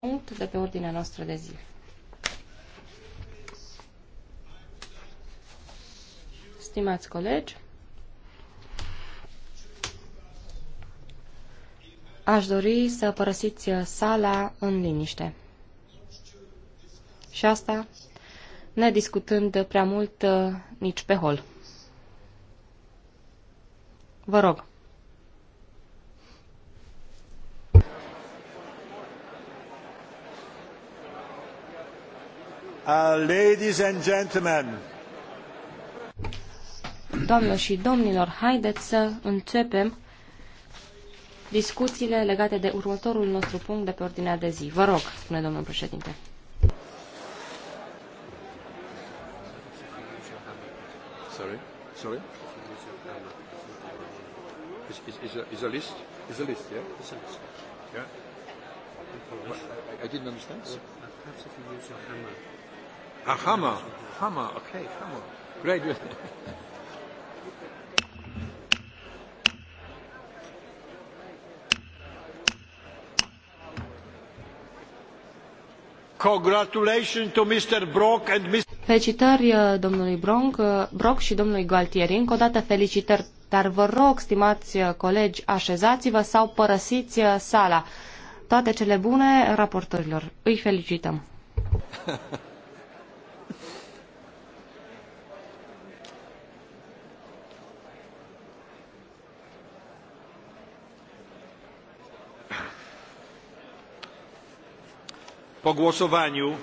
punct de pe ordinea noastră de zi. Stimați colegi, aș dori să părăsiți sala în liniște. Și asta ne discutând prea mult uh, nici pe hol. Vă rog. Uh, Doamnelor și domnilor, haideți să începem discuțiile legate de următorul nostru punct de pe ordinea de zi. Vă rog, spune domnul președinte. Sorry, sorry. Is, is, is, a, is a list? Is a list, yeah? It's a list. Yeah? I, I didn't understand. Well, perhaps if you use your hammer. A ah, hammer. Hammer. Okay, hammer. Great. Congratulations to Mr. Brock and Mr. Felicitări uh, domnului Bronc, uh, Brock și domnului Gualtieri. Încă o dată felicitări, dar vă rog, stimați uh, colegi, așezați-vă sau părăsiți sala. Toate cele bune raportorilor. Îi felicităm. Po głosowaniu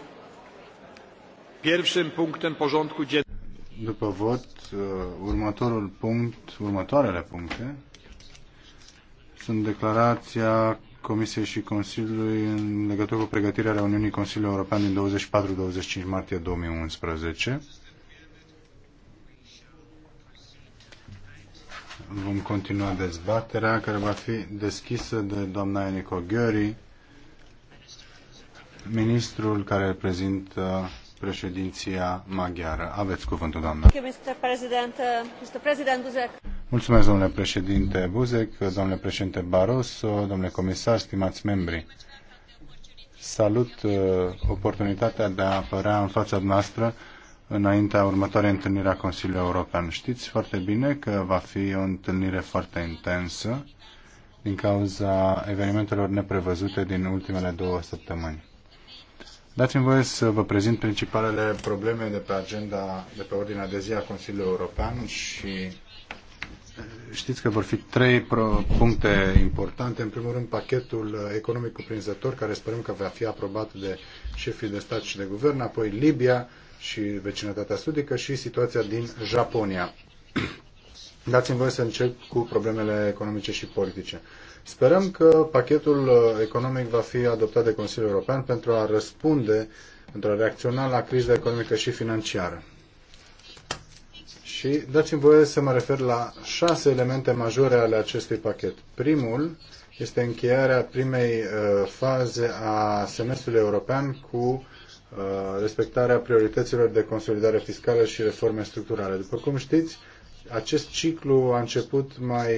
pierwszym punctem porządku dziennego după vot, următorul punct, următoarele puncte sunt declarația Comisiei și Consiliului în legătură cu pregătirea reuniunii Consiliului European din 24-25 martie 2011. Vom continua dezbaterea care va fi deschisă de doamna Enico Gheori, ministrul care reprezintă președinția maghiară. Aveți cuvântul, doamnă. Uh, Mulțumesc, domnule președinte Buzek, domnule președinte Barroso, domnule comisar, stimați membri. Salut uh, oportunitatea de a apărea în fața noastră înaintea următoarei întâlniri a Consiliului European. Știți foarte bine că va fi o întâlnire foarte intensă din cauza evenimentelor neprevăzute din ultimele două săptămâni. Dați-mi voie să vă prezint principalele probleme de pe agenda, de pe ordinea de zi a Consiliului European și eh, știți că vor fi trei puncte importante. În primul rând, pachetul economic cuprinzător, care sperăm că va fi aprobat de șefii de stat și de guvern, apoi Libia și vecinătatea sudică și situația din Japonia. Dați-mi voie să încep cu problemele economice și politice. Sperăm că pachetul uh, economic va fi adoptat de Consiliul European pentru a răspunde, pentru a reacționa la criza economică și financiară. Și dați-mi voie să mă refer la șase elemente majore ale acestui pachet. Primul este încheierea primei uh, faze a semestrului european cu uh, respectarea priorităților de consolidare fiscală și reforme structurale. După cum știți, acest ciclu a început mai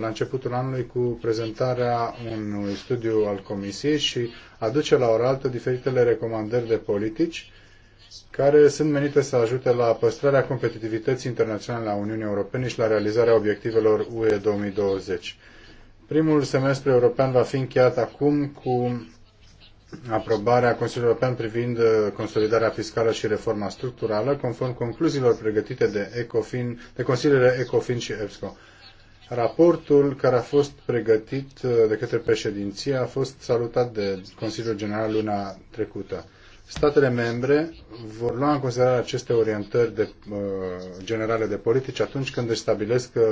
la începutul anului cu prezentarea unui studiu al Comisiei și aduce la oraltă diferitele recomandări de politici care sunt menite să ajute la păstrarea competitivității internaționale a Uniunii Europene și la realizarea obiectivelor UE 2020. Primul semestru european va fi încheiat acum cu aprobarea Consiliului European privind uh, consolidarea fiscală și reforma structurală, conform concluziilor pregătite de, ECOFIN, de Consiliile ECOFIN și EPSCO. Raportul care a fost pregătit uh, de către președinție a fost salutat de Consiliul General luna trecută. Statele membre vor lua în considerare aceste orientări de, uh, generale de politici atunci când își stabilesc uh,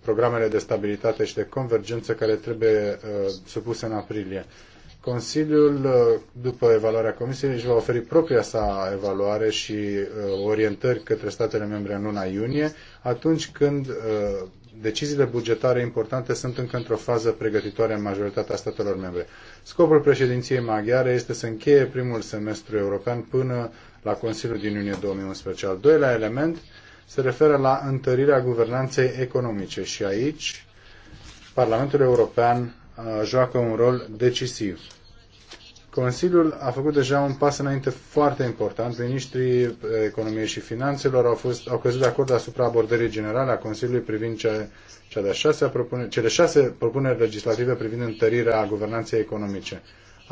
programele de stabilitate și de convergență care trebuie uh, supuse în aprilie. Consiliul, uh, după evaluarea Comisiei, își va oferi propria sa evaluare și uh, orientări către statele membre în luna iunie, atunci când uh, deciziile bugetare importante sunt încă într-o fază pregătitoare în majoritatea statelor membre. Scopul președinției maghiare este să încheie primul semestru european până la Consiliul din iunie 2011. Al doilea element se referă la întărirea guvernanței economice și aici Parlamentul European joacă un rol decisiv. Consiliul a făcut deja un pas înainte foarte important. Ministrii Economiei și Finanțelor au, fost, au căzut de acord asupra abordării generale a Consiliului privind cea, cea de șase propune, cele șase propuneri legislative privind întărirea guvernanței economice.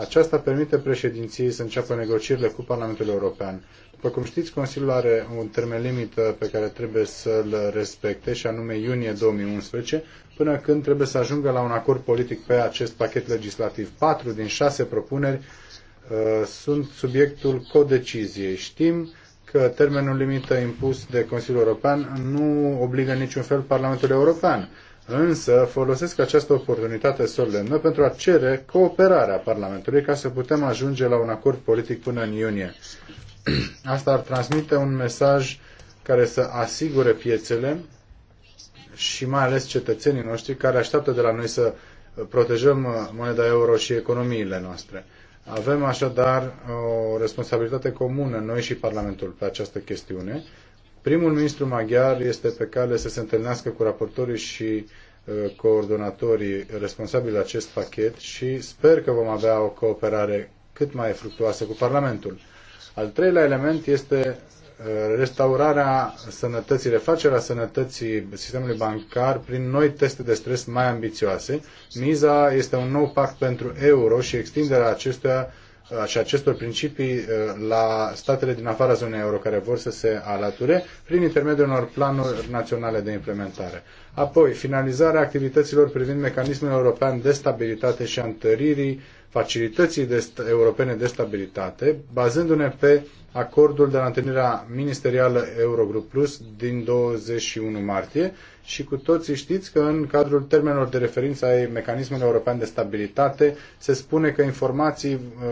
Aceasta permite președinției să înceapă negocierile cu Parlamentul European. După cum știți, Consiliul are un termen limită pe care trebuie să-l respecte, și anume iunie 2011, până când trebuie să ajungă la un acord politic pe acest pachet legislativ. Patru din șase propuneri uh, sunt subiectul codeciziei. Știm că termenul limită impus de Consiliul European nu obligă niciun fel Parlamentul European însă folosesc această oportunitate solemnă pentru a cere cooperarea Parlamentului ca să putem ajunge la un acord politic până în iunie. Asta ar transmite un mesaj care să asigure piețele și mai ales cetățenii noștri care așteaptă de la noi să protejăm moneda euro și economiile noastre. Avem așadar o responsabilitate comună, noi și Parlamentul, pe această chestiune Primul ministru maghiar este pe cale să se întâlnească cu raportorii și uh, coordonatorii responsabili de acest pachet și sper că vom avea o cooperare cât mai fructuoasă cu Parlamentul. Al treilea element este uh, restaurarea sănătății, refacerea sănătății sistemului bancar prin noi teste de stres mai ambițioase. Miza este un nou pact pentru euro și extinderea acestuia și acestor principii uh, la statele din afara zonei euro care vor să se alăture prin intermediul unor planuri naționale de implementare. Apoi, finalizarea activităților privind mecanismul european de stabilitate și a întăririi uh, Facilității de Europene de Stabilitate, bazându-ne pe acordul de la întâlnirea ministerială Eurogrup Plus din 21 martie și cu toții știți că în cadrul termenelor de referință ai mecanismului european de stabilitate se spune că informații uh,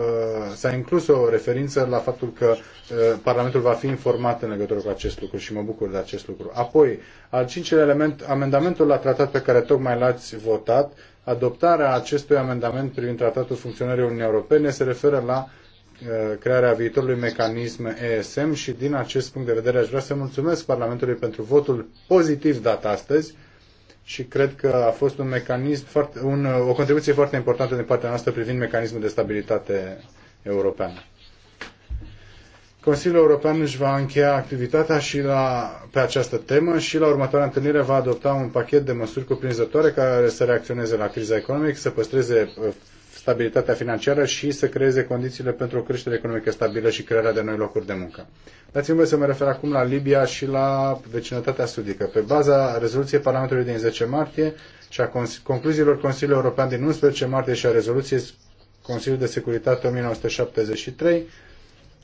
s-a inclus o referință la faptul că uh, Parlamentul va fi informat în legătură cu acest lucru și mă bucur de acest lucru. Apoi, al cincilea element, amendamentul la tratat pe care tocmai l-ați votat adoptarea acestui amendament privind Tratatul Funcționării Uniunii Europene se referă la uh, crearea viitorului mecanism ESM și din acest punct de vedere aș vrea să mulțumesc Parlamentului pentru votul pozitiv dat astăzi și cred că a fost un mecanism foarte, un, o contribuție foarte importantă din partea noastră privind mecanismul de stabilitate european. Consiliul European își va încheia activitatea și la, pe această temă și la următoarea întâlnire va adopta un pachet de măsuri cuprinzătoare care să reacționeze la criza economică, să păstreze uh, stabilitatea financiară și să creeze condițiile pentru o creștere economică stabilă și crearea de noi locuri de muncă. Dați-mi voi să mă refer acum la Libia și la vecinătatea sudică. Pe baza rezoluției Parlamentului din 10 martie și a concluziilor Consiliului European din 11 martie și a rezoluției Consiliului de Securitate 1973,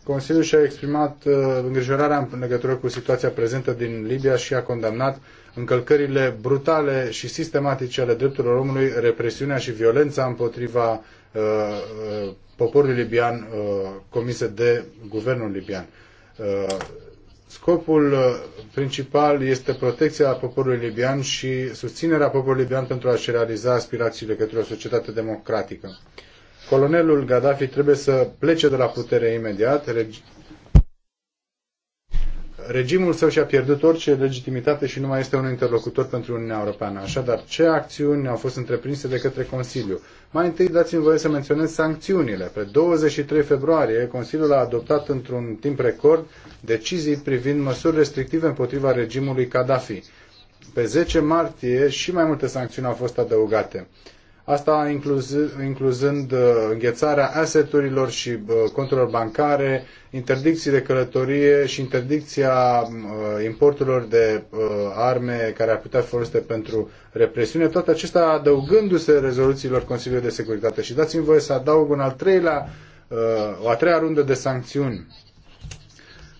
Consiliul și-a exprimat uh, îngrijorarea în legătură cu situația prezentă din Libia și a condamnat încălcările brutale și sistematice ale drepturilor omului, represiunea și violența împotriva uh, uh poporului libian uh, comise de guvernul libian. Uh, scopul uh, principal este protecția poporului libian și susținerea poporului libian pentru a-și realiza aspirațiile către o societate democratică. Colonelul Gaddafi trebuie să plece de la putere imediat. Reg... Regimul său și-a pierdut orice legitimitate și nu mai este un interlocutor pentru Uniunea Europeană. Așadar, ce acțiuni au fost întreprinse de către Consiliu? Mai întâi dați-mi voie să menționez sancțiunile. Pe 23 februarie, Consiliul a adoptat într-un timp record decizii privind măsuri restrictive împotriva regimului Gaddafi. Pe 10 martie și mai multe sancțiuni au fost adăugate asta incluz, incluzând uh, înghețarea asseturilor și uh, conturilor bancare, interdicții de călătorie și interdicția mm, uh, importurilor de arme care ar putea fi folosite pentru represiune, toate acestea adăugându-se rezoluțiilor Consiliului de Securitate. Și dați-mi voie să adaug un al treilea, o a treia rundă de sancțiuni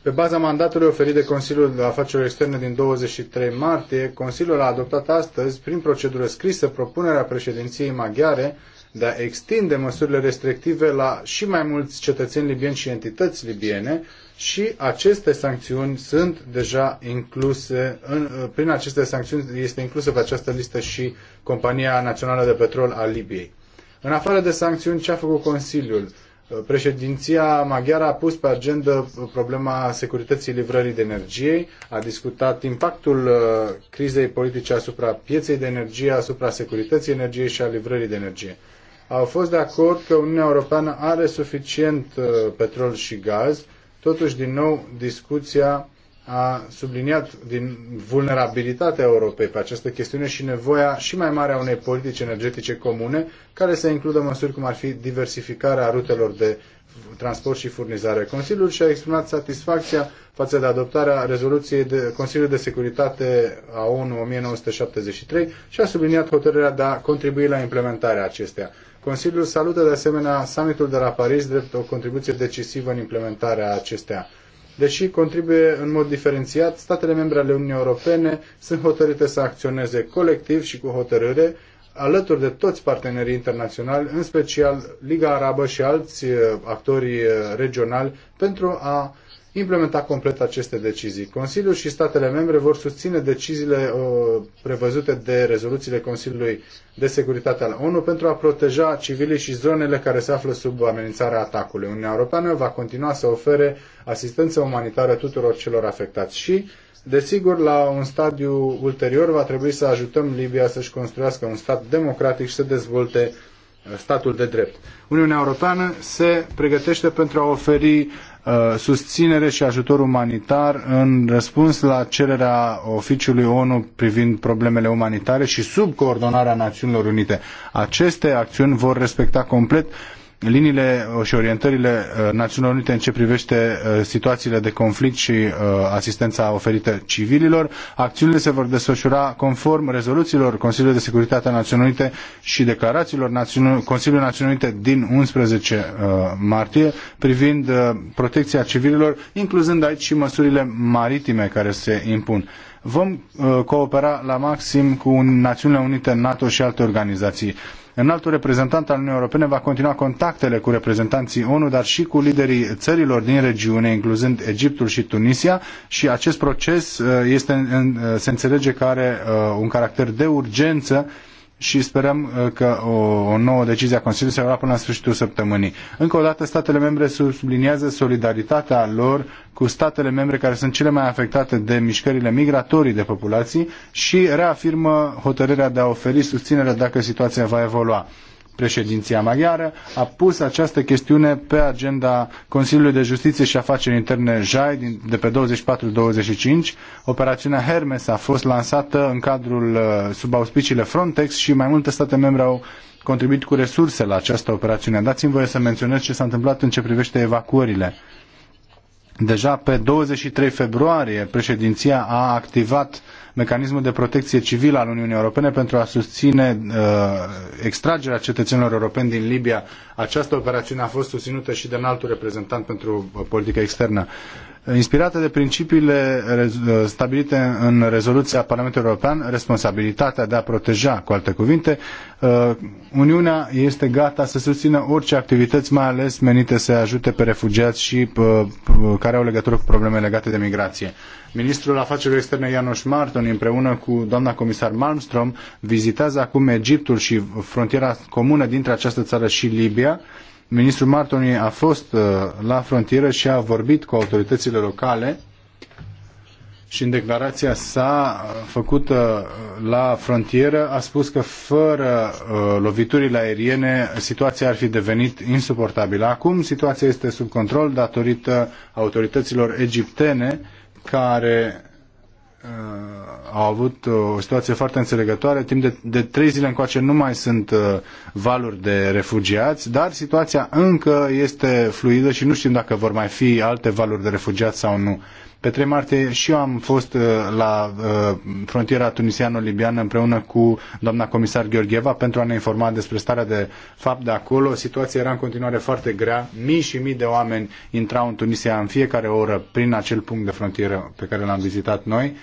pe baza mandatului oferit de Consiliul de Afaceri Externe din 23 martie, Consiliul a adoptat astăzi, prin procedură scrisă, propunerea președinției maghiare de a extinde măsurile restrictive la și mai mulți cetățeni libieni și entități libiene și aceste sancțiuni sunt deja incluse, în, prin aceste sancțiuni este inclusă pe această listă și Compania Națională de Petrol a Libiei. În afară de sancțiuni, ce a făcut Consiliul? Președinția maghiară a pus pe agenda problema securității livrării de energie, a discutat impactul uh, crizei politice asupra pieței de energie, asupra securității energiei și a livrării de energie. Au fost de acord că Uniunea Europeană are suficient uh, petrol și gaz, totuși, din nou, discuția a subliniat din vulnerabilitatea Europei pe această chestiune și nevoia și mai mare a unei politici energetice comune care să includă măsuri cum ar fi diversificarea rutelor de transport și furnizare. Consiliul și-a exprimat satisfacția față de adoptarea rezoluției de Consiliul de Securitate a ONU 1973 și a subliniat hotărârea de a contribui la implementarea acesteia. Consiliul salută de asemenea summitul de la Paris drept o contribuție decisivă în implementarea acesteia deși contribuie în mod diferențiat, statele membre ale Uniunii Europene sunt hotărâte să acționeze colectiv și cu hotărâre alături de toți partenerii internaționali, în special Liga Arabă și alți eh, actori eh, regionali, pentru a implementa complet aceste decizii. Consiliul și statele membre vor susține deciziile uh, prevăzute de rezoluțiile Consiliului de Securitate al ONU pentru a proteja civilii și zonele care se află sub amenințarea atacului. Uniunea Europeană va continua să ofere asistență umanitară tuturor celor afectați și, desigur, la un stadiu ulterior va trebui să ajutăm Libia să-și construiască un stat democratic și să dezvolte uh, statul de drept. Uniunea Europeană se pregătește pentru a oferi Uh, susținere și ajutor umanitar în răspuns la cererea oficiului ONU privind problemele umanitare și sub coordonarea Națiunilor Unite. Aceste acțiuni vor respecta complet uh, liniile uh, și orientările uh, Națiunilor Unite în ce privește uh, situațiile de conflict și asistența oferită civililor. Acțiunile se vor desfășura conform rezoluțiilor Consiliului de Securitate a Națiunilor Unite și declarațiilor Consiliului Națiunilor Unite din 11 martie privind protecția civililor, incluzând aici și măsurile maritime care se impun vom coopera la maxim cu Națiunile Unite, NATO și alte organizații. Înaltul reprezentant al Uniunii Europene va continua contactele cu reprezentanții ONU, dar și cu liderii țărilor din regiune, incluzând Egiptul și Tunisia și acest proces uh, este, uh, se înțelege că are uh, un caracter de urgență și sperăm uh, că o, o nouă decizie a Consiliului se va lua până la sfârșitul săptămânii. Încă o dată, statele membre subliniază solidaritatea lor cu statele membre care sunt cele mai afectate de mișcările migratorii de populații și reafirmă hotărârea de a oferi susținere dacă situația va evolua președinția maghiară a pus această chestiune pe agenda Consiliului de Justiție și Afaceri Interne JAI de pe 24-25. Operațiunea Hermes a fost lansată în cadrul uh, sub auspiciile Frontex și mai multe state membre au contribuit cu resurse la această operațiune. Dați-mi voie să menționez ce s-a întâmplat în ce privește evacuările. Deja pe 23 februarie, președinția a activat mecanismul de protecție civilă al Uniunii Europene pentru a susține uh, extragerea cetățenilor europeni din Libia. Această operațiune a fost susținută și de înaltul reprezentant pentru uh, politică externă inspirată de principiile stabilite în rezoluția Parlamentului European, responsabilitatea de a proteja, cu alte cuvinte, uh, Uniunea este gata să susțină orice activități, mai ales menite să ajute pe refugiați și uh, uh, care au legătură cu probleme legate de migrație. Ministrul Afacerilor Externe Janos Marton, împreună cu doamna comisar Malmström, vizitează acum Egiptul și frontiera comună dintre această țară și Libia, Ministrul Martoni a fost uh, la frontieră și a vorbit cu autoritățile locale și în declarația sa uh, făcută uh, la frontieră a spus că fără loviturile aeriene situația ar fi devenit insuportabilă. Acum situația este sub control datorită autorităților egiptene care Uh, au avut uh, o situație foarte înțelegătoare. Timp de, de trei zile încoace nu mai sunt uh, valuri de refugiați, dar situația încă este fluidă și nu știm dacă vor mai fi alte valuri de refugiați sau nu. Pe 3 martie și eu am fost la frontiera tunisiano-libiană împreună cu doamna comisar Gheorgheva pentru a ne informa despre starea de fapt de acolo. Situația era în continuare foarte grea. Mii și mii de oameni intrau în Tunisia în fiecare oră prin acel punct de frontieră pe care l-am vizitat noi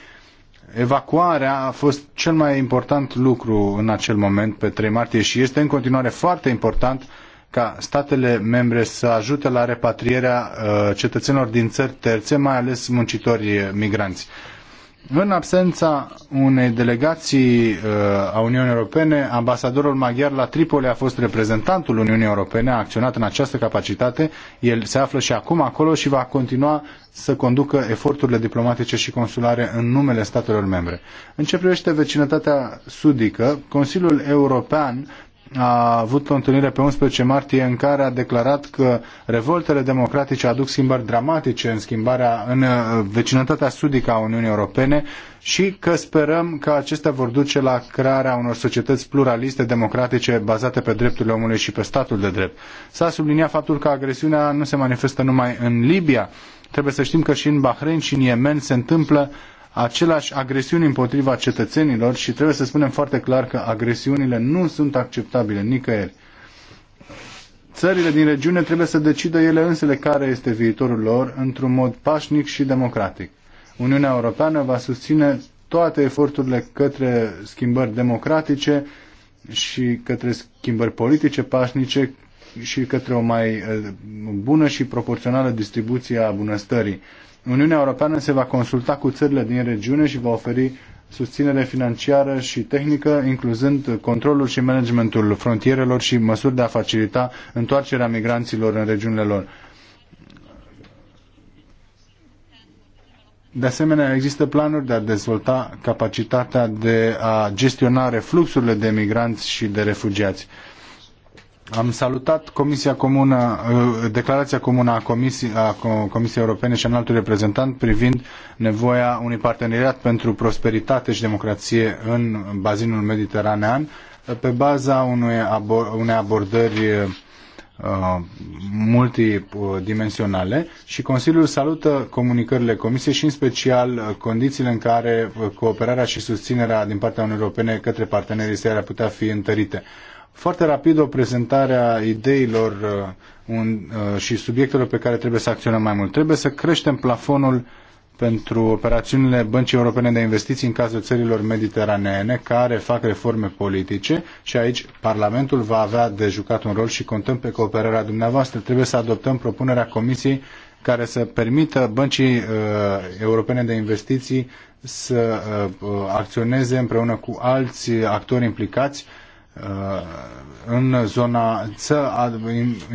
evacuarea a fost cel mai important lucru în acel moment, pe 3 martie, și este în continuare foarte important ca statele membre să ajute la repatrierea uh, cetățenilor din țări terțe, mai ales muncitorii migranți. În absența unei delegații uh, a Uniunii Europene, ambasadorul maghiar la Tripoli a fost reprezentantul Uniunii Europene, a acționat în această capacitate, el se află și acum acolo și va continua să conducă eforturile diplomatice și consulare în numele statelor membre. În ce privește vecinătatea sudică, Consiliul European a avut o întâlnire pe 11 martie în care a declarat că revoltele democratice aduc schimbări dramatice în schimbarea în uh, vecinătatea sudică a Uniunii Europene și că sperăm că acestea vor duce la crearea unor societăți pluraliste, democratice, bazate pe drepturile omului și pe statul de drept. S-a subliniat faptul că agresiunea nu se manifestă numai în Libia. Trebuie să știm că și în Bahrain și în Yemen se întâmplă aceleași agresiuni împotriva cetățenilor și trebuie să spunem foarte clar că agresiunile nu sunt acceptabile nicăieri. Țările din regiune trebuie să decidă ele însele care este viitorul lor într-un mod pașnic și democratic. Uniunea Europeană va susține toate eforturile către schimbări democratice și către schimbări politice pașnice și către o mai eh, bună și proporțională distribuție a bunăstării. Uniunea Europeană se va consulta cu țările din regiune și va oferi susținere financiară și tehnică, incluzând controlul și managementul frontierelor și măsuri de a facilita întoarcerea migranților în regiunile lor. De asemenea, există planuri de a dezvolta capacitatea de a gestiona refluxurile de migranți și de refugiați. Am salutat Comisia Comună, uh, declarația comună a Comisiei, a Comisiei Europene și a înaltului reprezentant privind nevoia unui parteneriat pentru prosperitate și democrație în bazinul mediteranean pe baza unei, abor unei abordări uh, multidimensionale și Consiliul salută comunicările Comisiei și în special condițiile în care cooperarea și susținerea din partea Uniunii Europene către partenerii săi ar putea fi întărite foarte rapid o prezentare a ideilor uh, un, uh, și subiectelor pe care trebuie să acționăm mai mult. Trebuie să creștem plafonul pentru operațiunile Băncii Europene de Investiții în cazul țărilor mediteraneene care fac reforme politice și aici Parlamentul va avea de jucat un rol și contăm pe cooperarea dumneavoastră. Trebuie să adoptăm propunerea Comisiei care să permită Băncii uh, Europene de Investiții să uh, acționeze împreună cu alți actori implicați uh, Uh, în zona, să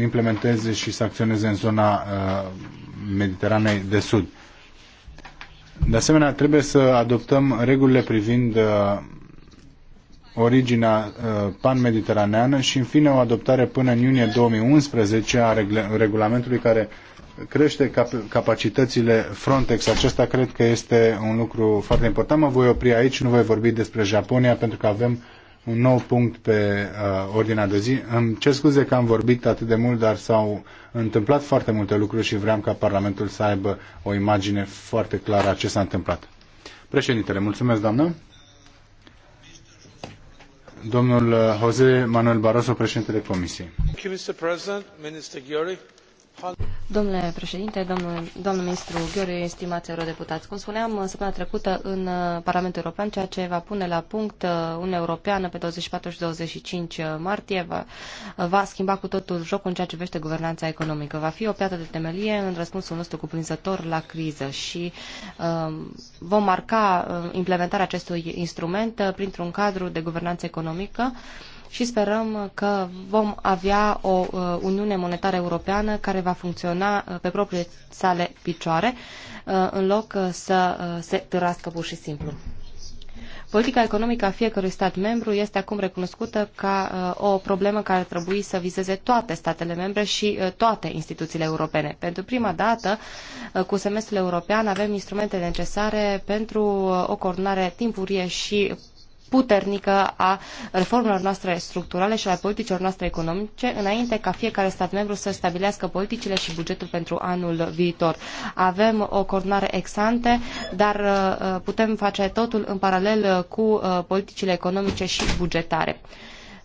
implementeze și să acționeze în zona uh, Mediteranei de Sud. De asemenea, trebuie să adoptăm regulile privind uh, originea pan-mediteraneană și, în fine, o adoptare până în iunie 2011 a regulamentului care crește cap- capacitățile Frontex. Acesta cred că este un lucru foarte important. Mă voi opri aici, nu voi vorbi despre Japonia pentru că avem un nou punct pe uh, ordinea de zi. Îmi cer scuze că am vorbit atât de mult, dar s-au întâmplat foarte multe lucruri și vreau ca Parlamentul să aibă o imagine foarte clară a ce s-a întâmplat. Președintele, mulțumesc, doamnă. Domnul uh, Jose Manuel Barroso, președintele Comisiei. Domnule președinte, domnule domnul ministru Gheorghe, stimați eurodeputați, cum spuneam uh, săptămâna trecută în uh, Parlamentul European, ceea ce va pune la punct uh, Uniunea Europeană pe 24 și 25 martie va, va schimba cu totul jocul în ceea ce vește guvernanța economică. Va fi o piatră de temelie în răspunsul nostru cuprinzător la criză și um, vom marca implementarea acestui instrument printr-un cadru de guvernanță economică uh, și sperăm că vom avea o uh, Uniune Monetară Europeană care va funcționa uh, pe propriile sale picioare, uh, în loc să se târască pur și simplu. Politica economică a fiecărui stat membru este acum recunoscută ca o problemă care ar trebui să vizeze toate statele membre și toate instituțiile europene. Pentru prima dată, cu semestrul european, avem instrumentele necesare pentru o coordonare timpurie și puternică a reformelor noastre structurale și a politicilor noastre economice, înainte ca fiecare stat membru să stabilească politicile și bugetul pentru anul viitor. Avem o coordonare ex-ante, dar uh, uh, putem face totul în paralel uh, cu politicile economice și bugetare.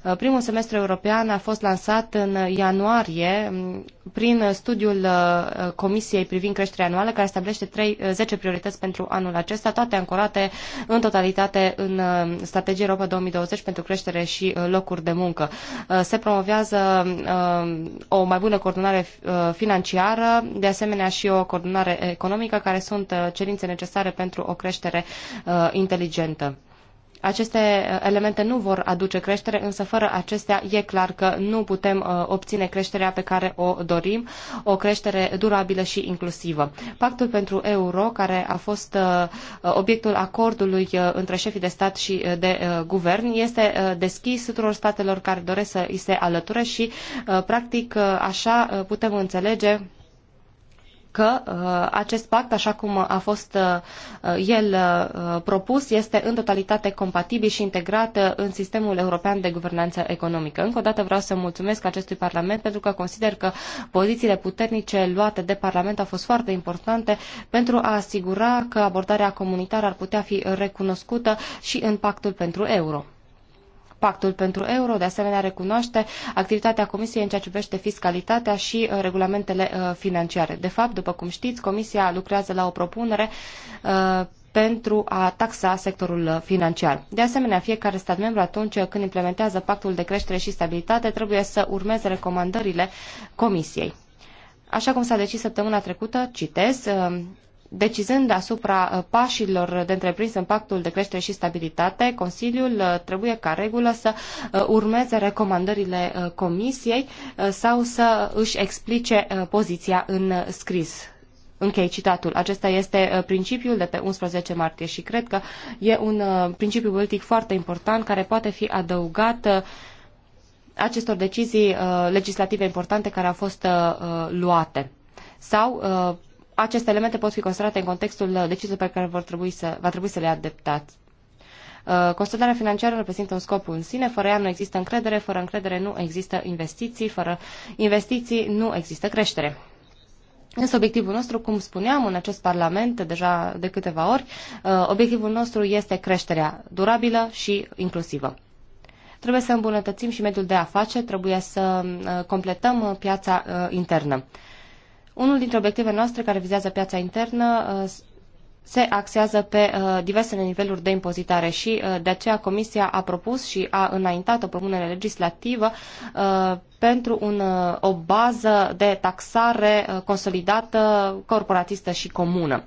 Uh, primul semestru european a fost lansat în ianuarie um, prin studiul uh, Comisiei privind creșterea anuală, care stabilește 3, 10 uh, priorități pentru anul acesta, toate ancorate în totalitate în strategia Europa 2020 pentru creștere și locuri de muncă. Se promovează o mai bună coordonare financiară, de asemenea și o coordonare economică, care sunt cerințe necesare pentru o creștere inteligentă. Aceste uh, elemente nu vor aduce creștere, însă fără acestea e clar că nu putem uh, obține creșterea pe care o dorim, o creștere durabilă și inclusivă. Pactul pentru euro, care a fost uh, obiectul acordului între șefii de stat și de guvern, este deschis tuturor statelor care doresc să îi se alăture și, practic, așa putem înțelege că uh, acest pact, așa cum a fost uh, el uh, propus, este în totalitate compatibil și integrat în sistemul european de guvernanță economică. Încă o dată vreau să mulțumesc acestui Parlament pentru că consider că pozițiile puternice luate de Parlament au fost foarte importante pentru a asigura că abordarea comunitară ar putea fi recunoscută și în pactul pentru euro. Pactul pentru euro, de asemenea, recunoaște activitatea Comisiei în ceea ce privește fiscalitatea și uh, regulamentele uh, financiare. De fapt, după cum știți, Comisia lucrează la o propunere uh, pentru a taxa sectorul financiar. De asemenea, fiecare stat membru atunci când implementează pactul de creștere și stabilitate trebuie să urmeze recomandările Comisiei. Așa cum s-a decis săptămâna trecută, citez, Decizând asupra uh, pașilor de întreprins în pactul de creștere și stabilitate, Consiliul uh, trebuie ca regulă să uh, urmeze recomandările Comisiei sau să își explice poziția în scris. Închei citatul. Acesta este principiul de pe 11 martie și cred că e un principiu politic foarte important care poate fi adăugat acestor decizii legislative importante care au fost luate sau aceste elemente pot fi considerate în contextul deciziilor pe care vor trebui să, va trebui să le adaptați. Uh, Consolidarea financiară reprezintă un scop în sine, fără ea nu există încredere, fără încredere nu există investiții, fără investiții nu există creștere. Însă obiectivul nostru, cum spuneam în acest Parlament deja de câteva ori, uh, obiectivul nostru este creșterea durabilă și inclusivă. Trebuie să îmbunătățim și mediul de afaceri, trebuie să uh, completăm piața internă. Unul dintre obiectivele noastre care vizează piața internă uh, se axează pe uh, diversele niveluri de impozitare și uh, de aceea Comisia a propus și a înaintat o propunere legislativă pentru un, o bază de taxare consolidată, corporatistă și comună.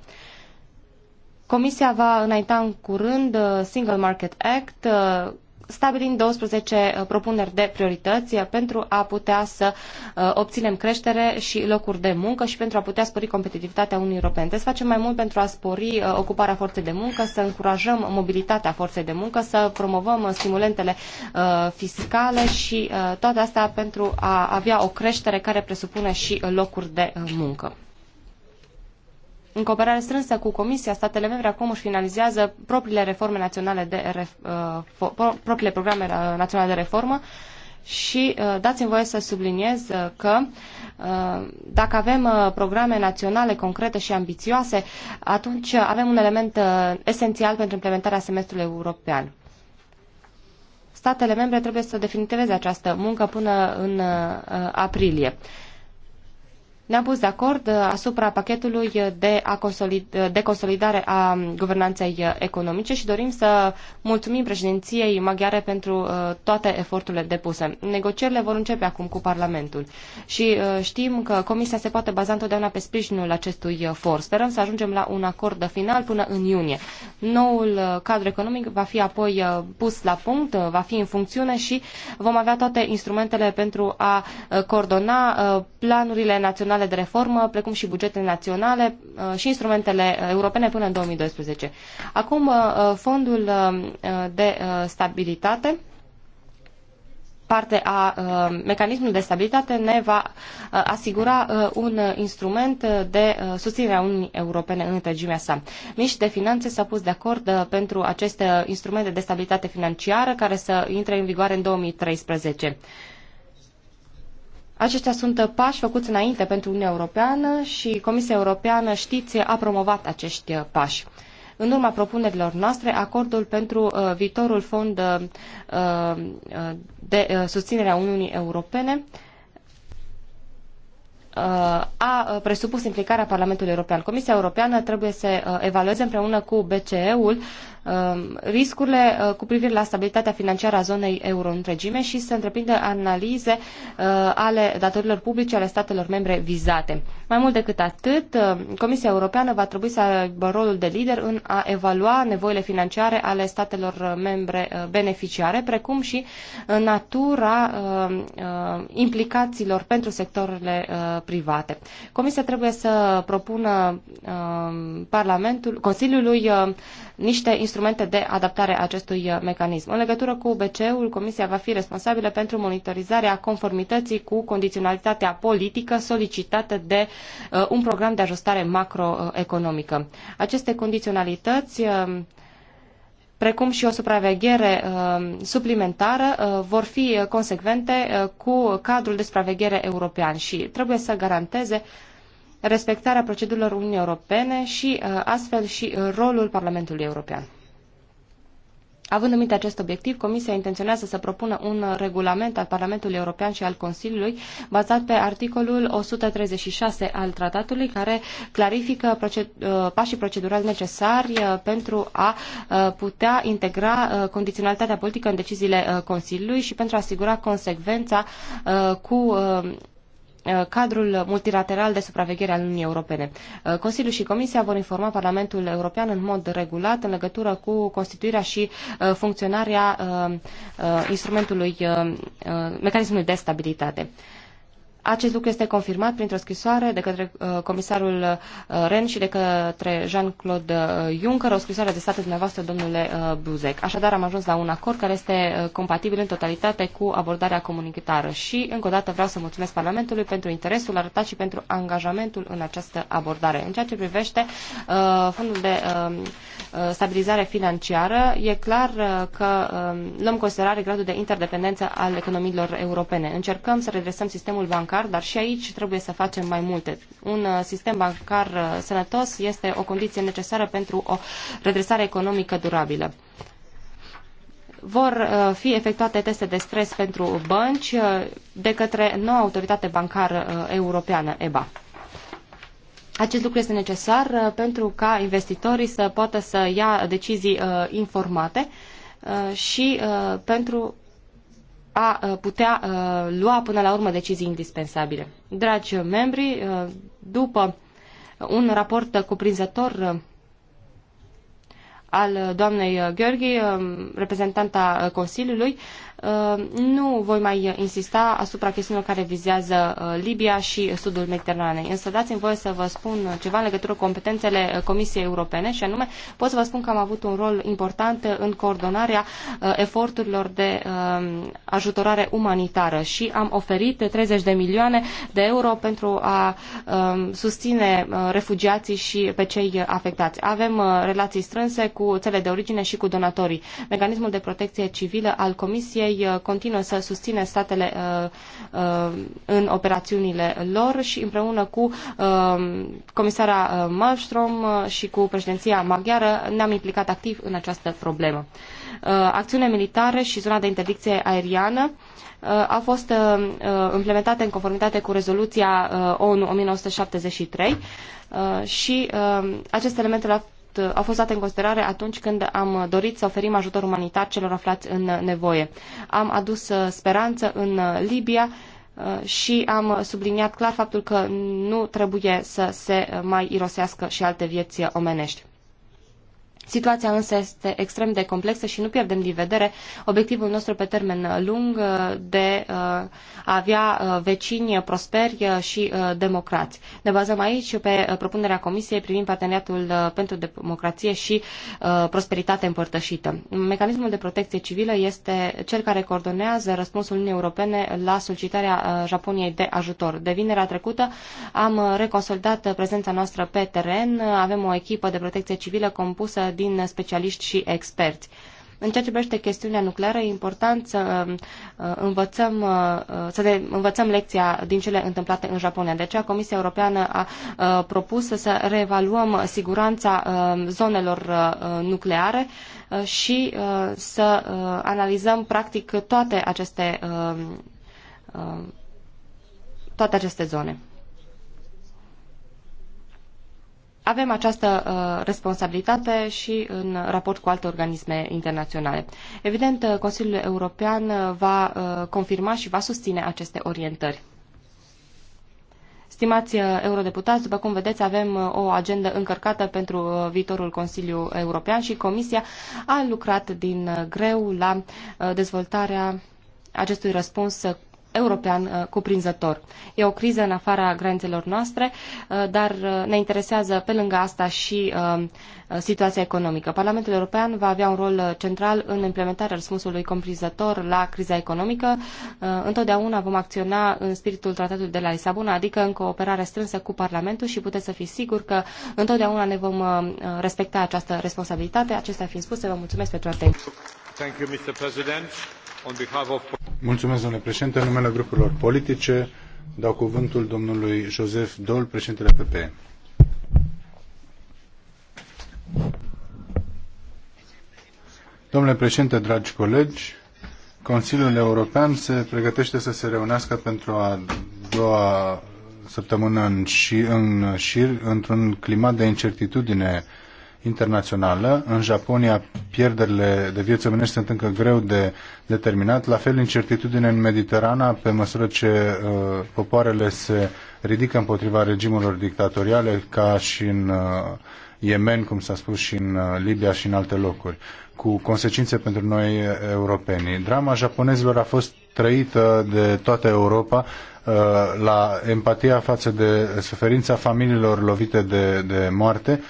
Comisia va înainta în curând Single Market Act stabilind 12 uh, propuneri de priorități uh, pentru a putea să uh, obținem creștere și locuri de muncă și pentru a putea spori competitivitatea Uniunii Europene. Trebuie să facem mai mult pentru a spori ocuparea forței de muncă, să încurajăm mobilitatea forței de muncă, să promovăm stimulentele fiscale și toate astea pentru a avea o creștere care presupune și locuri de muncă în cooperare strânsă cu Comisia, statele membre acum își finalizează propriile reforme naționale de ref, uh, pro, propriile programe uh, naționale de reformă și uh, dați-mi voie să subliniez uh, că uh, dacă avem uh, programe naționale concrete și ambițioase, atunci avem un element uh, esențial pentru implementarea semestrului european. Statele membre trebuie să definitiveze această muncă până în aprilie ne-am pus de acord uh, asupra pachetului de, a consolid, uh, de consolidare a guvernanței uh, economice și dorim să mulțumim președinției maghiare pentru toate eforturile depuse. Negocierile vor începe acum cu Parlamentul și știm că Comisia se poate baza întotdeauna pe sprijinul acestui for. Sperăm să ajungem la un acord final până în iunie. Noul cadru economic va fi apoi pus la punct, va fi în funcțiune și vom avea toate instrumentele pentru a coordona planurile naționale naționale de reformă, precum și bugetele naționale uh, și instrumentele uh, europene până în 2012. Acum, uh, fondul de stabilitate parte a mecanismului de stabilitate ne va asigura un instrument de susținere a Uniunii Europene în întregimea sa. Miști de finanțe s-au pus de acord pentru aceste instrumente de stabilitate financiară care să intre în vigoare în 2013. Aceștia sunt pași făcuți înainte pentru Uniunea Europeană și Comisia Europeană, știți, a promovat acești pași. În urma propunerilor noastre, acordul pentru uh, viitorul fond uh, uh de uh, susținere a Uniunii Europene uh, a uh, presupus implicarea Parlamentului European. Comisia Europeană trebuie să evalueze împreună cu BCE-ul Um, riscurile uh, cu privire la stabilitatea financiară a zonei euro întregime și să întreprindă analize uh, ale datorilor publice ale statelor membre vizate. Mai mult decât atât, uh, Comisia Europeană va trebui să aibă rolul de lider în a evalua nevoile financiare ale statelor membre beneficiare, precum și natura implicațiilor pentru sectoarele private. Comisia trebuie să propună Parlamentul, Consiliului niște instrumente de adaptare a acestui uh, mecanism. În legătură cu BCE-ul, Comisia va fi responsabilă pentru monitorizarea conformității cu condiționalitatea politică solicitată de uh, un program de ajustare macroeconomică. Aceste condiționalități uh, precum și o supraveghere uh, suplimentară, uh, vor fi consecvente uh, cu cadrul de supraveghere european și trebuie să garanteze respectarea procedurilor Uniunii Europene și uh, astfel și uh, rolul Parlamentului European. Având în minte acest obiectiv, Comisia intenționează să propună un uh, regulament al Parlamentului European și al Consiliului bazat pe articolul 136 al tratatului care clarifică proced pașii procedurali necesari pentru a putea integra condiționalitatea politică în deciziile Consiliului și pentru a asigura consecvența cu Uh, cadrul multilateral de supraveghere al Uniunii Europene. Uh, Consiliul și Comisia vor informa Parlamentul European în mod regulat în legătură cu constituirea și uh, funcționarea instrumentului, mecanismului de stabilitate. Acest lucru este confirmat printr-o scrisoare de către uh, comisarul uh, Ren și de către Jean-Claude uh, Juncker, o scrisoare de stat dumneavoastră, domnule uh, Buzek. Așadar, am ajuns la un acord care este uh, compatibil în totalitate cu abordarea comunitară și, încă o dată, vreau să mulțumesc Parlamentului pentru interesul arătat și pentru angajamentul în această abordare. În ceea ce privește uh, fondul de Uh, stabilizare financiară, e clar uh, că um, luăm în considerare gradul de interdependență al economiilor europene. Încercăm să redresăm sistemul bancar, dar și aici trebuie să facem mai multe. Un uh, sistem bancar sănătos este o condiție necesară pentru o redresare economică durabilă vor fi efectuate teste de stres pentru bănci de către noua autoritate bancară europeană, EBA. Acest lucru este necesar uh, pentru ca investitorii să poată să ia decizii uh, informate uh, și pentru a putea lua până la urmă decizii indispensabile. Dragi membri, după un raport cuprinzător al doamnei Gheorghi, reprezentanta Consiliului, Uh, nu voi mai insista asupra chestiunilor care vizează uh, Libia și sudul Mediteranei, însă dați-mi voie să vă spun ceva în legătură cu competențele uh, Comisiei Europene și anume pot să vă spun că am avut un rol important în coordonarea eforturilor de ajutorare umanitară și am oferit 30 de milioane de euro pentru a um, susține refugiații și pe cei afectați. Avem relații strânse cu țele de origine și cu donatorii. Mecanismul de protecție civilă al Comisiei ei uh, continuă să susține statele uh, uh, în operațiunile lor și împreună cu comisara Malmström și cu președinția maghiară ne-am implicat activ în această problemă. Acțiune militare și zona de interdicție aeriană au fost implementate în conformitate cu rezoluția ONU 1973 și aceste elemente au fost date în considerare atunci când am dorit să oferim ajutor umanitar celor aflați în nevoie. Am adus uh, speranță în uh, Libia uh, și am subliniat clar faptul că nu trebuie să se mai irosească și alte vieți omenești. Situația însă este extrem de complexă și nu pierdem din vedere obiectivul nostru pe termen lung uh, de uh, a avea uh, vecini prosperi și democrați. Ne bazăm aici pe propunerea Comisiei privind parteneriatul pentru democrație și prosperitate împărtășită. Mecanismul de protecție civilă este cel care coordonează răspunsul Uniunii Europene la solicitarea Japoniei de ajutor. De vinerea trecută am reconsolidat prezența noastră pe teren, avem o echipă de protecție civilă compusă din specialiști și experți. În ceea ce privește chestiunea nucleară, e important să um, uh, învățăm, uh, uh, să ne învățăm lecția din cele întâmplate în Japonia. De aceea Comisia Europeană a propus să reevaluăm siguranța um, zonelor nucleare și să analizăm practic toate aceste, um, toate aceste zone. avem această uh, responsabilitate și în raport cu alte organisme internaționale. Evident, uh, Consiliul European uh, va uh, confirma și va susține aceste orientări. Stimați uh, eurodeputați, după cum vedeți, avem o agendă încărcată pentru viitorul Consiliu European și Comisia a lucrat din greu la dezvoltarea acestui răspuns european uh, cuprinzător. E o criză în afara granițelor noastre, uh, dar uh, ne interesează pe lângă asta și situația economică. Parlamentul European va avea un rol central în implementarea răspunsului cuprinzător la criza economică. Întotdeauna vom acționa în spiritul tratatului de la Lisabona, adică în cooperare strânsă cu Parlamentul și puteți să fiți siguri că întotdeauna ne vom respecta această responsabilitate. Acestea fiind spuse, vă mulțumesc pentru atenție. Mulțumesc, președinte. În numele grupurilor politice, dau cuvântul domnului Joseph Dol, președintele PPE. Domnule președinte, dragi colegi, Consiliul European se pregătește să se reunească pentru a doua săptămână în, șir, în șir într-un climat de incertitudine internațională. În Japonia, pierderile de vieți omenești sunt încă greu de determinat. La fel, incertitudine în Mediterana, pe măsură ce uh, popoarele se ridică împotriva regimurilor dictatoriale, ca și în uh, Yemen, cum s-a spus, și în uh, Libia și în alte locuri, cu consecințe pentru noi uh, europenii. Drama japonezilor a fost trăită de toată Europa, Uh, la empatia față de suferința familiilor lovite de, de moarte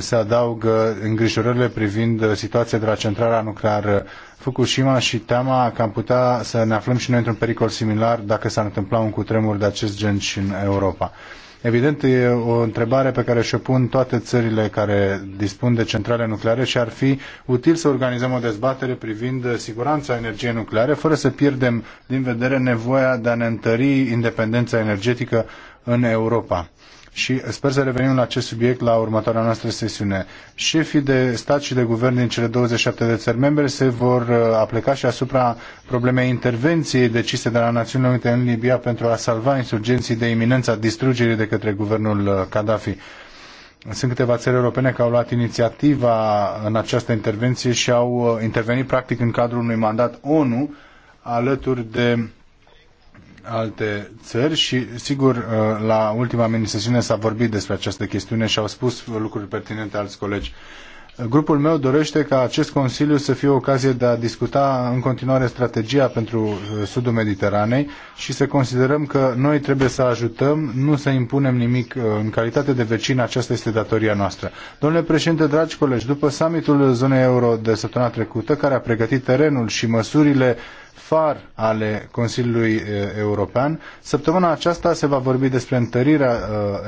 se adaugă îngrijorările privind situația de la centrala nucleară Fukushima și teama că am putea să ne aflăm și noi într-un pericol similar dacă s-ar întâmpla un cutremur de acest gen și în Europa. Evident, e o întrebare pe care și-o pun toate țările care dispun de centrale nucleare și ar fi util să organizăm o dezbatere privind siguranța energiei nucleare, fără să pierdem din vedere nevoia de a ne întări independența energetică în Europa și sper să revenim la acest subiect la următoarea noastră sesiune. Șefii de stat și de guvern din cele 27 de țări membre se vor uh, apleca și asupra problemei intervenției decise de la Națiunile Unite în Libia pentru a salva insurgenții de iminența distrugerii de către guvernul uh, Gaddafi. Sunt câteva țări europene care au luat inițiativa în această intervenție și au uh, intervenit practic în cadrul unui mandat ONU alături de alte țări și, sigur, uh, la ultima mini sesiune s-a vorbit despre această chestiune și au spus lucruri pertinente alți colegi. Uh, grupul meu dorește ca acest Consiliu să fie o ocazie de a discuta în continuare strategia pentru uh, Sudul Mediteranei și să considerăm că noi trebuie să ajutăm, nu să impunem nimic în calitate de vecin, aceasta este datoria noastră. Domnule președinte, dragi colegi, după summitul zonei euro de săptămâna trecută, care a pregătit terenul și măsurile uh, far ale Consiliului European. Săptămâna aceasta se va vorbi despre întărirea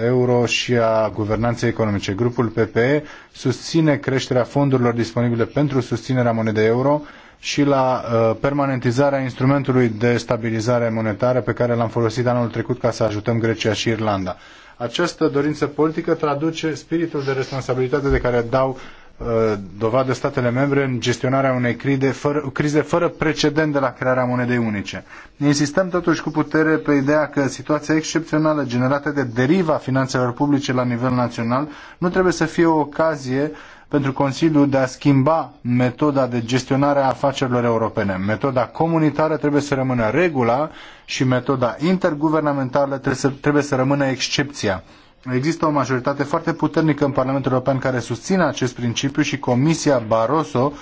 euro și a guvernanței economice. Grupul PPE susține creșterea fondurilor disponibile pentru susținerea monedei euro și la permanentizarea instrumentului de stabilizare monetară pe care l-am folosit anul trecut ca să ajutăm Grecia și Irlanda. Această dorință politică traduce spiritul de responsabilitate de care dau Uh, dovadă statele membre în gestionarea unei crize, fără, crize fără precedent de la crearea monedei unice. Insistăm totuși cu putere pe ideea că situația excepțională generată de deriva finanțelor publice la nivel național nu trebuie să fie o ocazie pentru Consiliu de a schimba metoda de gestionare a afacerilor europene. Metoda comunitară trebuie să rămână regula și metoda interguvernamentală trebuie să, trebuie să rămână excepția. Există o majoritate foarte puternică în Parlamentul European care susține acest principiu și Comisia Barroso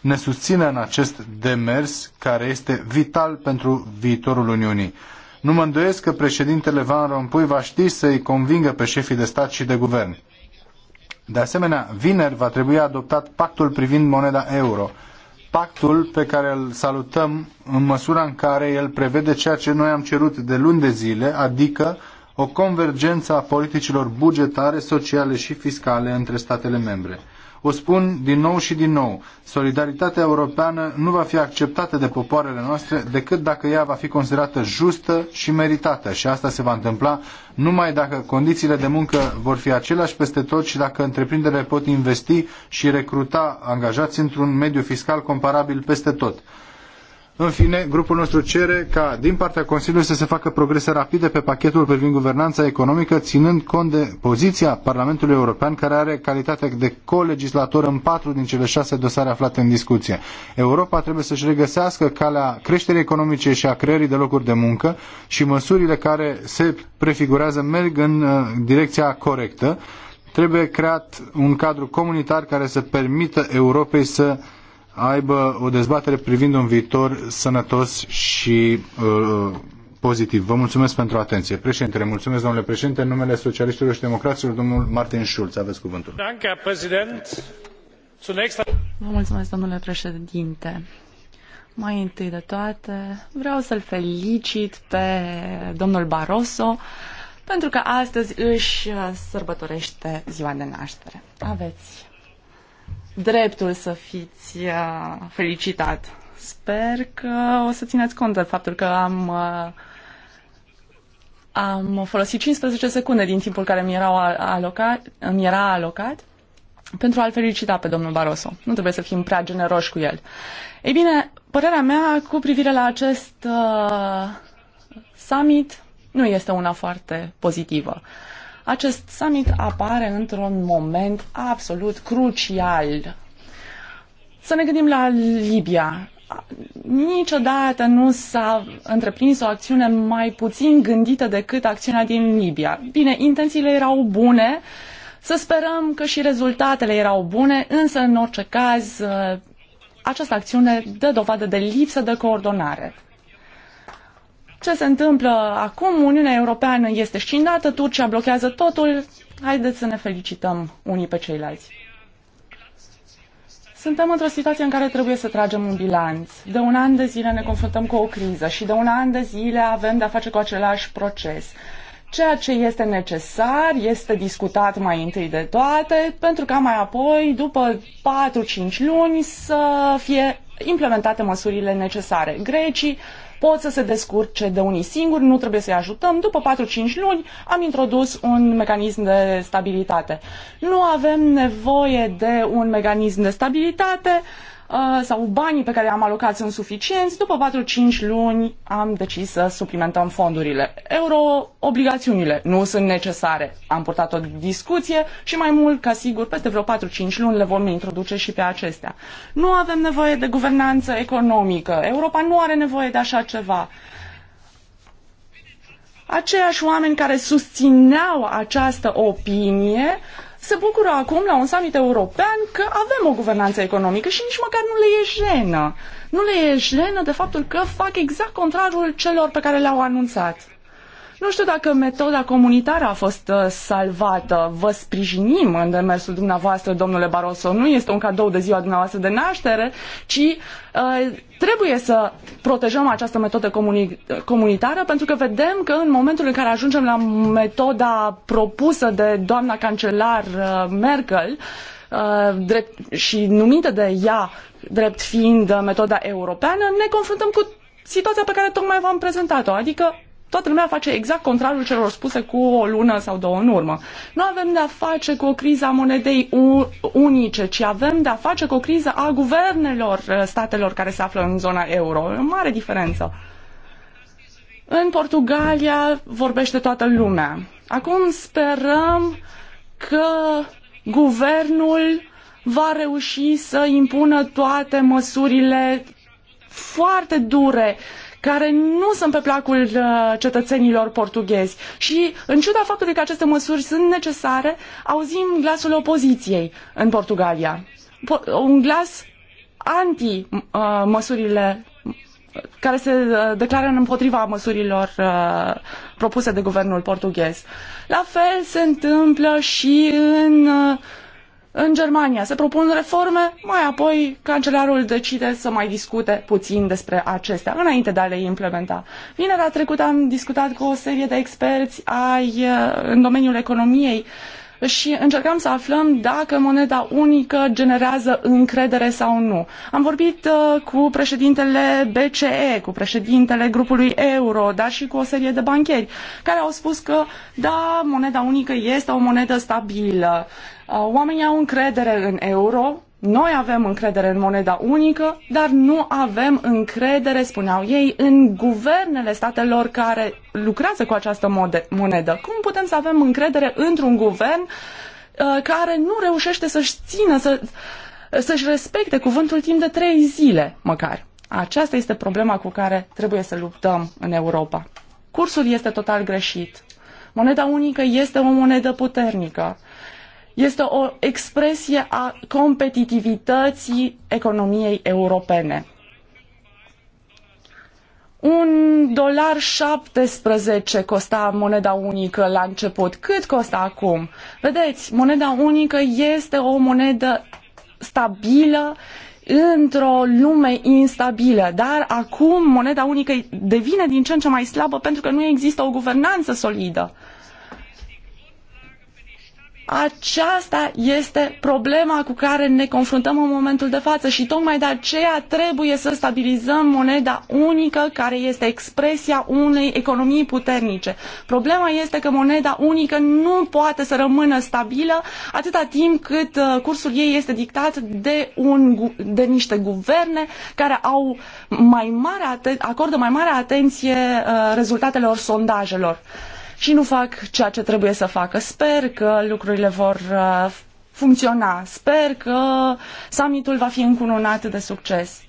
ne susține în acest demers care este vital pentru viitorul Uniunii. Nu mă îndoiesc că președintele Van Rompuy va ști să-i convingă pe șefii de stat și de guvern. De asemenea, vineri va trebui adoptat pactul privind moneda euro. Pactul pe care îl salutăm în măsura în care el prevede ceea ce noi am cerut de luni de zile, adică o convergență a politicilor bugetare, sociale și fiscale între statele membre. O spun din nou și din nou, solidaritatea europeană nu va fi acceptată de popoarele noastre decât dacă ea va fi considerată justă și meritată și asta se va întâmpla numai dacă condițiile de muncă vor fi aceleași peste tot și dacă întreprinderile pot investi și recruta angajați într-un mediu fiscal comparabil peste tot. În fine, grupul nostru cere ca din partea Consiliului să se facă progrese rapide pe pachetul privind guvernanța economică, ținând cont de poziția Parlamentului European, care are calitate de colegislator în patru din cele șase dosare aflate în discuție. Europa trebuie să-și regăsească calea creșterii economice și a creării de locuri de muncă și măsurile care se prefigurează merg în uh, direcția corectă. Trebuie creat un cadru comunitar care să permită Europei să aibă o dezbatere privind un viitor sănătos și uh, pozitiv. Vă mulțumesc pentru atenție. Președintele, mulțumesc, domnule președinte. În numele socialiștilor și democraților, domnul Martin Schulz, aveți cuvântul. Vă mulțumesc, domnule președinte. Mai întâi de toate, vreau să-l felicit pe domnul Barroso pentru că astăzi își sărbătorește ziua de naștere. Aveți dreptul să fiți uh, felicitat. Sper că o să țineți cont de faptul că am uh, am folosit 15 secunde din timpul care mi, erau alocat, mi era alocat pentru a-l felicita pe domnul Barroso. Nu trebuie să fim prea generoși cu el. Ei bine, părerea mea cu privire la acest uh, summit nu este una foarte pozitivă. Uh, acest summit apare într-un moment absolut crucial. Să ne gândim la Libia. Niciodată nu s-a întreprins o acțiune mai puțin gândită decât acțiunea din Libia. Bine, intențiile erau bune, să sperăm că și rezultatele erau bune, însă, în orice caz, această acțiune dă dovadă de lipsă de coordonare. Ce se întâmplă acum? Uniunea Europeană este scindată, Turcia blochează totul. Haideți să ne felicităm unii pe ceilalți. Suntem într-o situație în care trebuie să tragem un bilanț. De un an de zile ne confruntăm cu o criză și de un an de zile avem de-a face cu același proces. Ceea ce este necesar este discutat mai întâi de toate, pentru ca mai apoi, după 4-5 luni, să fie implementate măsurile necesare. Grecii pot să se descurce de unii singuri, nu trebuie să-i ajutăm. După 4-5 luni am introdus un mecanism de stabilitate. Nu avem nevoie de un mecanism de stabilitate, uh, Uh, sau banii pe care am alocat sunt suficienți, după 4-5 luni am decis să suplimentăm fondurile. Euro-obligațiunile nu sunt necesare. Am purtat o discuție și mai mult ca sigur, peste vreo 4-5 luni le vom introduce și pe acestea. Nu avem nevoie de guvernanță economică. Europa nu are nevoie de așa ceva aceiași oameni care susțineau această opinie se bucură acum la un summit european că avem o guvernanță economică și nici măcar nu le e jenă. Nu le e jenă de faptul că fac exact contrarul celor pe care le-au anunțat. Nu știu dacă metoda comunitară a fost uh, salvată. Vă sprijinim în demersul dumneavoastră, domnule Barroso. Nu este un cadou de ziua dumneavoastră de naștere, ci uh, trebuie să protejăm această metodă comunitară pentru că vedem că în momentul în care ajungem la metoda propusă de doamna cancelar uh, Merkel, drept, și numită de ea drept fiind metoda europeană, ne confruntăm cu situația pe care tocmai v-am prezentat-o, adică Toată lumea face exact contrarul celor spuse cu o lună sau două în urmă. Nu avem de-a face cu o criză a monedei unice, ci avem de-a face cu o criză a guvernelor uh, statelor care se află în zona euro. E o mare diferență. În Portugalia vorbește toată lumea. Acum sperăm că guvernul va reuși să impună toate măsurile foarte dure uh, care nu sunt pe placul uh, cetățenilor portughezi. Și în ciuda faptului că aceste măsuri sunt necesare, auzim glasul opoziției în Portugalia. Un glas anti uh, măsurile care se uh, declară împotriva măsurilor uh, propuse de guvernul portughez. La fel se întâmplă și în uh, în Germania se propun reforme, mai apoi cancelarul decide să mai discute puțin despre acestea, înainte de a le implementa. Vinerea trecută am discutat cu o serie de experți ai, uh, în domeniul economiei și încercam să aflăm dacă moneda unică generează încredere sau nu. Am vorbit uh, cu președintele BCE, cu președintele grupului euro, dar și cu o serie de bancheri care au spus că da, moneda unică este o monedă stabilă Uh, oamenii au încredere în euro, noi avem încredere în moneda unică, dar nu avem încredere, spuneau ei, în guvernele statelor care lucrează cu această monedă. Cum putem să avem încredere într-un guvern uh, care nu reușește să-și țină, să, să-și respecte cuvântul timp de trei zile, măcar? Aceasta este problema cu care trebuie să luptăm în Europa. Cursul este total greșit. Moneda unică este o monedă puternică este o expresie a competitivității economiei europene. Un dolar 17 costa moneda unică la început. Cât costă acum? Vedeți, moneda unică este o monedă stabilă într-o lume instabilă, dar acum moneda unică devine din ce în ce mai slabă pentru că nu există o guvernanță solidă. Aceasta este problema cu care ne confruntăm în momentul de față și tocmai de aceea trebuie să stabilizăm moneda unică care este expresia unei economii puternice. Problema este că moneda unică nu poate să rămână stabilă atâta timp cât uh, cursul ei este dictat de, un, de niște guverne care au mai mare acordă mai mare atenție uh, rezultatelor sondajelor și nu fac ceea ce trebuie să facă. Sper că lucrurile vor uh, funcționa. Sper că summitul va fi încununat de succes.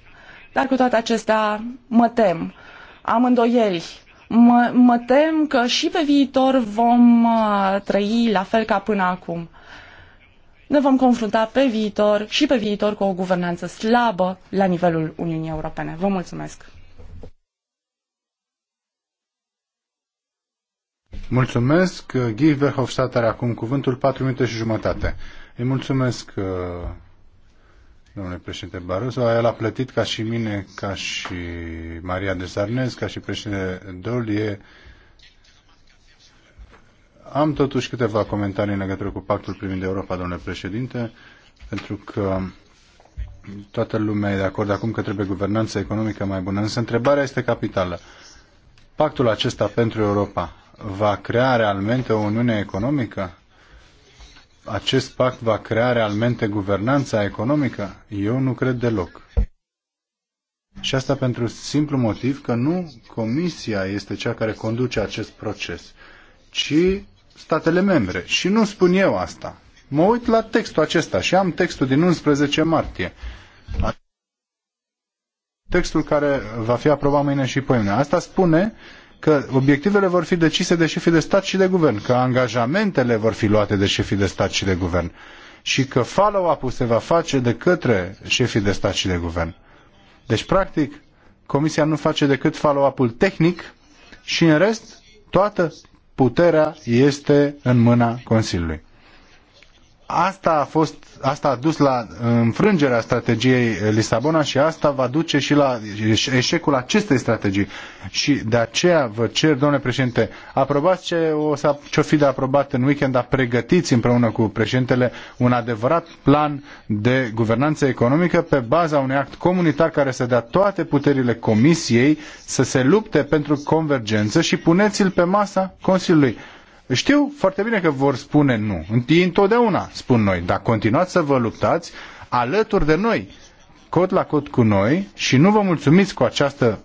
Dar cu toate acestea mă tem. Am îndoieli. Mă, mă tem că și pe viitor vom uh, trăi la fel ca până acum. Ne vom confrunta pe viitor și pe viitor cu o guvernanță slabă la nivelul Uniunii Europene. Vă mulțumesc! Mulțumesc. Guy Verhofstadt are acum cuvântul 4 minute și jumătate. Îi mulțumesc, uh, domnule președinte Barroso. El a plătit ca și mine, ca și Maria de Sarnez, ca și președinte Dolie. Am totuși câteva comentarii în legătură cu pactul de Europa, domnule președinte, pentru că toată lumea e de acord acum că trebuie guvernanță economică mai bună, însă întrebarea este capitală. Pactul acesta pentru Europa va crea realmente o uniune economică? Acest pact va crea realmente guvernanța economică? Eu nu cred deloc. Și asta pentru simplu motiv că nu Comisia este cea care conduce acest proces, ci statele membre. Și nu spun eu asta. Mă uit la textul acesta și am textul din 11 martie. Textul care va fi aprobat mâine și poimne. Asta spune uh, că obiectivele vor fi decise de șefii de stat și de guvern, că angajamentele vor fi luate de șefii de stat și de guvern și că follow-up-ul se va face de către șefii de stat și de guvern. Deci, practic, Comisia nu face decât follow-up-ul tehnic și, în rest, toată puterea este în mâna Consiliului. Asta a, fost, asta a dus la înfrângerea strategiei Lisabona și asta va duce și la eșecul acestei strategii. Și de aceea vă cer, domnule președinte, aprobați ce o, să, ce o fi de aprobat în weekend, dar pregătiți împreună cu președintele un adevărat plan de guvernanță economică pe baza unui act comunitar care să dea toate puterile comisiei să se lupte pentru convergență și puneți-l pe masa Consiliului știu foarte bine că vor spune nu. Ei întotdeauna spun noi, dar continuați să vă luptați alături de noi, cot la cot cu noi și nu vă mulțumiți cu această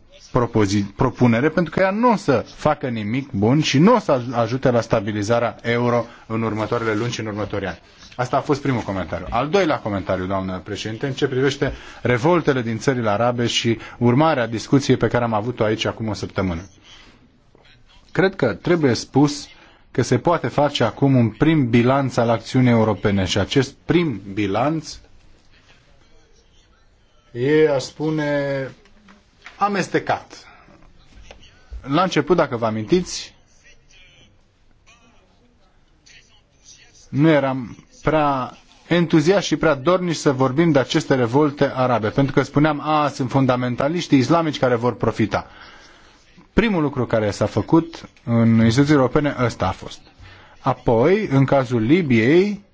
propunere, pentru că ea nu o să facă nimic bun și nu o să ajute la stabilizarea euro în următoarele luni și în următorii ani. Asta a fost primul comentariu. Al doilea comentariu, doamnă președinte, în ce privește revoltele din țările arabe și urmarea discuției pe care am avut-o aici acum o săptămână. Cred că trebuie spus că se poate face acum un prim bilanț al acțiunii europene și acest prim bilanț e, a spune, amestecat. La început, dacă vă amintiți, nu eram prea entuziaști și prea dornici să vorbim de aceste revolte arabe, pentru că spuneam, a, sunt fundamentaliștii islamici care vor profita. Primul lucru care s-a făcut în instituții europene, ăsta a fost. Apoi, în cazul Libiei,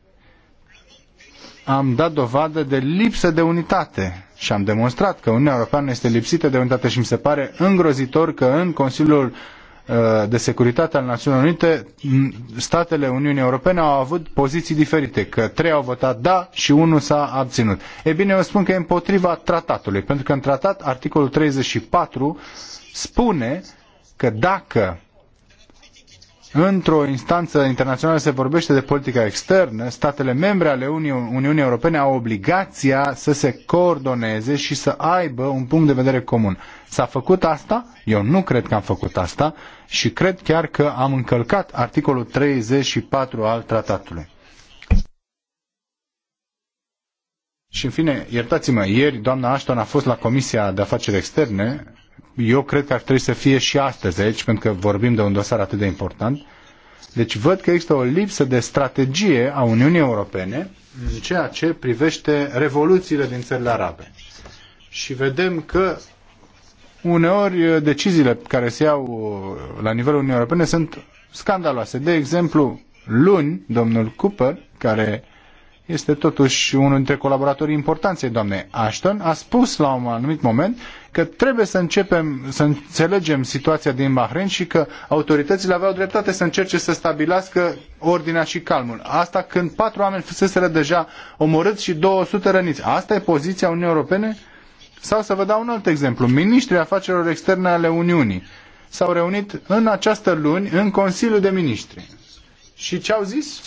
am dat dovadă de lipsă de unitate și am demonstrat că Uniunea Europeană este lipsită de unitate și mi se pare îngrozitor că în Consiliul uh, de Securitate al Națiunilor Unite statele Uniunii Europene au avut poziții diferite, că trei au votat da și unul s-a abținut. E bine, eu spun că e împotriva tratatului, pentru că în tratat, articolul 34 spune că dacă într-o instanță internațională se vorbește de politica externă, statele membre ale Uniunii Europene au obligația să se coordoneze și să aibă un punct de vedere comun. S-a făcut asta? Eu nu cred că am făcut asta și cred chiar că am încălcat articolul 34 al tratatului. Și în fine, iertați-mă, ieri doamna Ashton a fost la Comisia de Afaceri Externe eu cred că ar trebui să fie și astăzi aici, pentru că vorbim de un dosar atât de important. Deci văd că există o lipsă de strategie a Uniunii Europene în ceea ce privește revoluțiile din țările arabe. Și vedem că uneori deciziile care se iau la nivelul Uniunii Europene sunt scandaloase. De exemplu, luni, domnul Cooper, care este totuși unul dintre colaboratorii importanței doamnei Ashton, a spus la un anumit moment că trebuie să începem să înțelegem situația din Bahrain și că autoritățile aveau dreptate să încerce să stabilească ordinea și calmul. Asta când patru oameni fuseseră deja omorâți și 200 răniți. Asta e poziția Uniunii Europene? Sau să vă dau un alt exemplu. Ministrii afacerilor externe ale Uniunii s-au reunit în această luni în Consiliul de Ministri. Și ce au zis?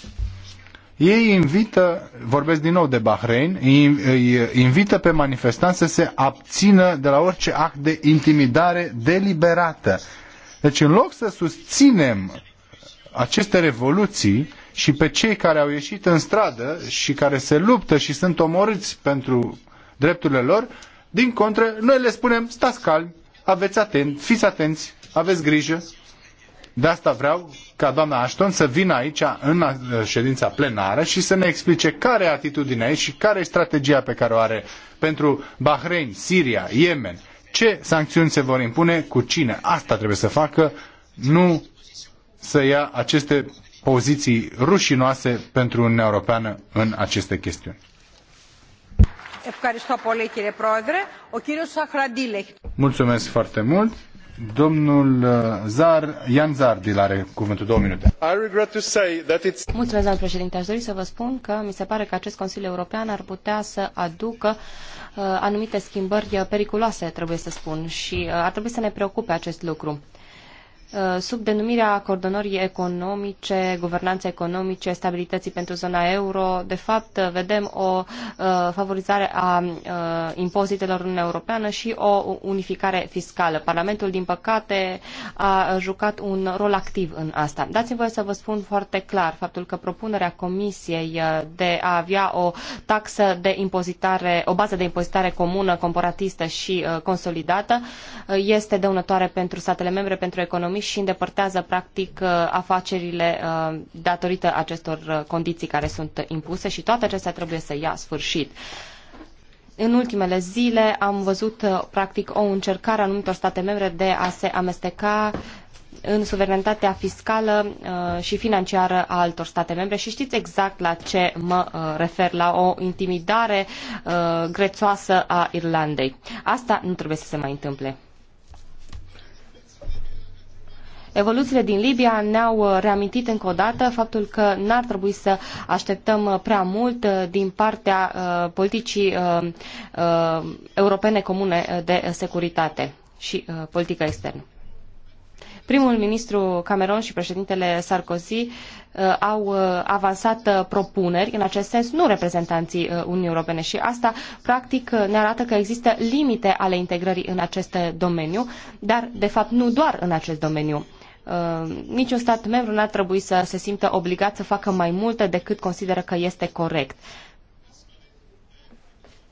Ei invită, vorbesc din nou de Bahrain, îi invită pe manifestanți să se abțină de la orice act de intimidare deliberată. Deci în loc să susținem aceste revoluții și pe cei care au ieșit în stradă și care se luptă și sunt omorâți pentru drepturile lor, din contră, noi le spunem, stați calmi, aveți atent, fiți atenți, aveți grijă, de asta vreau ca doamna Ashton să vină aici în ședința plenară și să ne explice care e atitudinea ei și care e strategia pe care o are pentru Bahrain, Siria, Yemen. Ce sancțiuni se vor impune, cu cine? Asta trebuie să facă, nu să ia aceste poziții rușinoase pentru Uniunea Europeană în aceste chestiuni. Mulțumesc foarte mult. Domnul uh, Zar, Ian Zardil are cuvântul două minute. Mulțumesc, doamnă președinte. Aș dori să vă spun că mi se pare că acest Consiliu European ar putea să aducă uh, anumite schimbări periculoase, trebuie să spun, și uh, ar trebui să ne preocupe acest lucru. Uh, sub denumirea coordonării economice, guvernanței economice, stabilității pentru zona euro, de fapt uh, vedem o uh, favorizare a impozitelor în Europeană și o unificare fiscală. Parlamentul, din păcate, a jucat un rol activ în asta. Dați-mi voie să vă spun foarte clar faptul că propunerea Comisiei de a avea o taxă de impozitare, o bază de impozitare comună, comparatistă și consolidată, este dăunătoare pentru statele membre, pentru economie economici și îndepărtează practic uh, afacerile uh, datorită acestor uh, condiții care sunt impuse și toate acestea trebuie să ia sfârșit. În ultimele zile am văzut practic o încercare a anumitor state membre de a se amesteca în suveranitatea fiscală și financiară a altor state membre și știți exact la ce mă refer, la o intimidare grețoasă a Irlandei. Asta nu trebuie să se mai întâmple. Evoluțiile din Libia ne-au uh, reamintit încă o dată faptul că n-ar trebui să așteptăm uh, prea mult uh, din partea politicii europene comune de securitate și politică externă. Primul ministru Cameron și președintele Sarkozy au avansat propuneri în acest sens, nu reprezentanții Uniunii Europene și asta practic ne arată că există limite ale integrării în acest domeniu, dar de fapt nu doar în acest domeniu. Uh, niciun stat membru n-ar trebui să se simtă obligat să facă mai multe decât consideră că este corect.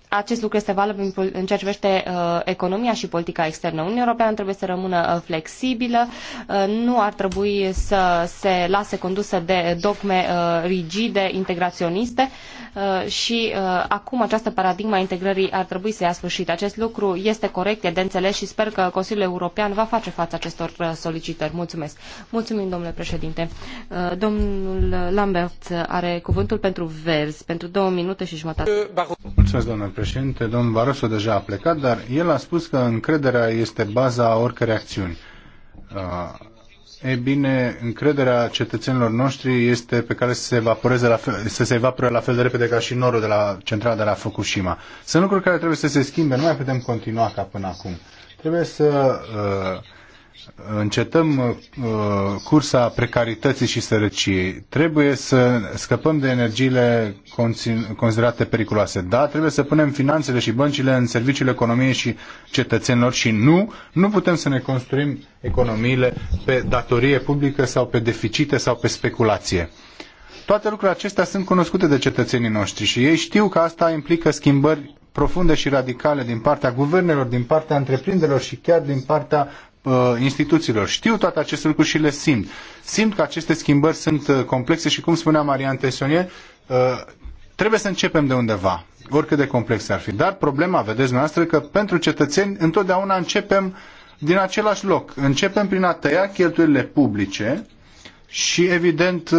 Acest lucru este valabil în ceea ce privește uh, economia și politica externă. Uniunea Europeană trebuie să rămână uh, flexibilă, uh, nu ar trebui să se lase condusă de dogme uh, rigide, integraționiste, uh, Uh, și uh, acum această paradigma integrării ar trebui să ia sfârșit. Acest lucru este corect, e de înțeles și sper că Consiliul European va face față acestor uh, solicitări. Mulțumesc. Mulțumim, domnule președinte. Domnul Lambert are cuvântul pentru verzi, pentru două minute și jumătate. Mulțumesc, domnule președinte. Domnul Barroso deja a plecat, dar el a spus că încrederea este baza oricărei acțiuni. E bine, încrederea cetățenilor noștri este pe care să se, evaporeze la fel, să se evaporeze la fel de repede ca și norul de la centrala de la Fukushima. Sunt lucruri care trebuie să se schimbe, nu mai putem continua ca până acum. Trebuie să uh, încetăm uh, cursa precarității și sărăciei. Trebuie să scăpăm de energiile considerate periculoase. Da, trebuie să punem finanțele și băncile în serviciul economiei și cetățenilor și nu, nu putem să ne construim economiile pe datorie publică sau pe deficite sau pe speculație. Toate lucrurile acestea sunt cunoscute de cetățenii noștri și ei știu că asta implică schimbări profunde și radicale din partea guvernelor, din partea întreprinderilor și chiar din partea Uh, instituțiilor. Știu toate aceste lucruri și le simt. Simt că aceste schimbări sunt uh, complexe și, cum spunea Marian Tesonier, uh, trebuie să începem de undeva, oricât de complexe ar fi. Dar problema, vedeți noastră, că pentru cetățeni întotdeauna începem din același loc. Începem prin a tăia cheltuielile publice și, evident,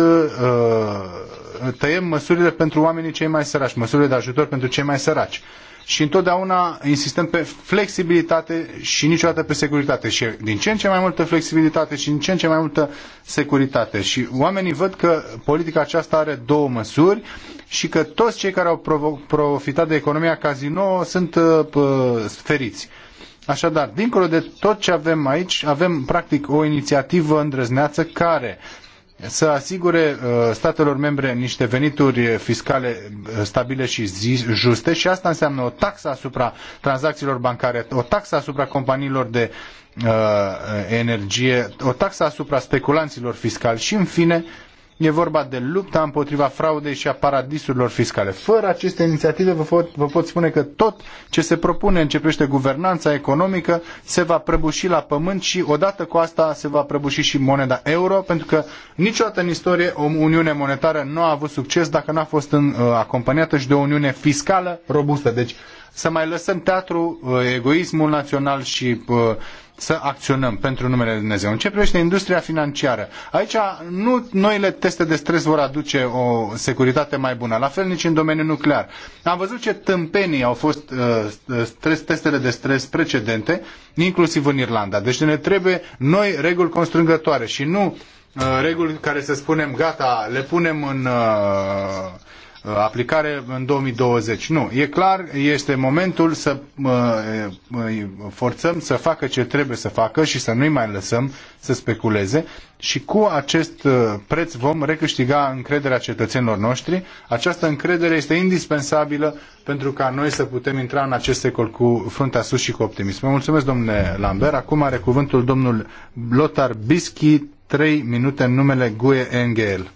tăiem măsurile pentru oamenii cei mai săraci, măsurile de ajutor pentru cei mai săraci și întotdeauna insistăm pe flexibilitate și niciodată pe securitate. Și din ce în ce mai multă flexibilitate și din ce în ce mai multă securitate. Și oamenii văd că politica aceasta are două măsuri și că toți cei care au profitat de economia casino sunt uh, feriți. Așadar, dincolo de tot ce avem aici, avem practic o inițiativă îndrăzneață care să asigure uh, statelor membre niște venituri fiscale uh, stabile și juste și asta înseamnă o taxă asupra tranzacțiilor bancare, o taxă asupra companiilor de uh, energie, o taxă asupra speculanților fiscali și, în fine, E vorba de lupta împotriva fraudei și a paradisurilor fiscale. Fără aceste inițiative vă pot, vă pot spune că tot ce se propune începește guvernanța economică se va prăbuși la pământ și odată cu asta se va prăbuși și moneda euro, pentru că niciodată în istorie o uniune monetară nu a avut succes dacă n-a fost în, uh, acompaniată și de o uniune fiscală robustă. Deci să mai lăsăm teatru uh, egoismul național și uh, să acționăm pentru numele Lui Dumnezeu. În ce privește industria financiară, aici nu noile teste de stres vor aduce o securitate mai bună, la fel nici în domeniul nuclear. Am văzut ce tâmpenii au fost uh, stres, testele de stres precedente, inclusiv în Irlanda. Deci ne trebuie noi reguli constrângătoare și nu uh, reguli care să spunem, gata, le punem în... Uh, Uh, aplicare în 2020. Nu, e clar, este momentul să uh, uh, forțăm să facă ce trebuie să facă și să nu-i mai lăsăm să speculeze și cu acest preț vom recâștiga încrederea cetățenilor noștri. Această încredere este indispensabilă pentru ca noi să putem intra în acest secol cu fruntea sus și cu optimism. Vă mulțumesc, domnule Lambert. Acum are cuvântul domnul Lothar Bischi, trei minute în numele GUE NGL.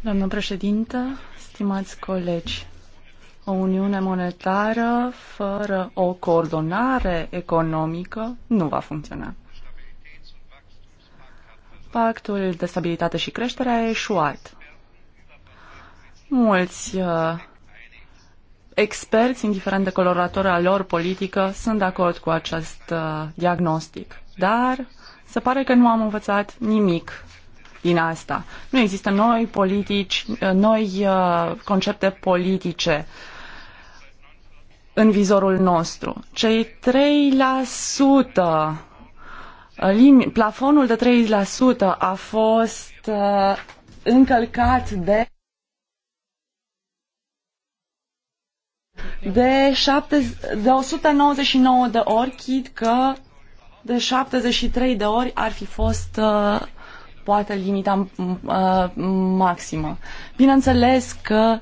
Doamnă președintă, stimați colegi, o uniune monetară fără o coordonare economică nu va funcționa. Pactul de stabilitate și creștere a eșuat. Mulți uh, experți, indiferent de coloratura lor politică, sunt de acord cu acest uh, diagnostic. Dar se pare că nu am învățat nimic din asta. Nu există noi politici, eh, noi eh, concepte politice în vizorul nostru. Cei 3% eh, plafonul de 3% a fost încălcat de de, șapte de 199 de ori, chid că de 73 de ori ar fi fost uh, poate limita uh, maximă. Bineînțeles că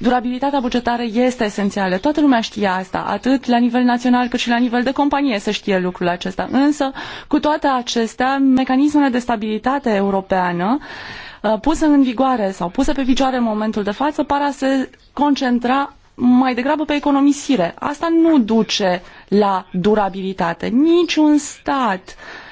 Durabilitatea bugetară este esențială. Toată lumea știe asta, atât la nivel național cât și la nivel de companie să știe lucrul acesta. Însă, cu toate acestea, mecanismele de stabilitate europeană uh, puse în vigoare sau puse pe picioare în momentul de față par a se concentra mai degrabă pe economisire. Asta nu duce la durabilitate. Niciun stat uh,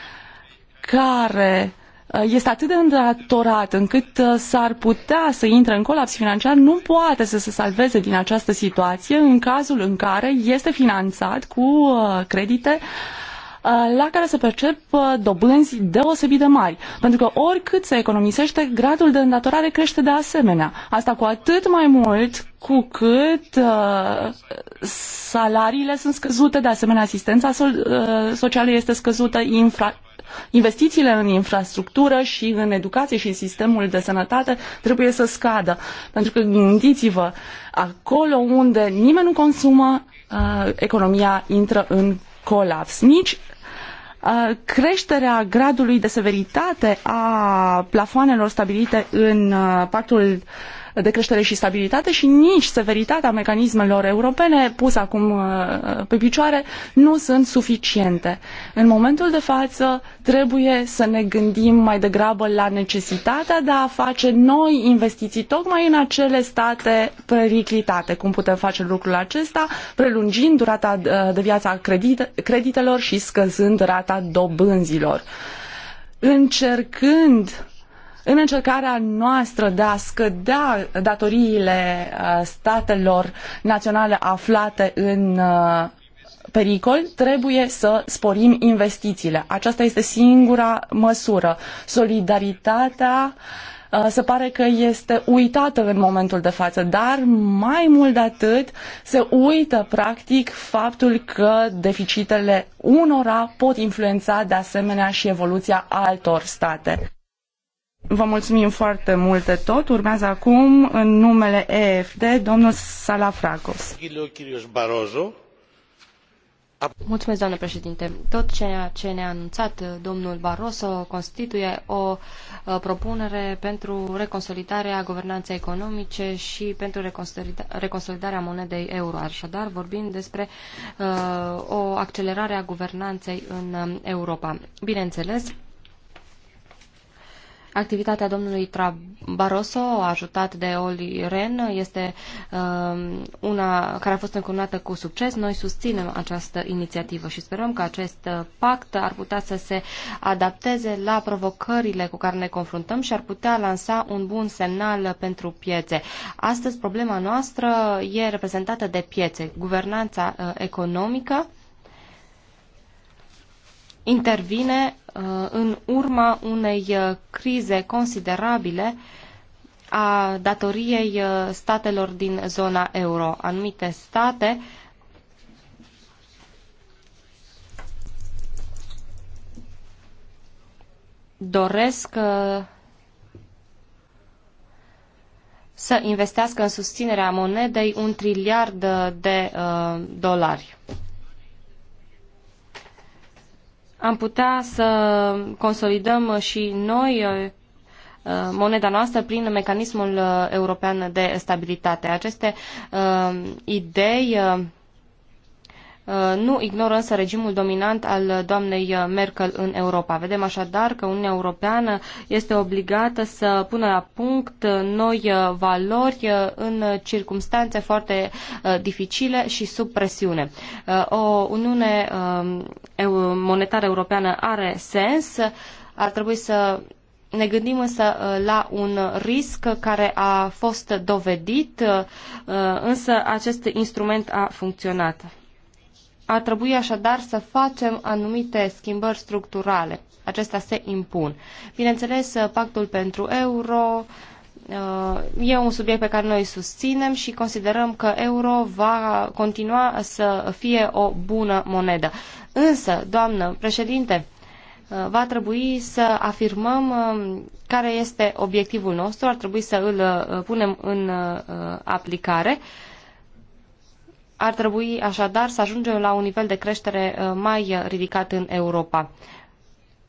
care uh, este atât de îndatorat încât uh, s-ar putea să intre în colaps financiar, nu poate să se salveze din această situație în cazul în care este finanțat cu uh, credite la care se percep dobânzi deosebit de mari. Pentru că oricât se economisește, gradul de îndatorare crește de asemenea. Asta cu atât mai mult cu cât salariile sunt scăzute, de asemenea asistența socială este scăzută, infra- Investițiile în infrastructură și în educație și în sistemul de sănătate trebuie să scadă. Pentru că, gândiți-vă, acolo unde nimeni nu consumă, uh, economia intră în colaps. Nici uh, creșterea gradului de severitate a plafoanelor stabilite în uh, pactul de creștere și stabilitate și nici severitatea mecanismelor europene puse acum uh, pe picioare nu sunt suficiente. În momentul de față trebuie să ne gândim mai degrabă la necesitatea de a face noi investiții tocmai în acele state periclitate. Cum putem face lucrul acesta? Prelungind durata uh, de viață a credit creditelor și scăzând rata dobânzilor. Încercând în încercarea noastră de a scădea datoriile uh, statelor naționale aflate în uh, pericol, trebuie să sporim investițiile. Aceasta este singura măsură. Solidaritatea uh, se pare că este uitată în momentul de față, dar mai mult de atât se uită practic faptul că deficitele unora pot influența de asemenea și evoluția altor state. Vă mulțumim foarte mult de tot. Urmează acum, în numele EFD, domnul Salafragos. Mulțumesc, doamnă președinte. Tot ceea ce ne-a anunțat uh, domnul Barroso constituie o uh, propunere pentru reconsolidarea guvernanței economice și pentru reconsolidarea monedei euro. Așadar, vorbim despre uh, o accelerare a guvernanței în um, Europa. Bineînțeles, Activitatea domnului Barroso, ajutat de Oli Ren, este um, una care a fost încununată cu succes. Noi susținem această inițiativă și sperăm că acest uh, pact ar putea să se adapteze la provocările cu care ne confruntăm și ar putea lansa un bun semnal pentru piețe. Astăzi problema noastră e reprezentată de piețe, guvernanța uh, economică, intervine uh, în urma unei uh, crize considerabile a datoriei uh, statelor din zona euro. Anumite state doresc să investească în susținerea monedei un triliard de dolari am putea să consolidăm și noi uh, uh, moneda noastră prin mecanismul uh, european de stabilitate. Aceste idei Uh, nu ignoră însă regimul dominant al uh, doamnei uh, Merkel în Europa. Vedem așadar că Uniunea Europeană este obligată să pună la punct noi valori în circumstanțe foarte dificile și sub presiune. O Uniune um, monetară europeană are sens, ar trebui să ne gândim însă la un risc care a fost dovedit, însă acest instrument a funcționat. Ar trebui așadar să facem anumite schimbări structurale. Acestea se impun. Bineînțeles, pactul pentru euro uh, e un subiect pe care noi susținem și considerăm că euro va continua să fie o bună monedă. Însă, doamnă președinte, uh, va trebui să afirmăm um, care este obiectivul nostru, ar trebui să îl uh, punem în aplicare. Ar trebui așadar să ajungem la un nivel de creștere uh, mai ridicat în Europa.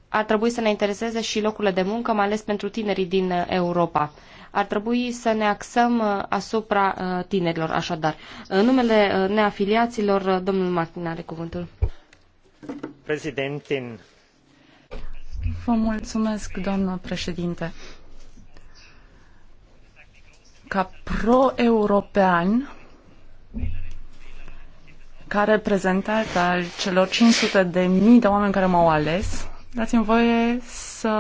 Ar trebui să ne intereseze și locurile de muncă, mai ales pentru tinerii din uh, Europa. Ar trebui să ne axăm uh, asupra tinerilor, așadar. În numele neafiliaților, domnul Martin are cuvântul. Prezidentin. Vă mulțumesc, doamnă președinte. Ca pro-european, ca reprezentant al celor 500 de mii de oameni care m-au ales, dați-mi voie să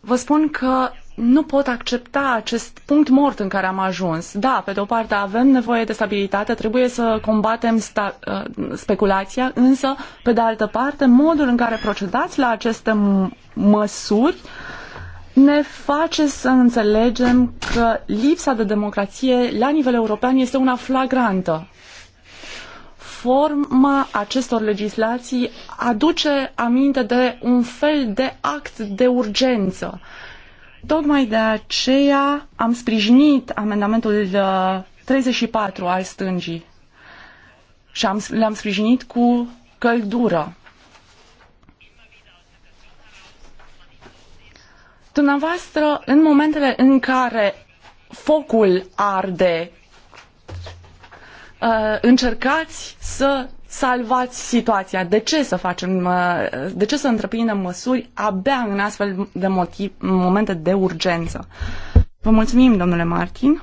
vă spun că nu pot accepta acest punct mort în care am ajuns. Da, pe de o parte avem nevoie de stabilitate, trebuie să combatem sta- uh, speculația, însă, pe de altă parte, modul în care procedați la aceste măsuri uh, ne face să înțelegem că lipsa de democrație la nivel european este una flagrantă. Forma acestor legislații aduce aminte de un fel de act de urgență. Tocmai de aceea am sprijinit amendamentul 34 uh, al stângii și le-am sprijinit cu căldură. Dumneavoastră, în momentele în care focul arde, uh, încercați să salvați situația. De ce să facem, uh, de ce să întreprindem măsuri abia în astfel de motiv, momente de urgență? Vă mulțumim, domnule Martin.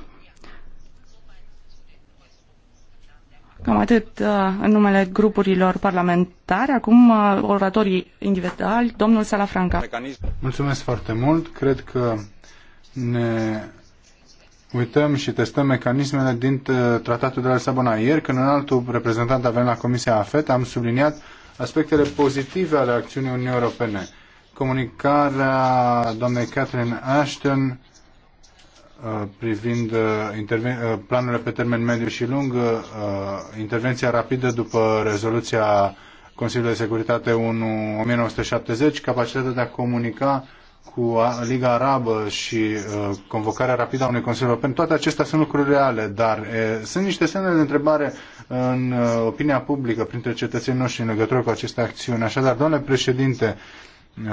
Cam atât uh, în numele grupurilor parlamentare. Acum uh, oratorii individuali, domnul Salafranca. Mulțumesc foarte mult. Cred că ne uităm și testăm mecanismele din uh, tratatul de la Sabona. Ieri, când un altul reprezentant avem la Comisia AFET, am subliniat aspectele pozitive ale acțiunii Uniunii Europene. Comunicarea doamnei Catherine Ashton Uh, privind uh, uh, planurile pe termen mediu și lung, intervenția rapidă după rezoluția Consiliului de Securitate 1 1970, capacitatea de a comunica cu Liga Arabă și convocarea rapidă a unui Consiliu European, toate acestea sunt lucruri reale, dar sunt niște semne de întrebare în opinia publică, printre cetățenii noștri, în legătură cu aceste acțiuni. Așadar, domnule președinte, Uh,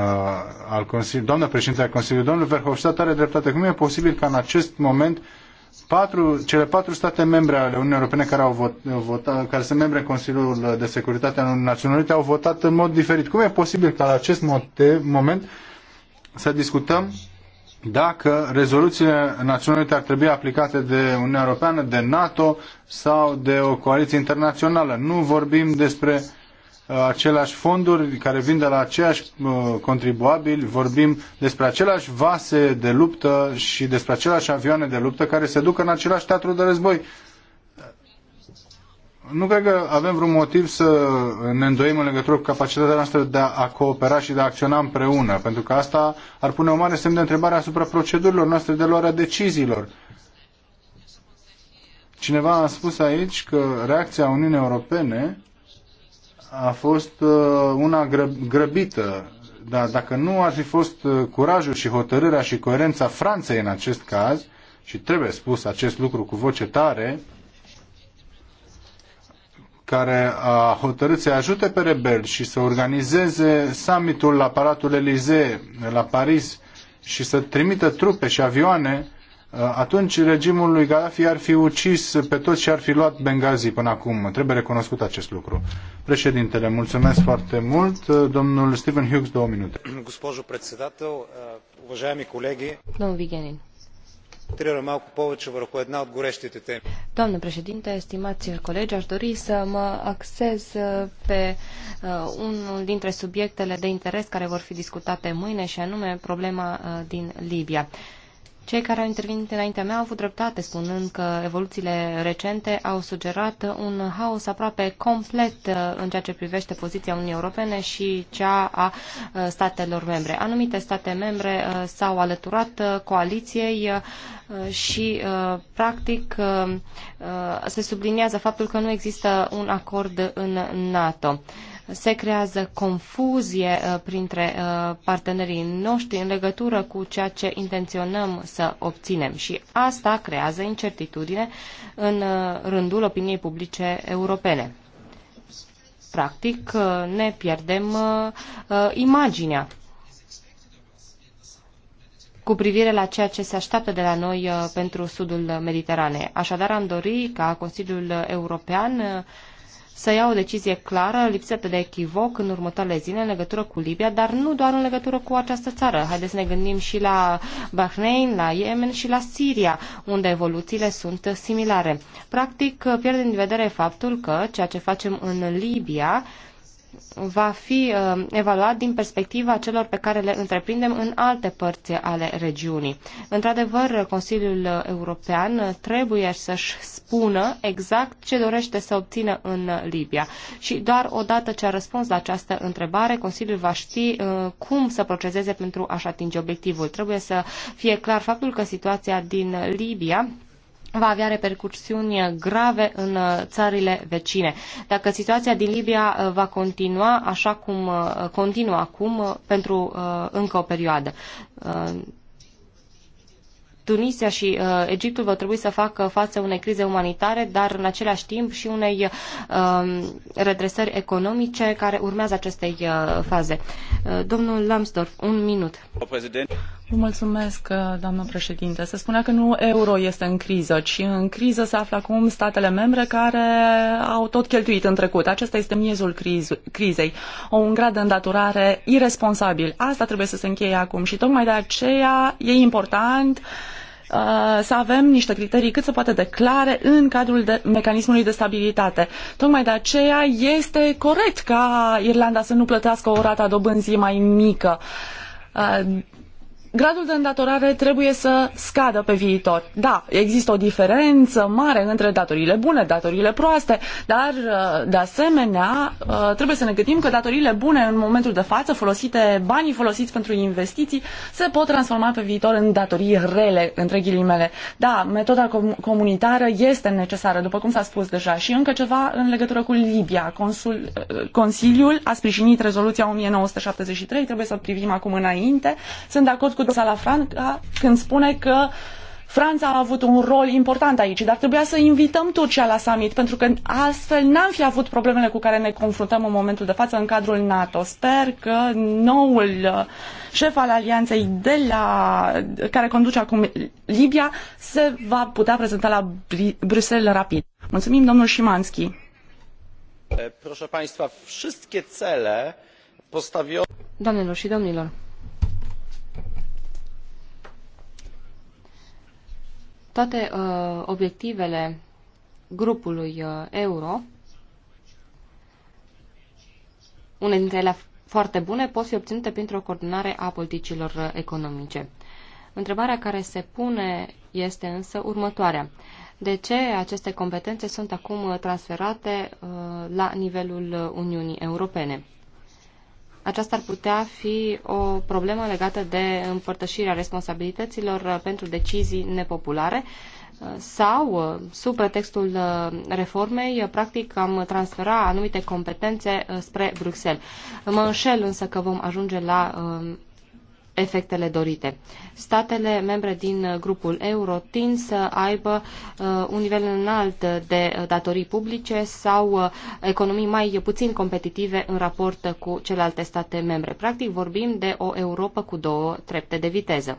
al Consiliului, doamna președinte al Consiliului, domnul Verhofstadt are dreptate. Cum e posibil ca în acest moment patru, cele patru state membre ale Uniunii Europene care, au vot, care sunt membre în Consiliul de Securitate al Națiunilor Unite au votat în mod diferit. Cum e posibil ca la acest moment să discutăm dacă rezoluțiile Națiunilor Unite ar trebui aplicate de Uniunea Europeană, de NATO sau de o coaliție internațională? Nu vorbim despre uh, Uh, aceleași fonduri care vin de la aceiași uh, contribuabili, vorbim despre aceleași vase de luptă și despre aceleași avioane de luptă care se duc în același teatru de război. Nu cred că avem vreun motiv să ne îndoim în legătură cu capacitatea noastră de a coopera și de a acționa împreună, pentru că asta ar pune o mare semn de întrebare asupra procedurilor noastre de luarea deciziilor. Cineva a spus aici că reacția Uniunii Europene a fost uh, una grăbită. Dar dacă nu ar fi fost uh, curajul și hotărârea și coerența Franței în acest caz, și trebuie spus acest lucru cu voce tare, care a hotărât să ajute pe rebeli și să organizeze summitul la Palatul Elysee la Paris și să trimită trupe și avioane Uh, atunci regimul lui Gaddafi ar fi ucis pe toți și ar fi luat Benghazi până acum. Trebuie recunoscut acest lucru. Președintele, mulțumesc foarte mult. Uh, domnul Stephen Hughes, două minute. Госпожо председател, uh, уважаеми колеги. Domnul Vigenin. Doamnă președinte, stimați colegi, aș dori să mă axez pe unul dintre subiectele de interes care vor fi discutate mâine și anume problema din Libia. Cei care au intervenit înaintea mea au avut dreptate spunând că evoluțiile recente au sugerat un haos aproape complet uh, în ceea ce privește poziția Uniunii Europene și cea a uh, statelor membre. Anumite state membre uh, s-au alăturat coaliției și, practic, se subliniază faptul că nu există un acord în NATO se creează confuzie uh, printre uh, partenerii noștri în legătură cu ceea ce intenționăm să obținem și asta creează incertitudine în uh, rândul opiniei publice europene. Practic, ne pierdem imaginea cu privire la ceea ce se așteaptă de la noi pentru sudul Mediteranei. Așadar, am dori ca Consiliul European să ia o decizie clară, lipsită de echivoc în următoarele zile în legătură cu Libia, dar nu doar în legătură cu această țară. Haideți să ne gândim și la Bahrain, la Yemen și la Siria, unde evoluțiile sunt similare. Practic, pierdem din vedere faptul că ceea ce facem în Libia, va fi uh, evaluat din perspectiva celor pe care le întreprindem în alte părți ale regiunii. Într-adevăr, Consiliul European trebuie să-și spună exact ce dorește să obțină în Libia. Și doar odată ce a răspuns la această întrebare, Consiliul va ști uh, cum să procedeze pentru a-și atinge obiectivul. Trebuie să fie clar faptul că situația din Libia va avea repercusiuni grave în uh, țările vecine. Dacă situația din Libia uh, va continua așa cum uh, continuă acum pentru încă o perioadă. Tunisia și uh, Egiptul vor trebui să facă față unei crize umanitare, dar în același timp și unei uh, redresări economice care urmează acestei uh, faze. Uh, domnul Lambsdorff, un minut mulțumesc, uh, doamnă președinte. Se spunea că nu euro este în criză, ci în criză se află acum statele membre care au tot cheltuit în trecut. Acesta este miezul criz- crizei. O un grad de îndatorare irresponsabil. Asta trebuie să se încheie acum și tocmai de aceea e important uh, să avem niște criterii cât se poate de clare în cadrul de mecanismului de stabilitate. Tocmai de aceea este corect ca Irlanda să nu plătească o rată a dobânzii mai mică. Uh, gradul de îndatorare trebuie să scadă pe viitor. Da, există o diferență mare între datoriile bune, datoriile proaste, dar uh, de asemenea uh, trebuie să ne gândim că datoriile bune în momentul de față, folosite, banii folosiți pentru investiții, se pot transforma pe viitor în datorii rele, între ghilimele. Da, metoda comunitară este necesară, după cum s-a spus deja, și încă ceva în legătură cu Libia. Consul, uh, Consiliul a sprijinit rezoluția 1973, trebuie să privim acum înainte. Sunt de acord cunoscut Salafranca când spune că Franța a avut un rol important aici, dar trebuia să invităm Turcia la summit, pentru că astfel n-am fi avut problemele cu care ne confruntăm în momentul de față în cadrul NATO. Sper că noul uh, șef al alianței de la, care conduce acum Libia se va putea prezenta la Br- Bruxelles rapid. Mulțumim, domnul Șimanski. Proszę Państwa, wszystkie cele postawione... Doamnelor și domnilor, toate uh, obiectivele grupului uh, euro, une dintre ele foarte bune, pot fi obținute printr-o coordonare a politicilor uh, economice. Întrebarea care se pune este însă următoarea. De ce aceste competențe sunt acum uh, transferate uh, la nivelul uh, Uniunii Europene? aceasta ar putea fi o problemă legată de împărtășirea responsabilităților uh, pentru decizii nepopulare uh, sau, uh, sub pretextul reformei, practic am transfera anumite competențe spre Bruxelles. Mă înșel însă că vom ajunge la efectele dorite. Statele membre din uh, grupul euro tind să aibă uh, un nivel înalt de uh, datorii publice sau uh, economii mai puțin competitive în raport uh, cu celelalte state membre. Practic vorbim de o Europa cu două trepte de viteză.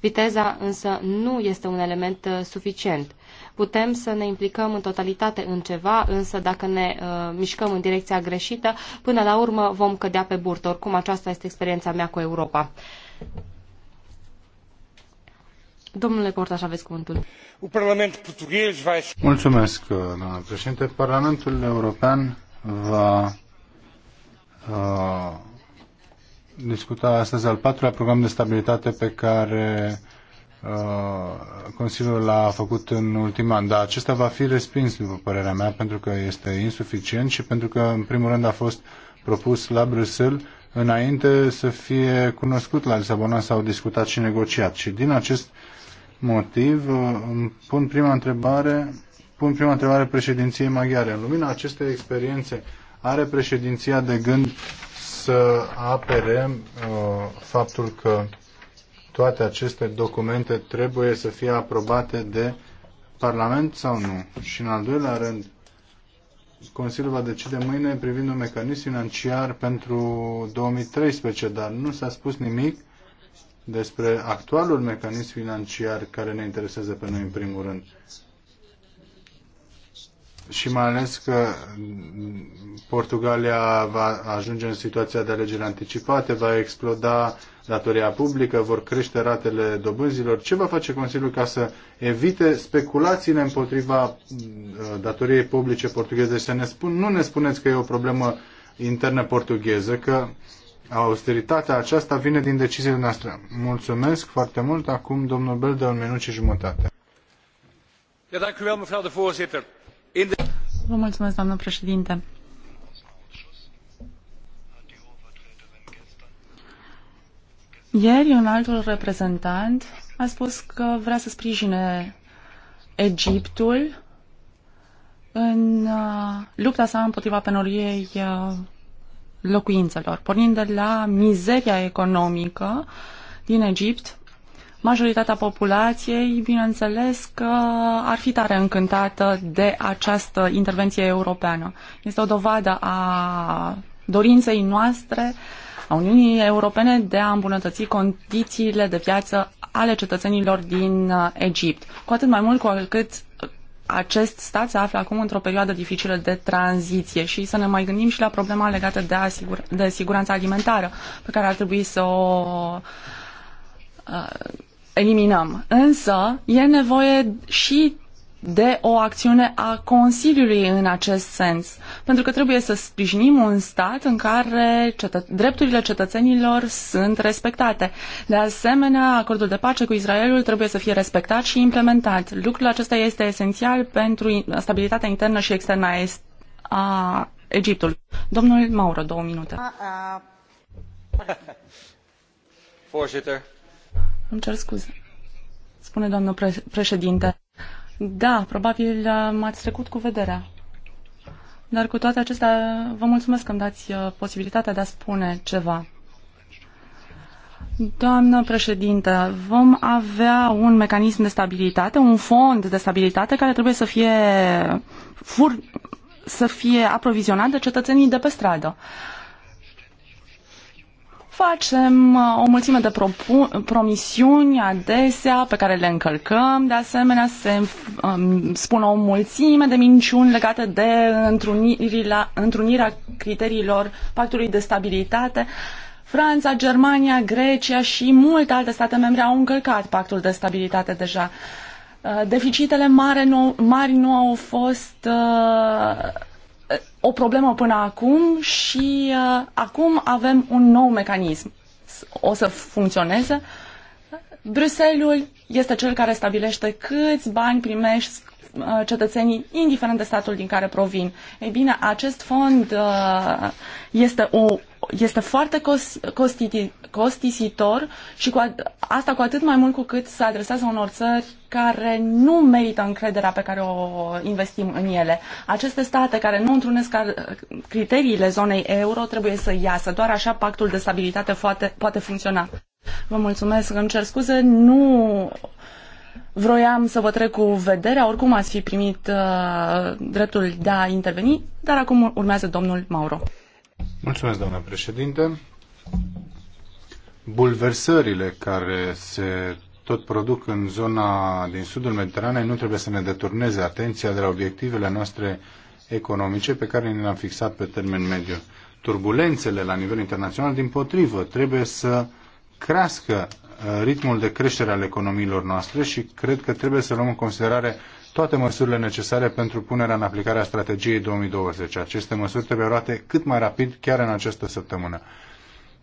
Viteza însă nu este un element suficient. Putem să ne implicăm în totalitate în ceva, însă dacă ne uh, mișcăm în direcția greșită, până la urmă vom cădea pe burtă. Oricum, aceasta este experiența mea cu Europa. Domnule Portaș, aveți cuvântul. Mulțumesc, uh, doamnă președinte. Parlamentul European va uh, discuta astăzi al patrulea program de stabilitate pe care Uh, Consiliul l-a făcut în ultimul an, dar acesta va fi respins, după părerea mea, pentru că este insuficient și pentru că, în primul rând, a fost propus la Bruxelles înainte să fie cunoscut la Lisabona sau discutat și negociat. Și din acest motiv uh, îmi pun prima întrebare, pun prima întrebare președinției maghiare. În lumina acestei experiențe, are președinția de gând să apere uh, faptul că toate aceste documente trebuie să fie aprobate de Parlament sau nu? Și în al doilea rând, Consiliul va decide mâine privind un mecanism financiar pentru 2013, dar nu s-a spus nimic despre actualul mecanism financiar care ne interesează pe noi în primul rând și mai ales că Portugalia va ajunge în situația de alegeri anticipate, va exploda datoria publică, vor crește ratele dobânzilor. Ce va face Consiliul ca să evite speculațiile împotriva datoriei publice portugheze și deci să ne spun, nu ne spuneți că e o problemă internă portugheză, că austeritatea aceasta vine din deciziile noastre. Mulțumesc foarte mult. Acum domnul Bel de un minut și jumătate. Ja, dank u wel, mevrouw de voorzitter mulțumesc, doamnă președinte. Ieri, un altul reprezentant a spus că vrea să sprijine Egiptul în uh, lupta sa împotriva penoriei uh, locuințelor, pornind de la mizeria economică din Egipt, Majoritatea populației, bineînțeles că ar fi tare încântată de această intervenție europeană. Este o dovadă a dorinței noastre, a Uniunii Europene, de a îmbunătăți condițiile de viață ale cetățenilor din uh, Egipt. Cu atât mai mult cu cât acest stat se află acum într-o perioadă dificilă de tranziție și să ne mai gândim și la problema legată de, asigur- de siguranța alimentară pe care ar trebui să o uh, eliminăm. Însă e nevoie și de o acțiune a Consiliului în acest sens, pentru că trebuie să sprijinim un stat în care cetă- drepturile cetățenilor sunt respectate. De asemenea, acordul de pace cu Israelul trebuie să fie respectat și implementat. Lucrul acesta este esențial pentru stabilitatea internă și externă a Egiptului. Domnul Mauro, două minute. uh. Îmi cer scuze. Spune doamnă pre- președinte. Da, probabil uh, m-ați trecut cu vederea. Dar cu toate acestea, vă mulțumesc că îmi dați uh, posibilitatea de a spune ceva. Doamnă președintă, vom avea un mecanism de stabilitate, un fond de stabilitate care trebuie să fie fur, să fie aprovizionat de cetățenii de pe stradă. Uh, Facem uh, o mulțime de promisiuni adesea pe care le încălcăm, de asemenea se um, spun o mulțime de minciuni legate de întrunirea criteriilor pactului de stabilitate. Franța, Germania, Grecia și multe alte state membre au încălcat pactul de stabilitate deja. Uh, deficitele mari nu, mari nu au fost uh, o problemă până acum și uh, acum avem un nou mecanism. O să funcționeze. Bruselul este cel care stabilește câți bani primești uh, cetățenii, indiferent de statul din care provin. Ei bine, acest fond uh, este o este foarte costisitor și cu asta cu atât mai mult cu cât se adresează unor țări care nu merită încrederea pe care o investim în ele. Aceste state care nu întrunesc criteriile zonei euro trebuie să iasă. Doar așa pactul de stabilitate poate, poate funcționa. Vă mulțumesc, îmi cer scuze, nu vroiam să vă trec cu vederea, oricum ați fi primit uh, dreptul de a interveni, dar acum urmează domnul Mauro. Mulțumesc, doamna președinte. Bulversările care se tot produc în zona din sudul Mediteranei nu trebuie să ne deturneze atenția de la obiectivele noastre economice pe care ne le-am fixat pe termen mediu. Turbulențele la nivel internațional, din potrivă, trebuie să crească uh, ritmul de creștere al economiilor noastre și cred că trebuie să luăm în considerare toate măsurile necesare pentru punerea în aplicare a strategiei 2020. Aceste măsuri trebuie luate cât mai rapid, chiar în această săptămână.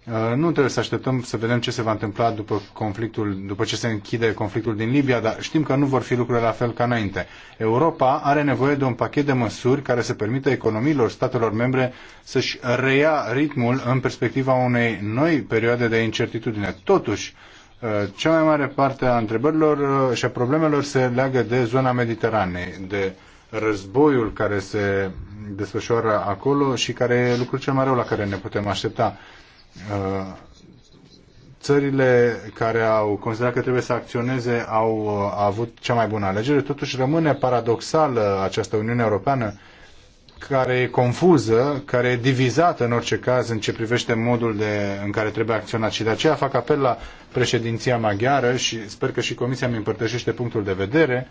Uh, nu trebuie să așteptăm să vedem ce se va întâmpla după conflictul, după ce se închide conflictul din Libia, dar știm că nu vor fi lucrurile la fel ca înainte. Europa are nevoie de un pachet de măsuri care să permită economiilor statelor membre să-și reia ritmul în perspectiva unei noi perioade de incertitudine. Totuși, Eh, cea mai mare parte a întrebărilor eh, și a problemelor se leagă de zona Mediteranei, de războiul care se desfășoară acolo și care e lucrul cel mai rău la care ne putem aștepta. Eh, țările care au considerat că trebuie să acționeze au avut cea mai bună alegere, totuși rămâne paradoxală această Uniune Europeană care e confuză, care e divizată în orice caz în ce privește modul de, în care trebuie acționat. Și de aceea fac apel la președinția maghiară și sper că și Comisia mi împărtășește punctul de vedere.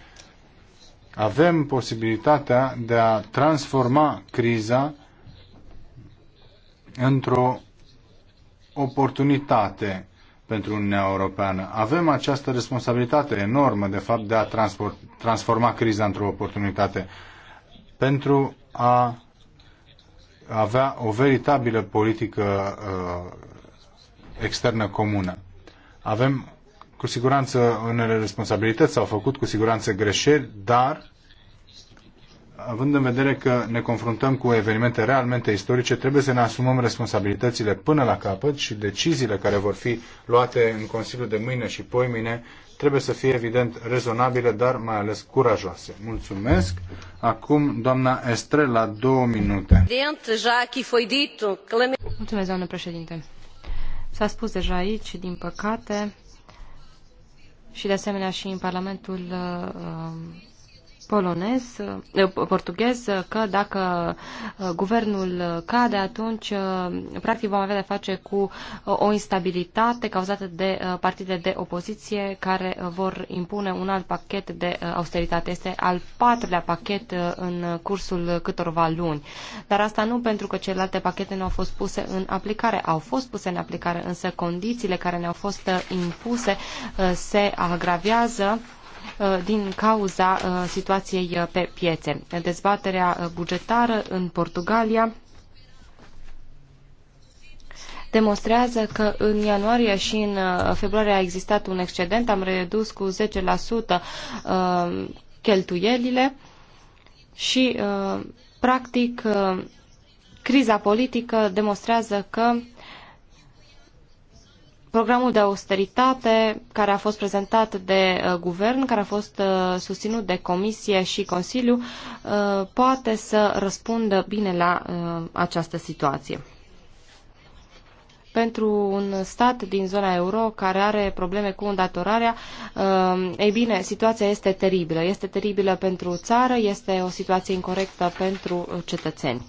Avem posibilitatea de a transforma criza într-o oportunitate pentru Uniunea Europeană. Avem această responsabilitate enormă, de fapt, de a transforma criza într-o oportunitate pentru a avea o veritabilă politică uh, externă comună. Avem cu siguranță unele responsabilități, s-au făcut cu siguranță greșeli, dar având în vedere că ne confruntăm cu evenimente realmente istorice, trebuie să ne asumăm responsabilitățile până la capăt și deciziile care vor fi luate în Consiliul de mâine și poimine trebuie să fie evident rezonabile, dar mai ales curajoase. Mulțumesc. Acum, doamna Estrela, două minute. Mulțumesc, doamnă președinte. S-a spus deja aici, din păcate, și de asemenea și în Parlamentul uh, polonez, eh, eh, portughez eh, că dacă guvernul cade, atunci practic vom avea de face cu o instabilitate cauzată de partide de opoziție care vor impune un alt pachet de austeritate. Este al patrulea pachet în cursul câtorva luni. Dar asta nu pentru că celelalte pachete nu au fost puse în aplicare. Au fost puse în aplicare, însă condițiile care ne-au fost impuse se agravează Uh, din cauza uh, situației uh, pe piețe. Dezbaterea bugetară în Portugalia demonstrează că în ianuarie și în februarie a existat un excedent, am redus cu 10% cheltuielile și, practic, criza politică demonstrează că programul de austeritate care a fost prezentat de uh, guvern, care a fost uh, susținut de Comisie și Consiliu, uh, poate să răspundă bine la uh, această situație. Pentru un stat din zona euro care are probleme cu îndatorarea, uh, ei bine, situația este teribilă. Este teribilă pentru țară, este o situație incorrectă pentru uh, cetățeni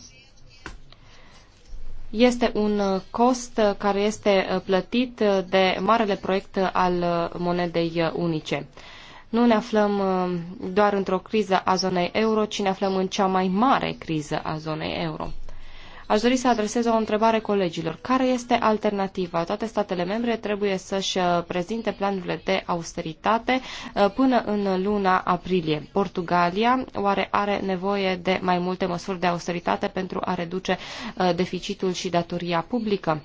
este un uh, cost uh, care este uh, plătit de marele proiect al monedei unice. Nu ne aflăm doar într-o criză a zonei euro, ci ne aflăm în cea mai mare criză a zonei euro. Aș dori să adresez o întrebare colegilor. Care este alternativa? Toate statele membre trebuie să-și uh, prezinte planurile de austeritate uh, până în luna aprilie. Portugalia oare are nevoie de mai multe măsuri de austeritate pentru a reduce uh, deficitul și datoria publică?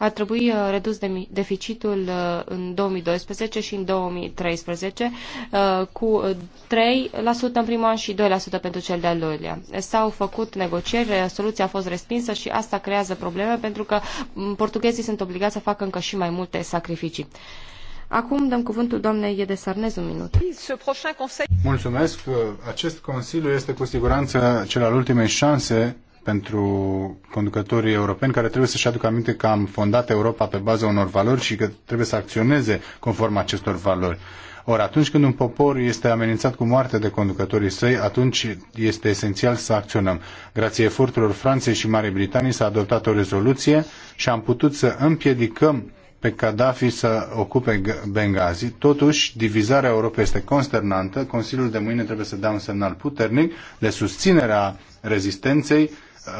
ar trebui uh, redus de deficitul uh, în 2012 și în 2013 uh, cu 3% în primul an și 2% pentru cel de-al doilea. S-au făcut negocieri, soluția a fost respinsă și asta creează probleme pentru că mm, portughezii sunt obligați să facă încă și mai multe sacrificii. Acum dăm cuvântul doamnei Iede Sarnez un minut. Mulțumesc. Acest Consiliu este cu siguranță cel al ultimei șanse pentru conducătorii europeni care trebuie să-și aducă aminte că am fondat Europa pe baza unor valori și că trebuie să acționeze conform acestor valori. Ori atunci când un popor este amenințat cu moarte de conducătorii săi, atunci este esențial să acționăm. Grație eforturilor Franței și Marii Britanii s-a adoptat o rezoluție și am putut să împiedicăm pe Gaddafi să ocupe Benghazi. Totuși, divizarea Europei este consternantă. Consiliul de mâine trebuie să dea un semnal puternic de susținere a rezistenței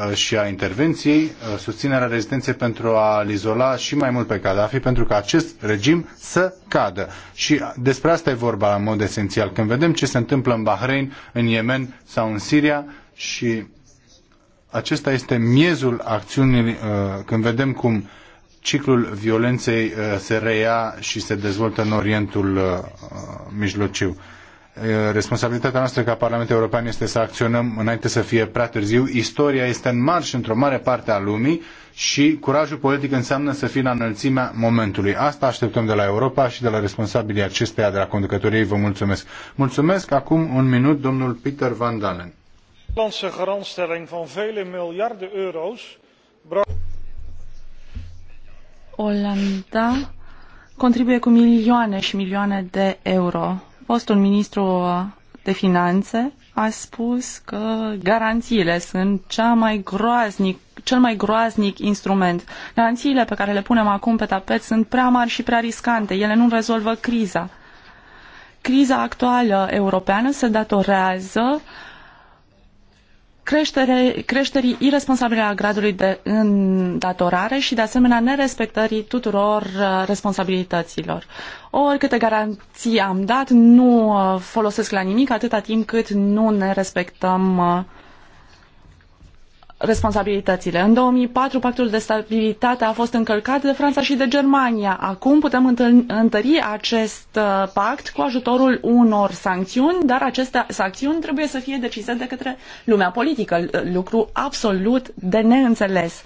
Uh, și a intervenției, uh, susținerea rezistenței pentru a-l izola și mai mult pe Gaddafi, pentru că acest regim să cadă. Și despre asta e vorba în mod esențial. Când vedem ce se întâmplă în Bahrain, în Yemen sau în Siria și acesta este miezul acțiunii uh, când vedem cum ciclul violenței se reia și se dezvoltă în Orientul Mijlociu responsabilitatea noastră ca Parlament European este să acționăm înainte să fie prea târziu. Istoria este în marș într-o mare parte a lumii și curajul politic înseamnă să fii la înălțimea momentului. Asta așteptăm de la Europa și de la responsabilii acesteia, de la conducătorii Vă mulțumesc. Mulțumesc. Acum un minut, domnul Peter Van Dalen. Olanda contribuie cu milioane și milioane de euro fostul ministru de finanțe a spus că garanțiile sunt cea mai groaznic, cel mai groaznic instrument. Garanțiile pe care le punem acum pe tapet sunt prea mari și prea riscante. Ele nu rezolvă criza. Criza actuală europeană se datorează uh, creștere, creșterii irresponsabile a gradului de îndatorare și, de asemenea, nerespectării tuturor uh, responsabilităților. Oricâte garanții am dat, nu uh, folosesc la nimic atâta timp cât nu ne respectăm uh, responsabilitățile. În 2004, pactul de stabilitate a fost încălcat de Franța și de Germania. Acum putem întări acest uh, pact cu ajutorul unor sancțiuni, dar aceste sancțiuni trebuie să fie decise de către lumea politică, lucru absolut de neînțeles.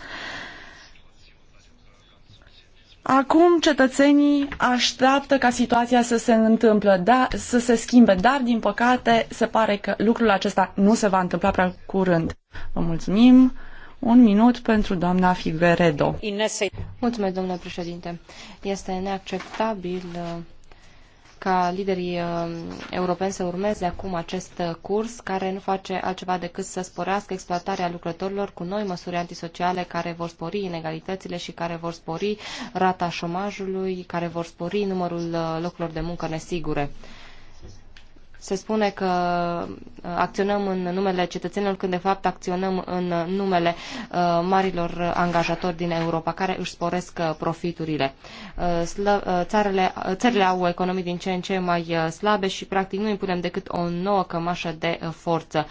Acum cetățenii așteaptă ca situația să se întâmple, da, să se schimbe, dar din păcate se pare că lucrul acesta nu se va întâmpla prea curând. Vă mulțumim. Un minut pentru doamna Figueredo. Mulțumesc, domnule președinte. Este neacceptabil uh, ca liderii uh, europeni să urmeze acum acest uh, curs care nu face altceva decât să sporească exploatarea lucrătorilor cu noi măsuri antisociale care vor spori inegalitățile și care vor spori rata șomajului, care vor spori numărul uh, locurilor de muncă nesigure se spune că uh, acționăm în numele cetățenilor când de fapt acționăm în uh, numele uh, marilor angajatori din Europa care își sporesc profiturile. Țarele, țările au economii din ce în ce mai slabe și practic nu impunem decât o nouă cămașă de forță.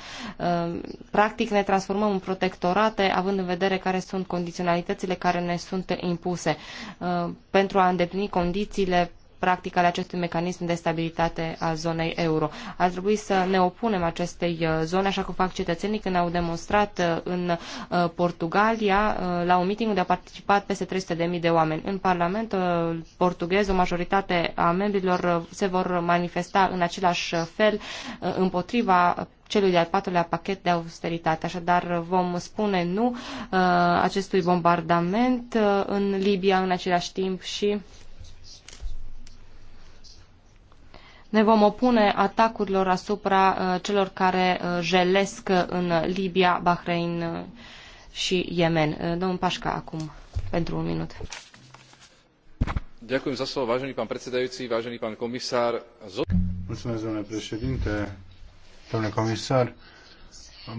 Practic ne transformăm în protectorate având în vedere care sunt condiționalitățile care ne sunt impuse pentru a îndeplini condițiile practic ale acestui mecanism de stabilitate a zonei euro. Ar trebui să ne opunem acestei uh, zone, așa cum fac cetățenii când au demonstrat uh, în uh, Portugalia. La un meeting unde au participat peste 300.000 de oameni. În Parlament portughez, o majoritate a membrilor se vor manifesta în același fel împotriva celui de-al patrulea pachet de austeritate. Așadar, vom spune nu acestui bombardament în Libia în același timp și Ne vom opune atacurilor asupra uh, celor care uh, jelesc uh, în Libia, Bahrein și Yemen. Domnul Pașca, acum, pentru un minut. Ďakujem za slovo, vážený pán predsedajúci, vážený pán komisár. Mulțumesc, domnule președinte, domnule comisar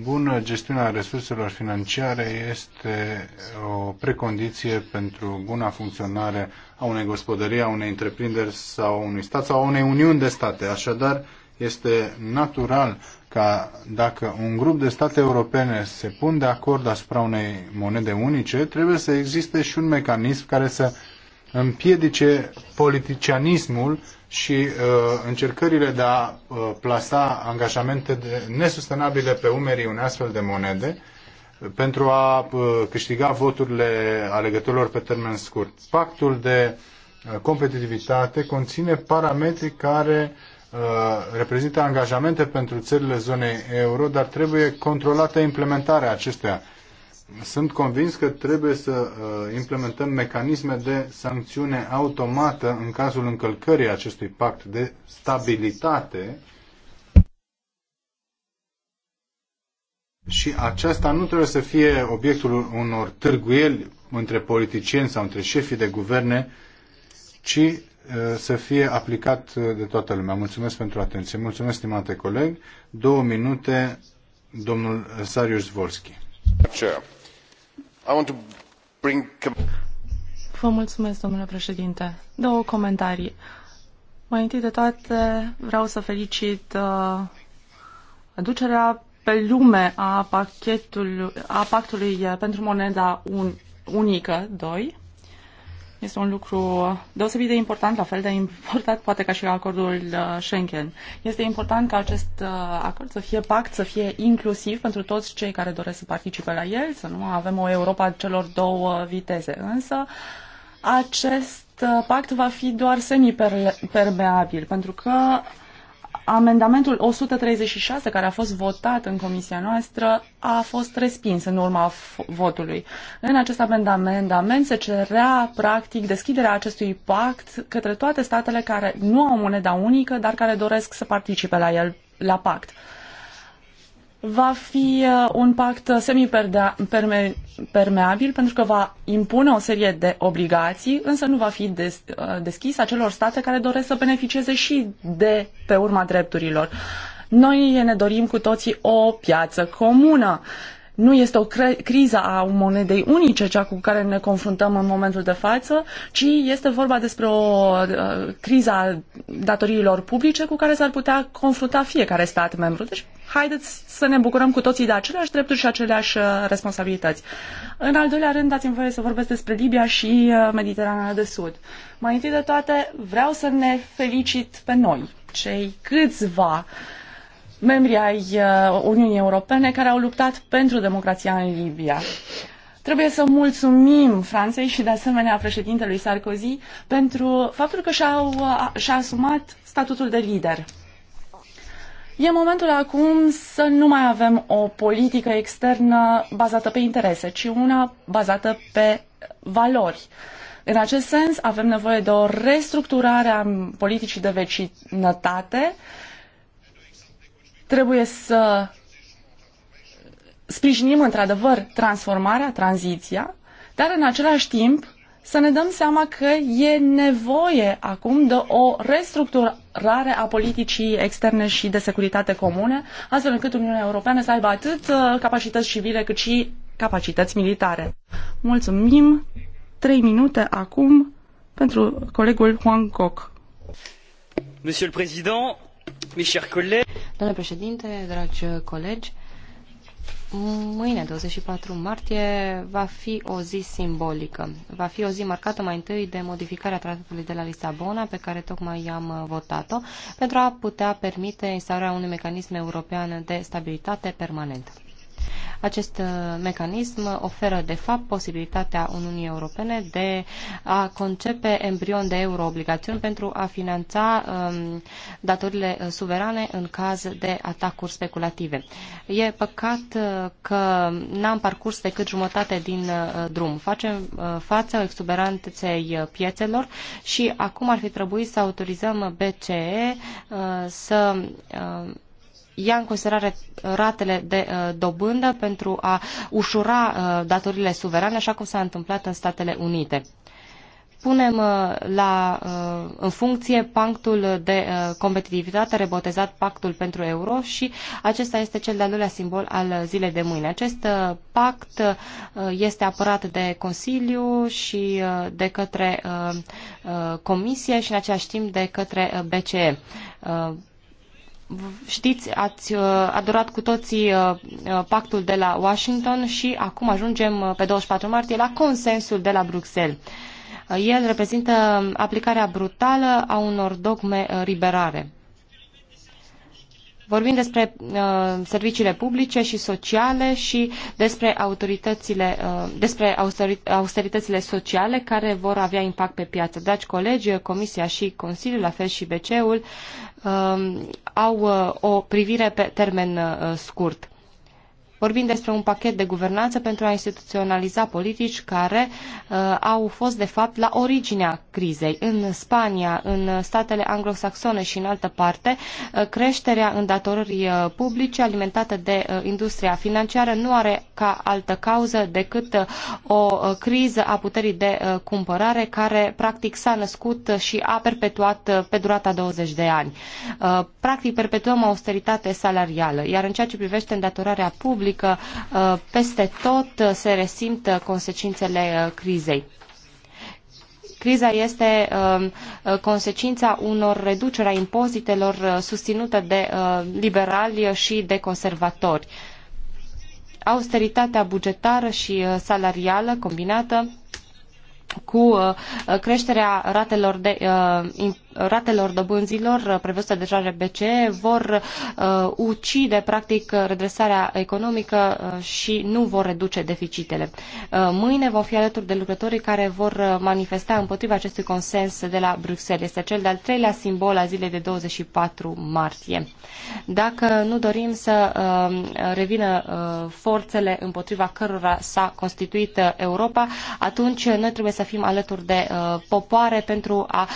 bună gestiunea resurselor financiare este o precondiție pentru buna funcționare a unei gospodării, a unei întreprinderi sau a unui stat sau a unei uniuni de state. Așadar, este natural ca dacă un grup de state europene se pun de acord asupra unei monede unice, trebuie să existe și un mecanism care să împiedice politicianismul și uh, încercările de a uh, plasa angajamente de, nesustenabile pe umerii unei astfel de monede uh, pentru a uh, câștiga voturile alegătorilor pe termen scurt. Pactul de uh, competitivitate conține parametri care uh, reprezintă angajamente pentru țările zonei euro, dar trebuie controlată implementarea acestea sunt convins că trebuie să uh, implementăm mecanisme de sancțiune automată în cazul încălcării acestui pact de stabilitate și aceasta nu trebuie să fie obiectul unor târguieli între politicieni sau între șefii de guverne, ci uh, să fie aplicat uh, de toată lumea. Mulțumesc pentru atenție. Mulțumesc, stimate coleg. Două minute, domnul Sarius Volski. Sure. Vă mulțumesc, domnule președinte. Două comentarii. Mai întâi de toate, vreau să felicit uh, aducerea pe lume a, pachetului, a pactului uh, pentru moneda un, unică 2. Este un lucru deosebit de important, la fel de important poate ca și acordul uh, Schengen. Este important ca acest uh, acord să fie pact, să fie inclusiv pentru toți cei care doresc să participe la el, să nu avem o Europa celor două viteze. Însă acest uh, pact va fi doar semipermeabil, pentru că Amendamentul 136, care a fost votat în comisia noastră, a fost respins în urma votului. În acest amendament, se cerea, practic, deschiderea acestui pact către toate statele care nu au moneda unică, dar care doresc să participe la el, la pact va fi uh, un pact semipermeabil pentru că va impune o serie de obligații, însă nu va fi des, uh, deschis acelor state care doresc să beneficieze și de pe urma drepturilor. Noi ne dorim cu toții o piață comună nu este o criză a monedei unice cea cu care ne confruntăm în momentul de față, ci este vorba despre o uh, criză a datoriilor publice cu care s-ar putea confrunta fiecare stat membru. Deci, haideți să ne bucurăm cu toții de aceleași drepturi și aceleași uh, responsabilități. În al doilea rând, dați-mi voie să vorbesc despre Libia și uh, Mediterana de Sud. Mai întâi de toate, vreau să ne felicit pe noi, cei câțiva uh, membri ai uh, Uniunii Europene care au luptat pentru democrația în Libia. Trebuie să mulțumim Franței și de asemenea președintelui Sarkozy pentru faptul că uh, și-a și asumat statutul de lider. E momentul acum să nu mai avem o politică externă bazată pe interese, ci una bazată pe valori. În acest sens, avem nevoie de o restructurare a politicii de vecinătate uh, Trebuie să sprijinim într-adevăr transformarea, tranziția, dar în același timp să ne dăm seama că e nevoie acum de o restructurare a politicii externe și de securitate comune, astfel încât Uniunea Europeană să aibă atât uh, capacități civile cât și capacități militare. Mulțumim! Trei minute acum pentru colegul Juan Koch. Monsieur le Président, Domnule președinte, dragi colegi, mâine, 24 martie, va fi o zi simbolică. Va fi o zi marcată mai întâi de modificarea tratatului de la Lisabona, pe care tocmai am uh, votat-o, pentru a putea permite instaurarea unui mecanism european de stabilitate permanent. Acest uh, mecanism oferă, de fapt, posibilitatea Uniunii Europene de a concepe embrion de euroobligațiuni pentru a finanța um, datorile uh, suverane în caz de atacuri speculative. E păcat uh, că n-am parcurs decât jumătate din uh, drum. Facem uh, față exuberanței piețelor și acum ar fi trebuit să autorizăm BCE uh, să uh, ia în considerare uh, ratele de uh, dobândă pentru a ușura uh, datorile suverane, așa cum s-a întâmplat în Statele Unite punem la, în funcție pactul de competitivitate, rebotezat pactul pentru euro și acesta este cel de-al doilea simbol al zilei de mâine. Acest pact este apărat de Consiliu și de către Comisie și în același timp de către BCE știți, ați uh, adorat cu toții uh, uh, pactul de la Washington și acum ajungem pe 24 martie la consensul de la Bruxelles. El reprezintă aplicarea brutală a unor dogme liberare. Vorbim despre uh, serviciile publice și sociale și despre autoritățile, uh, despre austeritățile sociale care vor avea impact pe piață. Dragi colegi, Comisia și Consiliul, la fel și bce ul Um, au uh, o privire pe termen uh, scurt. Vorbim despre un pachet de guvernanță pentru a instituționaliza politici care uh, au fost, de fapt, la originea crizei. În Spania, în statele anglosaxone și în altă parte, uh, creșterea îndatorării uh, publice alimentată de uh, industria financiară nu are ca altă cauză decât uh, o uh, criză a puterii de uh, cumpărare care, practic, s-a născut și a perpetuat uh, pe durata 20 de ani. Uh, practic, perpetuăm austeritate salarială, iar în ceea ce privește îndatorarea publică, că uh, peste tot uh, se resimt uh, consecințele crizei. Criza este um, consecința unor reduceri a impozitelor susținute de liberali și de conservatori. Austeritatea bugetară și salarială combinată cu creșterea ratelor de uh, ratelor dobânzilor prevăzute deja de BCE vor uh, ucide practic redresarea economică uh, și nu vor reduce deficitele. Uh, mâine vom fi alături de lucrătorii care vor uh, manifesta împotriva acestui consens de la Bruxelles. Este cel de-al treilea simbol a zilei de 24 martie. Dacă nu dorim să uh, revină uh, forțele împotriva cărora s-a constituit Europa, atunci noi trebuie să fim alături de popoare pentru a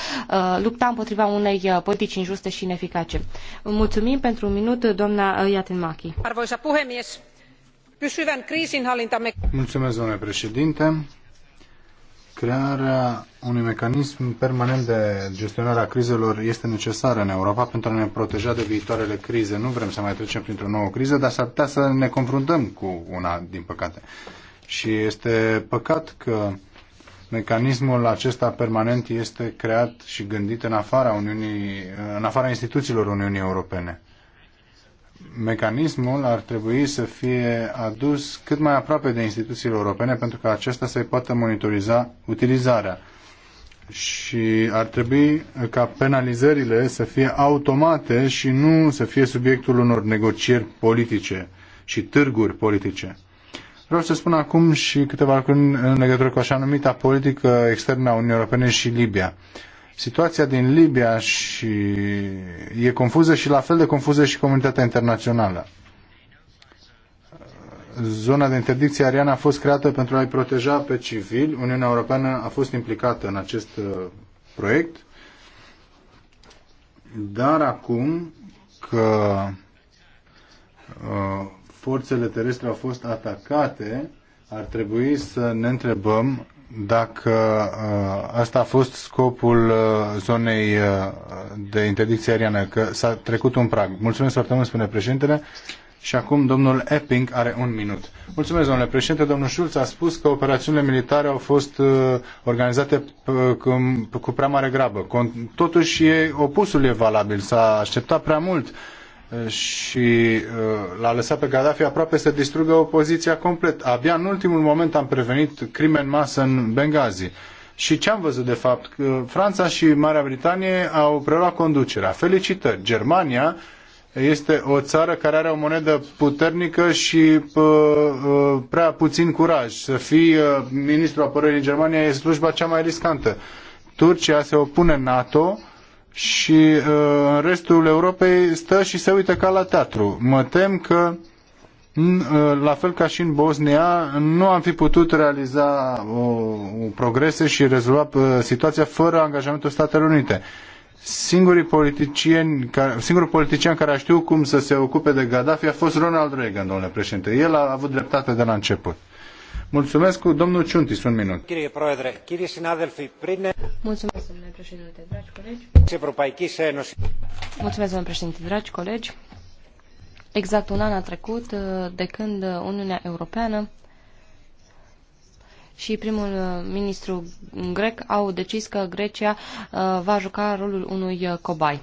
lupta împotriva unei uh, politici injuste și ineficace. Mulțumim pentru un minut, doamna uh, Iatenmachi. Arvoisa puhemies, pysyvän kriisinhallintamme... Mulțumesc, domnule președinte. Crearea unui mecanism permanent de gestionare a crizelor este necesară în Europa pentru a ne proteja de viitoarele crize. Nu vrem să mai trecem printr-o nouă criză, dar s-ar putea să ne confruntăm cu una, din păcate. Și este păcat că Mecanismul acesta permanent este creat și gândit în afara, Uniunii, în afara instituțiilor Uniunii Europene. Mecanismul ar trebui să fie adus cât mai aproape de instituțiile europene pentru că acesta să-i poată monitoriza utilizarea și ar trebui ca penalizările să fie automate și nu să fie subiectul unor negocieri politice și târguri politice. Vreau să spun acum și câteva lucruri în legătură cu așa numita politică externă a Uniunii Europene și Libia. Situația din Libia și e confuză și la fel de confuză și comunitatea internațională. Zona de interdicție aeriană a fost creată pentru a-i proteja pe civili. Uniunea Europeană a fost implicată în acest uh, proiect. Dar acum că uh, forțele terestre au fost atacate, ar trebui să ne întrebăm dacă uh, asta a fost scopul uh, zonei uh, de interdicție aeriană, că s-a trecut un prag. Mulțumesc foarte mult, spune președintele. Și acum domnul Epping are un minut. Mulțumesc, domnule președinte. Domnul Schulz a spus că operațiunile militare au fost organizate cu prea mare grabă. Totuși, opusul e valabil. S-a așteptat prea mult și uh, l-a lăsat pe Gaddafi aproape să distrugă opoziția complet. Abia în ultimul moment am prevenit crime în masă în Benghazi. Și ce am văzut de fapt? Franța și Marea Britanie au preluat conducerea. Felicitări! Germania este o țară care are o monedă puternică și uh, prea puțin curaj. Să fii uh, ministru apărării în Germania e slujba cea mai riscantă. Turcia se opune NATO și uh, în restul Europei stă și se uită ca la teatru. Mă tem că uh, la fel ca și în Bosnia, nu am fi putut realiza progrese și rezolva uh, situația fără angajamentul Statelor Unite. Singurii politicieni, singurul politician care a știut cum să se ocupe de Gaddafi a fost Ronald Reagan, domnule președinte. El a avut dreptate de la început. Mulțumesc, domnul Ciuntis, un minut. Mulțumesc, domnule președinte, dragi colegi. Mulțumesc, domnule președinte, dragi colegi. Exact un an a trecut uh, de când Uniunea Europeană și primul uh, ministru grec au decis că Grecia uh, va juca rolul unui cobai.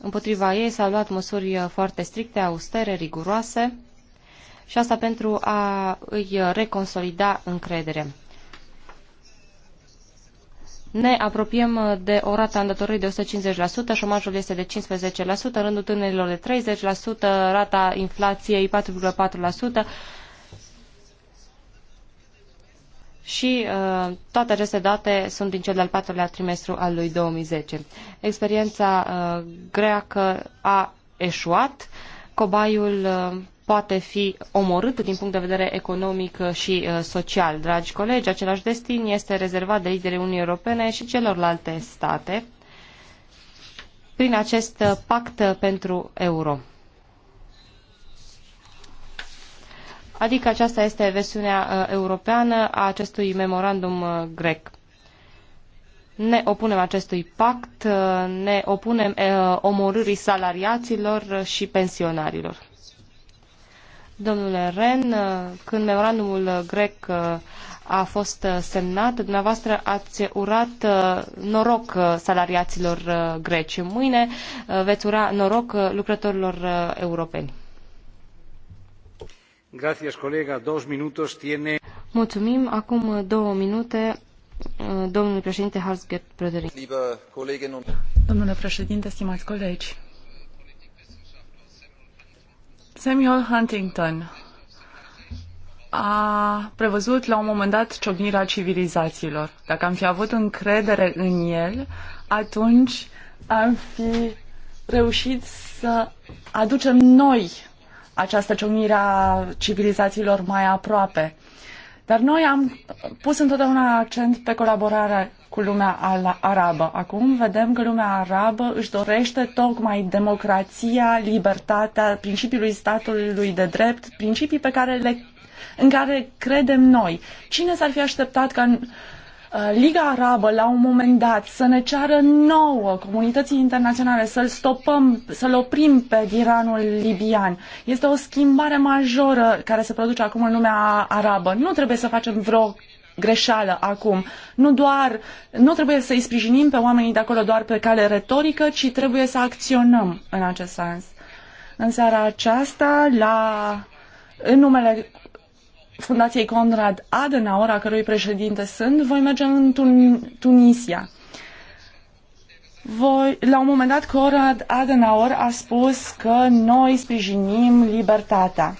Împotriva ei s-au luat măsuri foarte stricte, austere, riguroase, și asta pentru a îi reconsolida încredere. Ne apropiem de o rată a îndatorării de 150%, șomajul este de 15%, rândul tânărilor de 30%, rata inflației 4,4%, și uh, toate aceste date sunt din cel de-al patrulea trimestru al lui 2010. Experiența uh, greacă a eșuat, cobaiul uh, poate fi omorât din punct de vedere economic și uh, social. Dragi colegi, același destin este rezervat de liderii Uniunii Europene și celorlalte state prin acest uh, pact pentru euro. Adică aceasta este versiunea uh, europeană a acestui memorandum grec ne opunem acestui pact, ne opunem omorârii salariaților și pensionarilor. Domnule Ren, uh, când memorandumul grec uh, a fost uh, semnat, dumneavoastră ați urat noroc salariaților greci. Mâine veți ura noroc lucrătorilor europeni. Gracias, colega. Dos minutos tiene... Mulțumim. Acum două minute domnul președinte Harzgert Brădărin. Domnule președinte, stimați colegi, Samuel Huntington a prevăzut la un moment dat ciocnirea civilizațiilor. Dacă am fi avut încredere în el, atunci am fi reușit să aducem noi această ciocnire a civilizațiilor mai aproape. Dar noi am pus întotdeauna accent pe colaborarea cu lumea arabă. Acum vedem că lumea arabă își dorește tocmai democrația, libertatea, principiului statului de drept, principii pe care le, în care credem noi. Cine s-ar fi așteptat ca uh, Liga Arabă la un moment dat să ne ceară nouă comunității internaționale să-l stopăm, să-l oprim pe Iranul libian. Este o schimbare majoră care se produce acum în lumea arabă. Nu trebuie să facem vreo greșeală acum. Nu doar, nu trebuie să-i sprijinim pe oamenii de acolo doar pe cale retorică, ci trebuie să acționăm în acest sens. În seara aceasta, la, în numele Fundației Conrad Adenauer, a cărui președinte sunt, voi merge în Tun- Tunisia. Voi, la un moment dat, Conrad Adenauer a spus că noi sprijinim libertatea.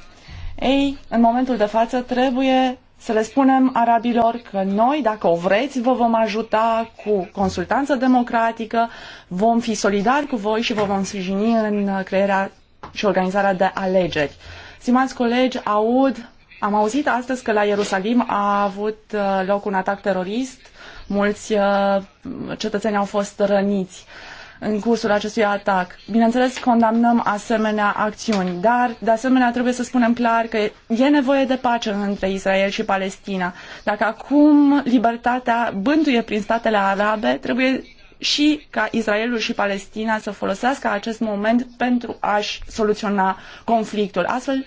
Ei, în momentul de față, trebuie să le spunem arabilor că noi, dacă o vreți, vă vom ajuta cu consultanță democratică, vom fi solidari cu voi și vă vom sprijini în crearea și organizarea de alegeri. Stimați colegi, aud, am auzit astăzi că la Ierusalim a avut uh, loc un atac terorist, mulți uh, cetățeni au fost răniți în cursul acestui atac. Bineînțeles, condamnăm asemenea acțiuni, dar de asemenea trebuie să spunem clar că e nevoie de pace între Israel și Palestina. Dacă acum libertatea bântuie prin statele arabe, trebuie și ca Israelul și Palestina să folosească acest moment pentru a-și soluționa conflictul. Astfel,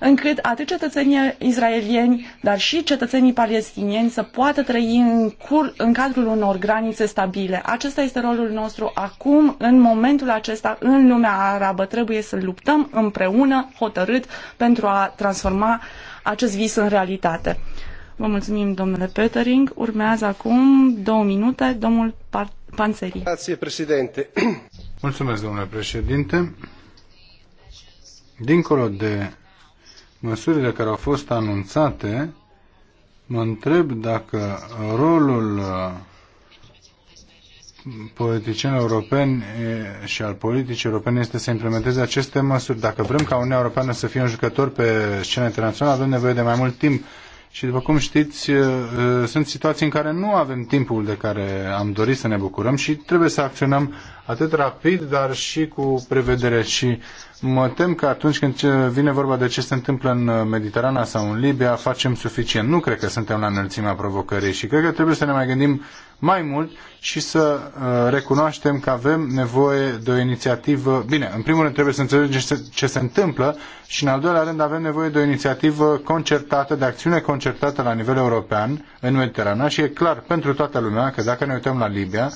încât atât cetățenii israelieni, dar și cetățenii palestinieni să poată trăi în, cur, în cadrul unor granițe stabile. Acesta este rolul nostru acum, în momentul acesta, în lumea arabă. Trebuie să luptăm împreună, hotărât, pentru a transforma acest vis în realitate. Vă mulțumim, domnule Petering. Urmează acum două minute, domnul Panzeri. Mulțumesc, domnule președinte. Dincolo de măsurile care au fost anunțate, mă întreb dacă rolul uh, politicienilor europeni eh, și al politicii europene este să implementeze aceste măsuri. Dacă vrem ca Uniunea Europeană să fie un jucător pe scena internațională, avem nevoie de mai mult timp. Și după cum știți, eh, eh, sunt situații în care nu avem timpul de care am dorit să ne bucurăm și trebuie să acționăm atât rapid, dar și cu prevedere. Și Mă tem că atunci când vine vorba de ce se întâmplă în uh, Mediterana sau în Libia, facem suficient. Nu cred că suntem la înălțimea provocării și cred că trebuie să ne mai gândim mai mult și să uh, recunoaștem că avem nevoie de o inițiativă. Bine, în primul rând trebuie să înțelegem ce se întâmplă și în al doilea rând avem nevoie de o inițiativă concertată, de acțiune concertată la nivel european în Mediterana și e clar pentru toată lumea că dacă ne uităm la Libia,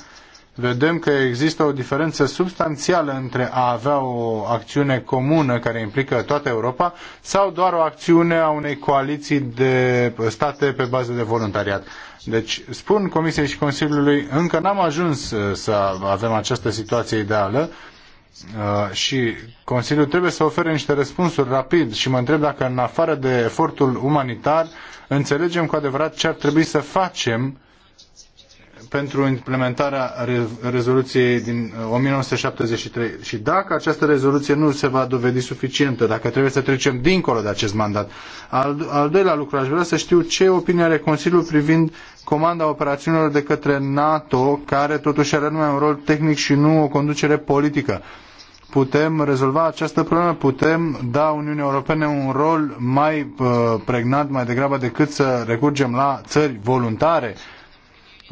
vedem că există o diferență substanțială între a avea o acțiune comună care implică toată Europa sau doar o acțiune a unei coaliții de state pe bază de voluntariat. Deci spun Comisiei și Consiliului, încă n-am ajuns uh, să avem această situație ideală uh, și Consiliul trebuie să ofere niște răspunsuri rapid și mă întreb dacă în afară de efortul umanitar înțelegem cu adevărat ce ar trebui să facem pentru implementarea rezoluției din 1973. Uh, și dacă această rezoluție nu se va dovedi suficientă, dacă trebuie să trecem dincolo de acest mandat, al, al doilea lucru, aș vrea să știu ce opinie are Consiliul privind comanda operațiunilor de către NATO, care totuși are numai un rol tehnic și nu o conducere politică putem rezolva această problemă, putem da Uniunii Europene un rol mai uh, pregnant mai degrabă decât să recurgem la țări voluntare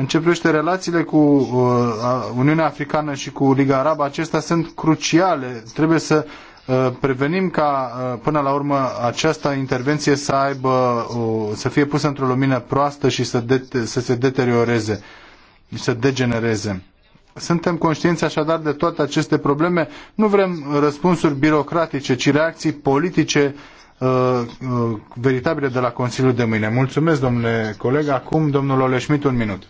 în ce privește relațiile cu uh, Uniunea Africană și cu Liga Arabă, acestea sunt cruciale. Trebuie să uh, prevenim ca uh, până la urmă această intervenție să aibă, să fie pusă într-o lumină proastă și să, de, să se deterioreze, să degenereze. Suntem conștienți așadar de toate aceste probleme. Nu vrem răspunsuri birocratice, ci reacții politice uh, Uh, uh, veritabile de la Consiliul de mâine. Mulțumesc, domnule coleg. Acum, domnul Oleșmit, un minut.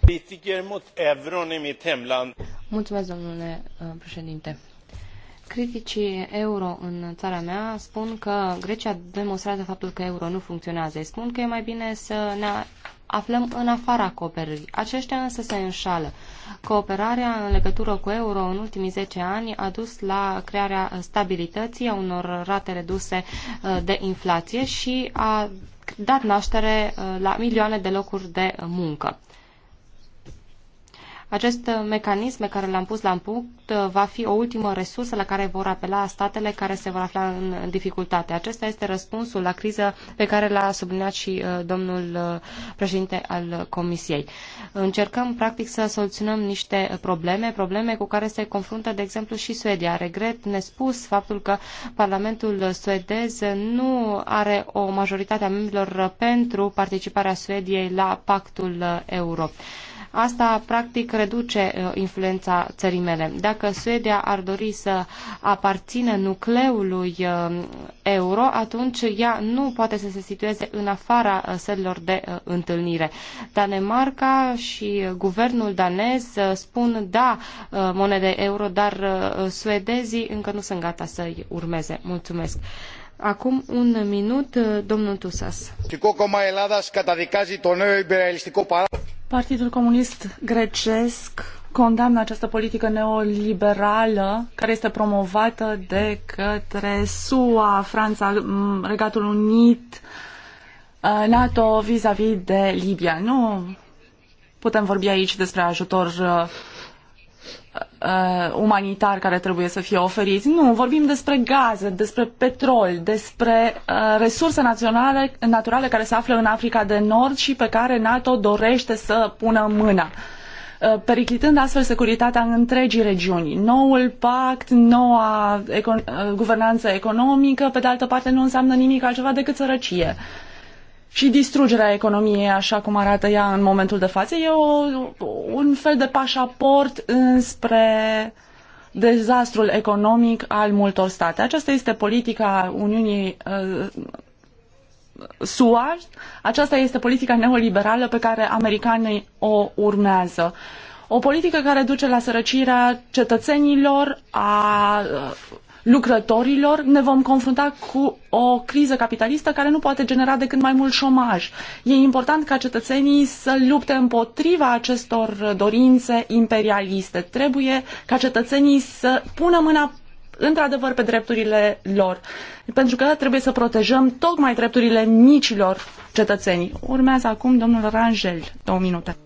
Mulțumesc, domnule uh, președinte. Criticii euro în țara mea spun că Grecia demonstrează faptul că euro nu funcționează. Spun că e mai bine să ne aflăm în afara cooperării. Aceștia însă se înșală. Cooperarea în legătură cu euro în ultimii 10 ani a dus la crearea stabilității, a unor rate reduse uh, de inflație și a dat naștere uh, la milioane de locuri de muncă. Acest mecanism pe care l-am pus la punct uh, va fi o ultimă resursă la care vor apela statele care se vor afla în dificultate. Acesta este răspunsul la criză pe care l-a subliniat și uh, domnul uh, președinte al Comisiei. Încercăm, practic, să soluționăm niște probleme, probleme cu care se confruntă, de exemplu, și Suedia. Regret nespus faptul că Parlamentul suedez nu are o majoritate a membrilor pentru participarea Suediei la pactul euro. Asta, practic, reduce uh, influența țării mele. Dacă Suedia ar dori să aparțină nucleului uh, euro, atunci ea nu poate să se situeze în afara uh, sărilor de întâlnire. Danemarca și guvernul danez spun da monede euro, dar suedezii încă nu sunt gata să-i urmeze. Mulțumesc! Acum un minut, uh, domnul Tusas. Partidul Comunist Grecesc condamnă această politică neoliberală care este promovată de către SUA, Franța, Regatul Unit, uh, NATO vis-a-vis de Libia. Nu putem vorbi aici despre ajutor uh, uh, umanitar care trebuie să fie oferit. Nu, vorbim despre gaze, despre petrol, despre uh, resurse naționale, naturale care se află în Africa de Nord și pe care NATO dorește să pună mâna uh, periclitând astfel securitatea în întregii regiuni. Noul pact, noua econ- uh, guvernanță economică, pe de altă parte, nu înseamnă nimic altceva decât sărăcie și distrugerea economiei așa cum arată ea în momentul de față e o, un fel de pașaport înspre dezastrul economic al multor state. Aceasta este politica Uniunii uh, SUA, aceasta este politica neoliberală pe care americanii o urmează. O politică care duce la sărăcirea cetățenilor, a uh, lucrătorilor, ne vom confrunta cu o criză capitalistă care nu poate genera decât mai mult șomaj. E important ca cetățenii să lupte împotriva acestor dorințe imperialiste. Trebuie ca cetățenii să pună mâna într-adevăr pe drepturile lor. Pentru că trebuie să protejăm tocmai drepturile micilor cetățeni. Urmează acum domnul Rangel, două minute.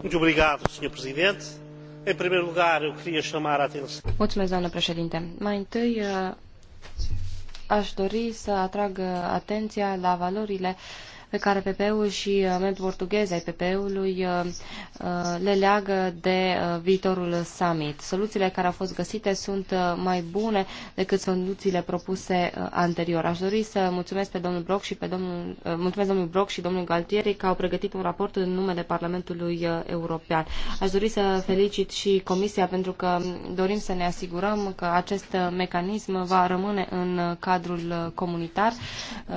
Muito obrigado, Sr. Presidente. Mulțumesc, doamnă președinte. Mai întâi eh, aș dori să atrag eh, atenția la valorile pe care PP-ul și uh, membrii portughezi ai PP-ului uh, uh, le leagă de viitorul summit. Soluțiile care au fost găsite sunt mai bune decât soluțiile propuse anterior. Aș dori să mulțumesc pe domnul Broc și pe domnul, mulțumesc domnul Broc și domnul Galtieri că au pregătit un raport în numele Parlamentului European. Aș dori să felicit și Comisia pentru că dorim să ne asigurăm că acest mecanism va rămâne în cadrul comunitar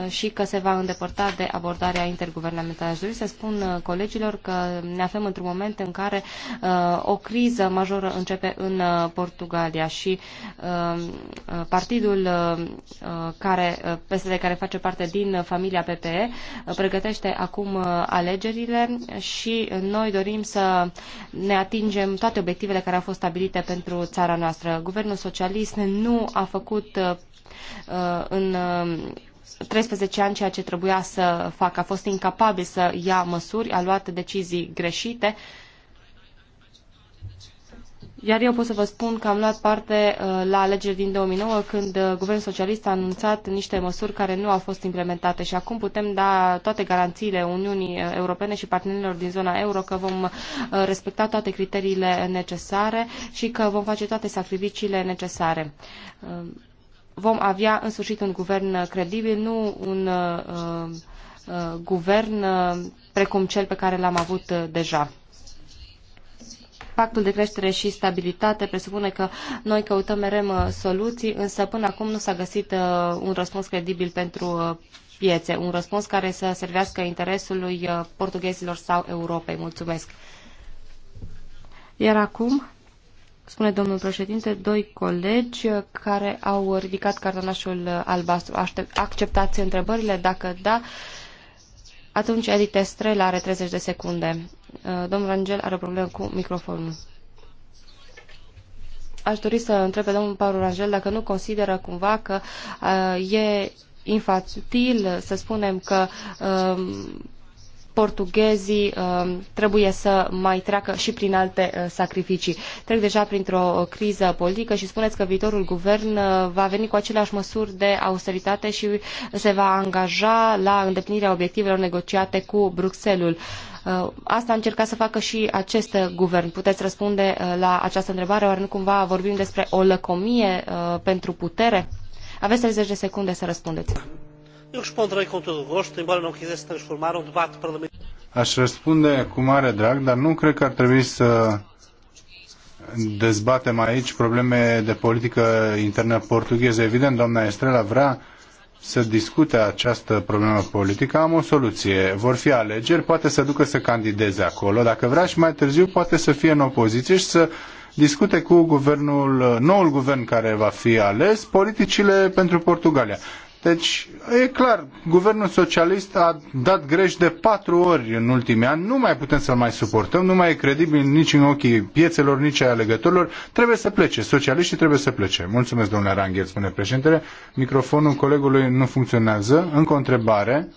și că se va îndepărta de abordarea abordarea interguvernamentală. Aș dori să spun uh, colegilor că ne aflăm într-un moment în care uh, o criză majoră începe în uh, Portugalia și partidul care, PSD care face parte din familia PPE pregătește acum alegerile și noi dorim să ne atingem toate obiectivele care au fost stabilite pentru țara noastră. Guvernul socialist nu a făcut în 13 ani ceea ce trebuia să facă. A fost incapabil să ia măsuri, a luat decizii greșite. Iar eu pot să vă spun că am luat parte uh, la alegeri din 2009 când uh, Guvernul Socialist a anunțat niște măsuri care nu au fost implementate și acum putem da toate garanțiile Uniunii Europene și partenerilor din zona euro că vom uh, respecta toate criteriile necesare și că vom face toate sacrificiile necesare vom avea în sfârșit un guvern credibil, nu un uh, uh, guvern uh, precum cel pe care l-am avut uh, deja. Pactul de creștere și stabilitate presupune că noi căutăm mereu uh, soluții, însă până acum nu s-a găsit uh, un răspuns credibil pentru piețe, un răspuns care să servească interesului portughezilor sau Europei. Mulțumesc! Iar acum spune domnul președinte, doi colegi care au ridicat cartonașul albastru. Aștept, acceptați întrebările? Dacă da, atunci Edith Estrela are 30 de secunde. Uh, domnul Angel are o problemă cu microfonul. Aș dori să întreb pe domnul Paul Angel dacă nu consideră cumva că uh, e infatil să spunem că uh, portughezii uh, trebuie să mai treacă și prin alte uh, sacrificii. Trec deja printr-o uh, criză politică și spuneți că viitorul guvern va veni cu aceleași măsuri de austeritate și se va angaja la îndeplinirea obiectivelor negociate cu Bruxelles. Asta a încercat să facă și acest guvern. Puteți răspunde la această întrebare, oare nu cumva vorbim despre o lăcomie pentru putere? Aveți 30 de secunde să răspundeți. Um Aș răspunde cu mare drag, dar nu cred că ar trebui să dezbatem aici probleme de politică internă portugheză. Evident, doamna Estrela vrea să discute această problemă politică, am o soluție. Vor fi alegeri, poate să ducă să candideze acolo. Dacă vrea și mai târziu, poate să fie în opoziție și să discute cu guvernul, noul guvern care va fi ales, politicile pentru Portugalia. Deci, e clar, guvernul socialist a dat greș de patru ori în ultimii ani, nu mai putem să-l mai suportăm, nu mai e credibil nici în ochii piețelor, nici ai alegătorilor, trebuie să plece, socialiștii trebuie să plece. Mulțumesc, domnule Rangel, spune președintele. Microfonul colegului nu funcționează. Încă o întrebare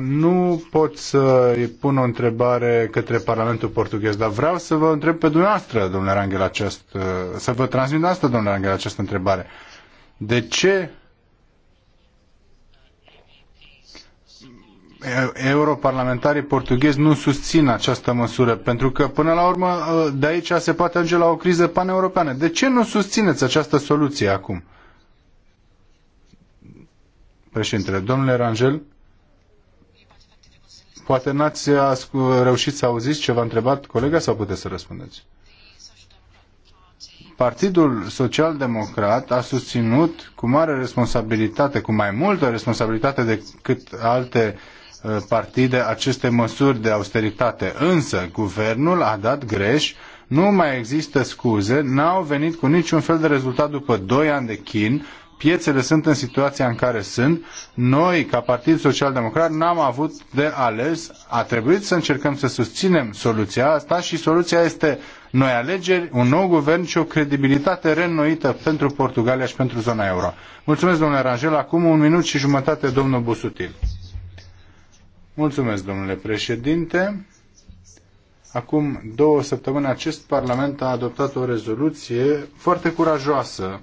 nu pot să pun o întrebare către Parlamentul portughez, dar vreau să vă întreb pe dumneavoastră, domnule Rangel, acest, să vă transmit asta, domnule Rangel, această întrebare. De ce europarlamentarii portughezi nu susțin această măsură, pentru că până la urmă de aici se poate ajunge la o criză paneuropeană. De ce nu susțineți această soluție acum? Președintele, domnule Rangel, Poate n-ați reușit să auziți ce v-a întrebat colega sau puteți să răspundeți? Partidul Social Democrat a susținut cu mare responsabilitate, cu mai multă responsabilitate decât alte uh, partide, aceste măsuri de austeritate. Însă, guvernul a dat greș, nu mai există scuze, n-au venit cu niciun fel de rezultat după 2 ani de chin, piețele sunt în situația în care sunt, noi, ca Partid Social Democrat, n-am avut de ales, a trebuit să încercăm să susținem soluția asta și soluția este noi alegeri, un nou guvern și o credibilitate reînnoită pentru Portugalia și pentru zona euro. Mulțumesc, domnule Rangel. Acum un minut și jumătate, domnul Busutil. Mulțumesc, domnule președinte. Acum două săptămâni acest Parlament a adoptat o rezoluție foarte curajoasă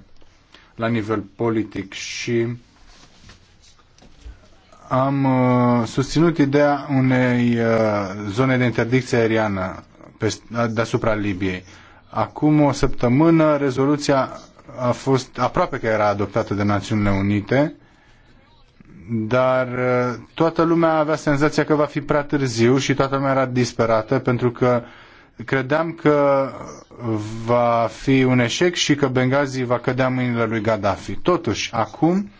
la nivel politic și am uh, susținut ideea unei uh, zone de interdicție aeriană pe, uh, deasupra Libiei. Acum o săptămână rezoluția a fost aproape că era adoptată de Națiunile Unite, dar uh, toată lumea avea senzația că va fi prea târziu și toată lumea era disperată pentru că uh, credeam că va fi un eșec și că Benghazi va cădea mâinile lui Gaddafi. Totuși, acum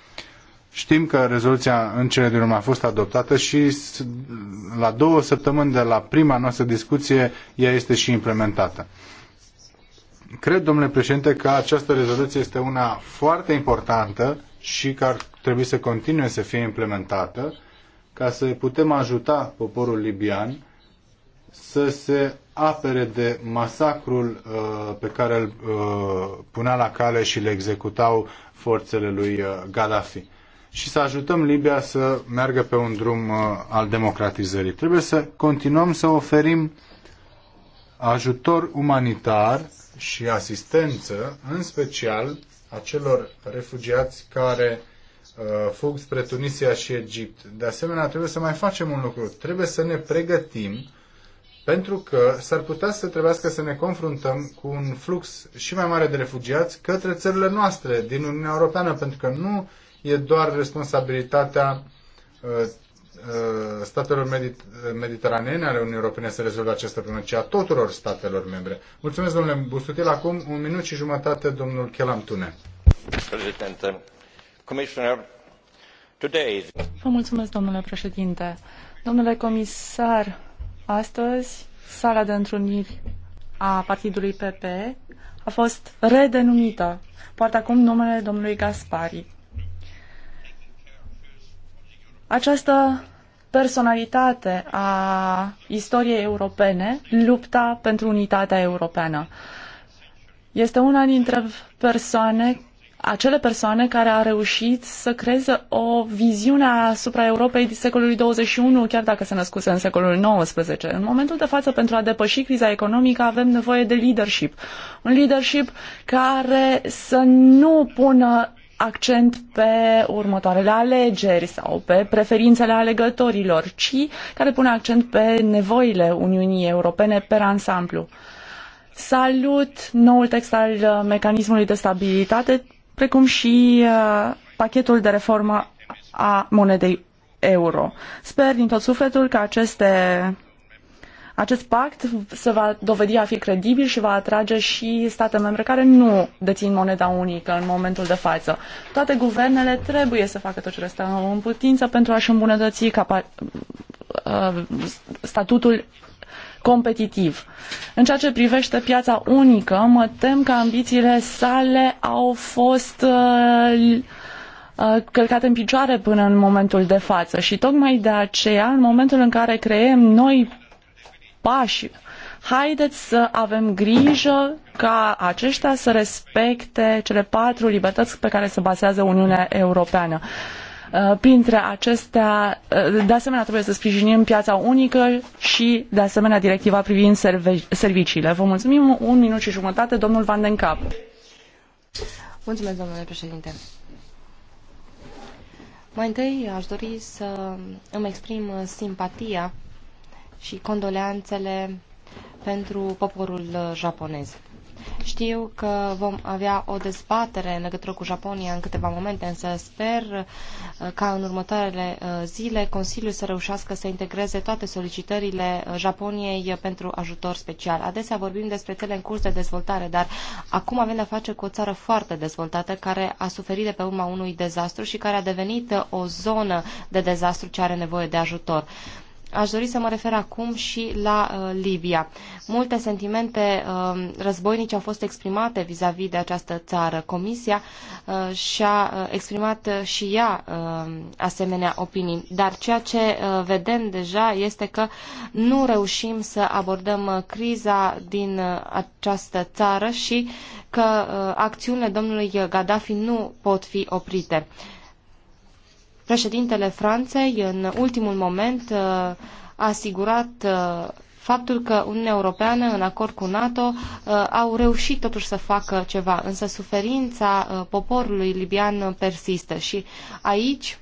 știm că rezoluția în cele din urmă a fost adoptată și la două săptămâni de la prima noastră discuție ea este și implementată. Cred, domnule președinte, că această rezoluție este una foarte importantă și că ar trebui să continue să fie implementată ca să putem ajuta poporul libian să se apere de masacrul uh, pe care îl uh, punea la cale și le executau forțele lui uh, Gaddafi. Și să ajutăm Libia să meargă pe un drum uh, al democratizării. Trebuie să continuăm să oferim ajutor umanitar și asistență, în special acelor refugiați care uh, fug spre Tunisia și Egipt. De asemenea, trebuie să mai facem un lucru. Trebuie să ne pregătim pentru că s-ar putea să trebuiască să ne confruntăm cu un flux și mai mare de refugiați către țările noastre din Uniunea Europeană, pentru că nu e doar responsabilitatea uh, uh statelor medit- mediteraneene ale Uniunii Europene să rezolve această problemă, ci a tuturor statelor membre. Mulțumesc, domnule Busutil. Acum un minut și jumătate, domnul Chelam Tune. Vă mulțumesc, domnule președinte. Domnule comisar, Astăzi, sala de întruniri a partidului PP a fost redenumită. Poartă acum numele domnului Gaspari. Această personalitate a istoriei europene lupta pentru unitatea europeană. Este una dintre persoane acele persoane care a reușit să creeze o viziune asupra Europei din secolului 21, chiar dacă se născuse în secolul 19. În momentul de față, pentru a depăși criza economică, avem nevoie de leadership. Un leadership care să nu pună accent pe următoarele alegeri sau pe preferințele alegătorilor, ci care pune accent pe nevoile Uniunii Europene per ansamblu. Salut noul text al mecanismului de stabilitate precum și uh, pachetul de reformă a monedei euro. Sper din tot sufletul că aceste acest pact se va dovedi a fi credibil și va atrage și state membre care nu dețin moneda unică în momentul de față. Toate guvernele trebuie să facă tot ce le stă în putință pentru a-și îmbunătăți uh, statutul competitiv. În ceea ce privește piața unică, mă tem că ambițiile sale au fost uh, uh, călcate în picioare până în momentul de față și tocmai de aceea, în momentul în care creăm noi pași, haideți să avem grijă ca aceștia să respecte cele patru libertăți pe care se bazează Uniunea Europeană. Uh, Uh, printre acestea, uh, de asemenea, trebuie să sprijinim piața unică și, de asemenea, directiva privind serviciile. Vă mulțumim. Un minut și jumătate, domnul Van den Cap. Mulțumesc, domnule președinte. Mai întâi aș dori să îmi exprim simpatia și condoleanțele pentru poporul japonez. Știu că vom avea o dezbatere în legătură cu Japonia în câteva momente, însă sper uh, ca în următoarele uh, zile Consiliul să reușească să integreze toate solicitările uh, Japoniei pentru ajutor special. Adesea vorbim despre țele în curs de dezvoltare, dar acum avem de-a face cu o țară foarte dezvoltată care a suferit de pe urma unui dezastru și care a devenit o zonă de dezastru ce are nevoie de ajutor. Aș dori să mă refer acum și la uh, Libia. Multe sentimente uh, războinice au fost exprimate vis-a-vis -vis de această țară. Comisia uh, și-a uh, exprimat uh, și ea uh, asemenea opinii. Dar ceea ce uh, vedem deja este că nu reușim să abordăm uh, criza din uh, această țară și că uh, acțiunile domnului Gaddafi nu pot fi oprite. Uh, Președintele Franței, în ultimul moment, uh, a asigurat uh, faptul că Uniunea Europeană, în acord cu NATO, uh, au reușit totuși să facă ceva, însă suferința poporului libian persistă și aici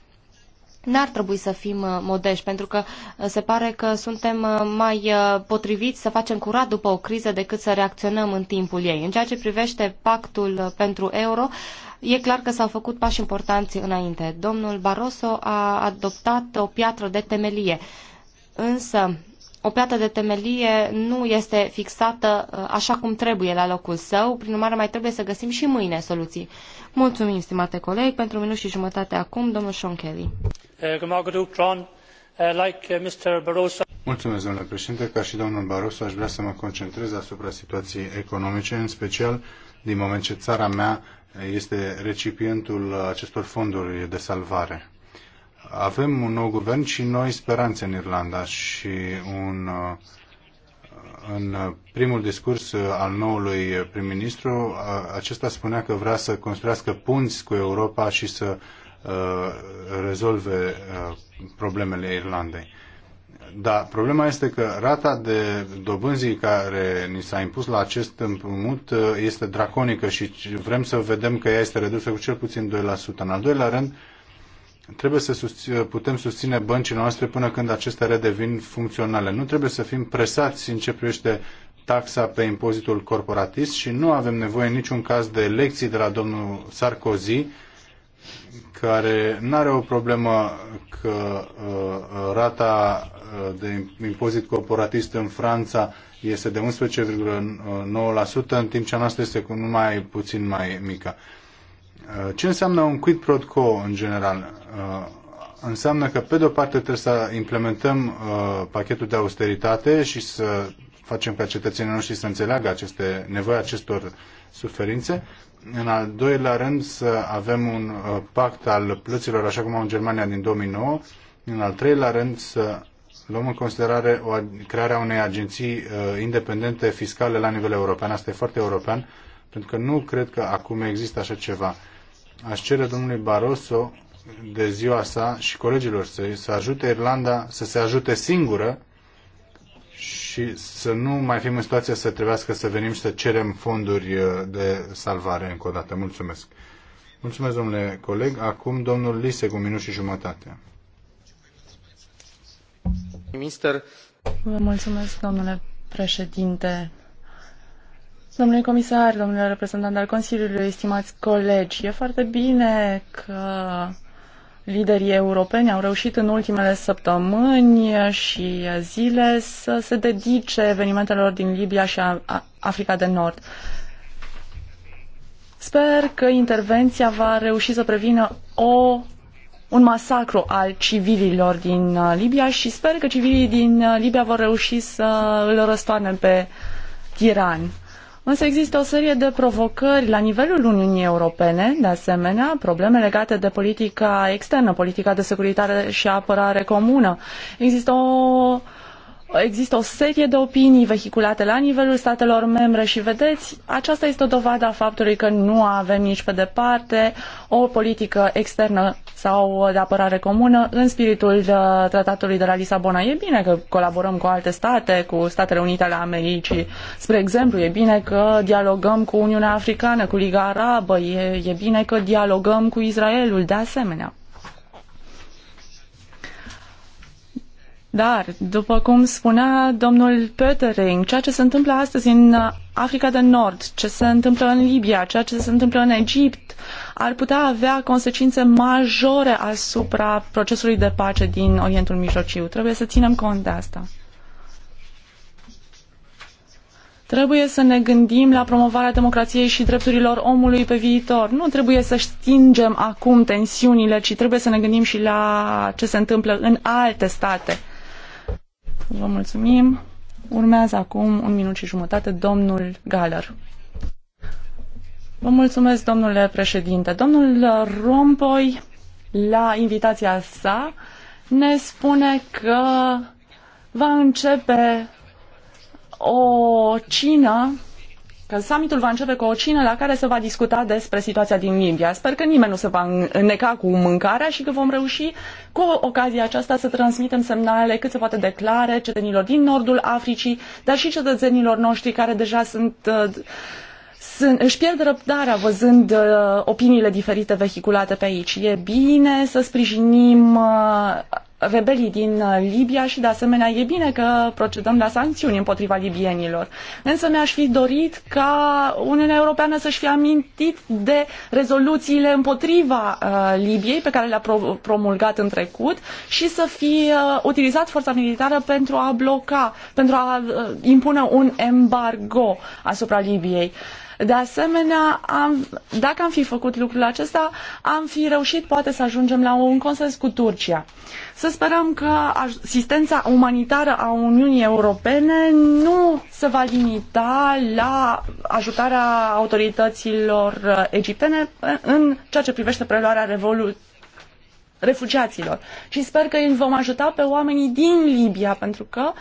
n-ar trebui să fim modești, pentru că se pare că suntem mai potriviți să facem curat după o criză decât să reacționăm în timpul ei. În ceea ce privește pactul pentru euro, e clar că s-au făcut pași importanți înainte. Domnul Barroso a adoptat o piatră de temelie, însă o piatră de temelie nu este fixată uh, așa cum trebuie la locul său, prin urmare mai trebuie să găsim și mâine soluții. Mulțumim, stimate coleg, pentru minut și jumătate acum, domnul Sean Kelly. Eh, eh, eh, Mulțumesc, domnule președinte. Ca și domnul Barroso, aș vrea să mă concentrez asupra situației economice, în special din moment ce țara mea este recipientul acestor fonduri de salvare. Avem un nou guvern și noi speranțe în Irlanda și un, în primul discurs al noului prim-ministru, acesta spunea că vrea să construiască punți cu Europa și să uh, rezolve uh, problemele Irlandei. Dar problema este că rata de dobânzii care ni s-a impus la acest împrumut uh, este draconică și vrem să vedem că ea este redusă cu cel puțin 2%. În al doilea rând, trebuie să susține, uh, putem susține băncile noastre până când acestea redevin funcționale. Nu trebuie să fim presați în ce privește taxa pe impozitul corporatist și nu avem nevoie în niciun caz de lecții de la domnul Sarkozy care nu are o problemă că uh, rata uh, de impozit corporatist în Franța este de 11,9%, în timp ce a noastră este cu numai puțin mai mică. Uh, ce înseamnă un quid pro quo în general? Uh, înseamnă că, pe de-o parte, trebuie să implementăm uh, pachetul de austeritate și să facem ca cetățenii noștri să înțeleagă aceste nevoi acestor suferințe, în al doilea rând, să avem un uh, pact al plăților, așa cum au în Germania din 2009. În al treilea rând, să luăm în considerare o, crearea unei agenții uh, independente fiscale la nivel european. Asta e foarte european, pentru că nu cred că acum există așa ceva. Aș cere domnului Barroso de ziua sa și colegilor săi să ajute Irlanda să se ajute singură și să nu mai fim în situația să trebuiască să venim și să cerem fonduri uh, de salvare încă o dată. Mulțumesc. Mulțumesc, domnule coleg. Acum domnul Lise cu minut și jumătate. Minister. Vă mulțumesc, domnule președinte. Domnule comisar, domnule reprezentant al Consiliului, estimați colegi, e foarte bine că Liderii europeni au reușit în ultimele săptămâni și zile să se dedice evenimentelor din Libia și Africa de Nord. Sper că intervenția va reuși să prevină o, un masacru al civililor din uh, Libia și sper că civilii din uh, Libia vor reuși să îl răstoarne pe tiran. Însă există o serie de provocări la nivelul Uniunii Europene, de asemenea, probleme legate de politica externă, politica de securitate și apărare comună. Există o Există o serie de opinii vehiculate la nivelul statelor membre și vedeți, aceasta este o dovadă a faptului că nu avem nici pe departe o politică externă sau de apărare comună în spiritul uh, tratatului de la Lisabona. E bine că colaborăm cu alte state, cu Statele Unite ale Americii, spre exemplu, e bine că dialogăm cu Uniunea Africană, cu Liga Arabă, e, e bine că dialogăm cu Israelul, de asemenea. Dar, după cum spunea domnul Pötering, ceea ce se întâmplă astăzi în uh, Africa de Nord, ce se întâmplă în Libia, ceea ce se întâmplă în Egipt, ar putea avea consecințe majore asupra procesului de pace din Orientul Mijlociu. Trebuie să ținem cont de asta. Trebuie să ne gândim la promovarea democrației și drepturilor omului pe viitor. Nu trebuie să stingem acum tensiunile, ci trebuie să ne gândim și la ce se întâmplă în alte state Vă mulțumim. Urmează acum un minut și jumătate domnul Galer. Vă mulțumesc, domnule președinte. Domnul Rompoi, la invitația sa, ne spune că va începe o cină că summitul va începe cu o cină la care se va discuta despre situația din Libia. Sper că nimeni nu se va înneca cu mâncarea și că vom reuși cu ocazia aceasta să transmitem semnale cât se poate declare cetățenilor din nordul Africii, dar și cetățenilor noștri care deja sunt, uh, sunt își pierd răbdarea văzând uh, opiniile diferite vehiculate pe aici. E bine să sprijinim uh, rebelii din uh, Libia și de asemenea e bine că procedăm la sancțiuni împotriva libienilor. Însă mi-aș fi dorit ca Uniunea Europeană să-și fi amintit de rezoluțiile împotriva uh, Libiei pe care le-a pro- promulgat în trecut și să fi uh, utilizat forța militară pentru a bloca, pentru a uh, impune un embargo asupra Libiei. Uh, de asemenea, am, dacă am fi făcut lucrul acesta, am fi reușit poate să ajungem la un consens cu Turcia. Să sperăm că asistența umanitară a Uniunii Europene nu se va limita la ajutarea autorităților uh, egiptene în ceea ce privește preluarea revoluției refugiaților. Și sper că îi vom ajuta pe oamenii din Libia, pentru că uh,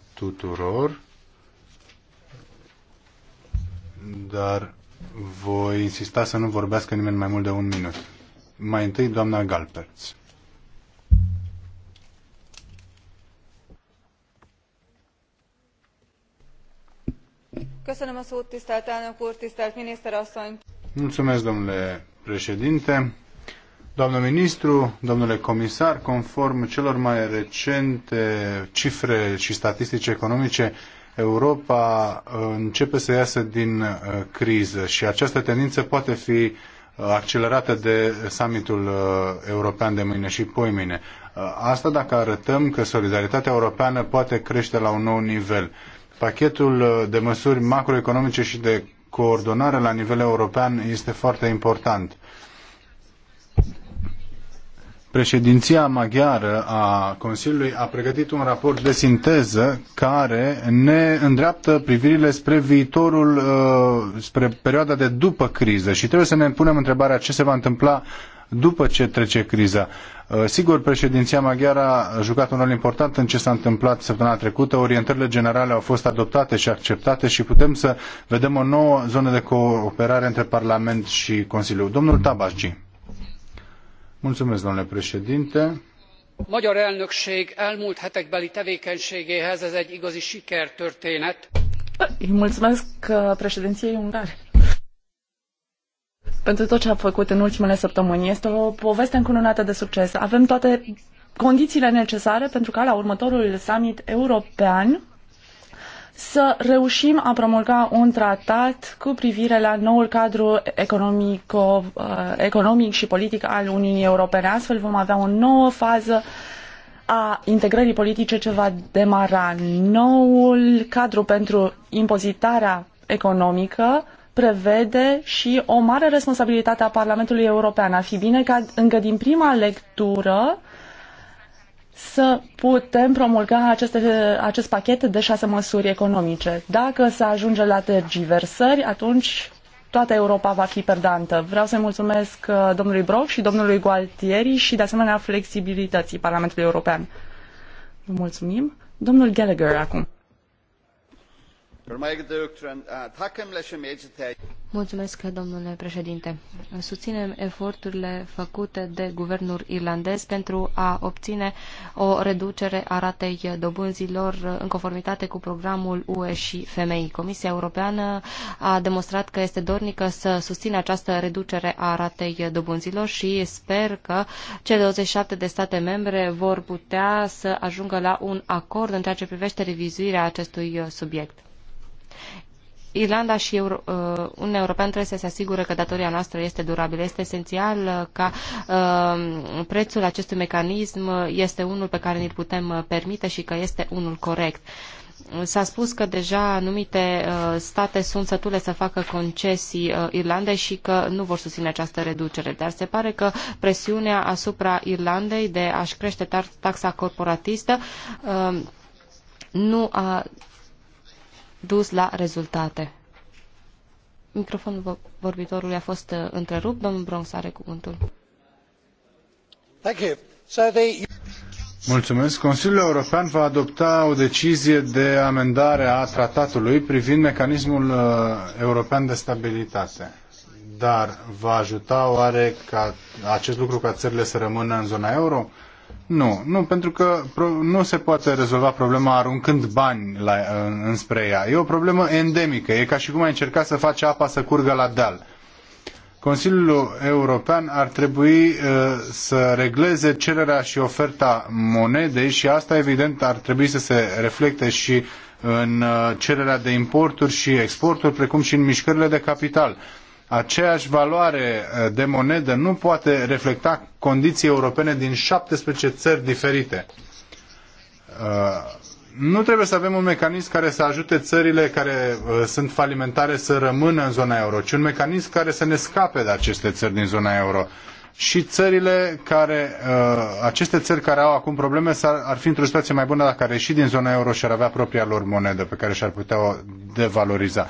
tuturor, dar voi insista să nu vorbească nimeni mai mult de un minut. Mai întâi, doamna Galperts. Mulțumesc, domnule președinte. Doamnă ministru, domnule comisar, conform celor mai recente cifre și statistici economice, Europa uh, începe să iasă din uh, criză și această tendință poate fi uh, accelerată de summitul european de mâine și poimine. Asta dacă arătăm că solidaritatea europeană poate crește la un nou nivel. Pachetul de măsuri macroeconomice și de coordonare la nivel european este foarte important Președinția maghiară a Consiliului a pregătit un raport de sinteză care ne îndreaptă privirile spre viitorul, uh, spre perioada de după criză și trebuie să ne punem întrebarea ce se va întâmpla după ce trece criza. Uh, sigur, președinția maghiară a jucat un rol important în ce s-a întâmplat săptămâna trecută. Orientările generale au fost adoptate și acceptate și putem să vedem o nouă zonă de cooperare între Parlament și Consiliu. Domnul Tabasci. Mulțumesc, Magyar elnökség elmúlt hetekbeli tevékenységéhez ez egy igazi sikertörténet. Uh, pentru tot ce a făcut în ultimele săptămâni. Este o poveste încununată de succes. Avem toate condițiile necesare pentru ca la următorul summit european să reușim a promulga un tratat cu privire la noul cadru uh, economic și politic al Uniunii Europene. Astfel vom avea o nouă fază a integrării politice ce va demara. Noul cadru pentru impozitarea economică prevede și o mare responsabilitate a Parlamentului European. Ar fi bine ca încă din prima lectură să putem promulga aceste, acest pachet de șase măsuri economice. Dacă se ajunge la tergiversări, atunci toată Europa va fi perdantă. Vreau să-i mulțumesc uh, domnului Broc și domnului Gualtieri și de asemenea flexibilității Parlamentului European. Vă mulțumim. Domnul Gallagher acum. Mulțumesc, domnule președinte. Susținem eforturile făcute de guvernul irlandez pentru a obține o reducere a ratei dobânzilor în conformitate cu programul UE și femei. Comisia Europeană a demonstrat că este dornică să susțină această reducere a ratei dobânzilor și sper că cele 27 de state membre vor putea să ajungă la un acord în ceea ce privește revizuirea acestui subiect. Irlanda și Euro- uh, Uniunea Europeană trebuie să se asigure că datoria noastră este durabilă. Este esențial uh, ca uh, prețul acestui mecanism este unul pe care ni-l putem uh, permite și că este unul corect. S-a spus că deja anumite uh, state sunt sătule să facă concesii uh, Irlandei și că nu vor susține această reducere, dar se pare că presiunea asupra Irlandei de a-și crește taxa corporatistă nu a dus la rezultate. Microfonul vorbitorului a fost uh, întrerupt. Domnul Bronx are cuvântul. Mulțumesc. Consiliul European va adopta o decizie de amendare a tratatului privind mecanismul uh, european de stabilitate. Dar va ajuta oare ca acest lucru ca țările să rămână în zona euro? Nu, nu, pentru că nu se poate rezolva problema aruncând bani la, înspre ea. E o problemă endemică. E ca și cum ai încerca să faci apa să curgă la deal. Consiliul European ar trebui uh, să regleze cererea și oferta monedei și asta evident ar trebui să se reflecte și în uh, cererea de importuri și exporturi, precum și în mișcările de capital aceeași valoare uh, de monedă nu poate reflecta condiții europene din 17 țări diferite. Uh, nu trebuie să avem un mecanism care să ajute țările care uh, sunt falimentare să rămână în zona euro, ci un mecanism care să ne scape de aceste țări din zona euro. Și țările care, aceste țări care au acum probleme ar fi într-o situație mai bună dacă ar ieși din zona euro și ar avea propria lor monedă pe care și-ar putea o devaloriza.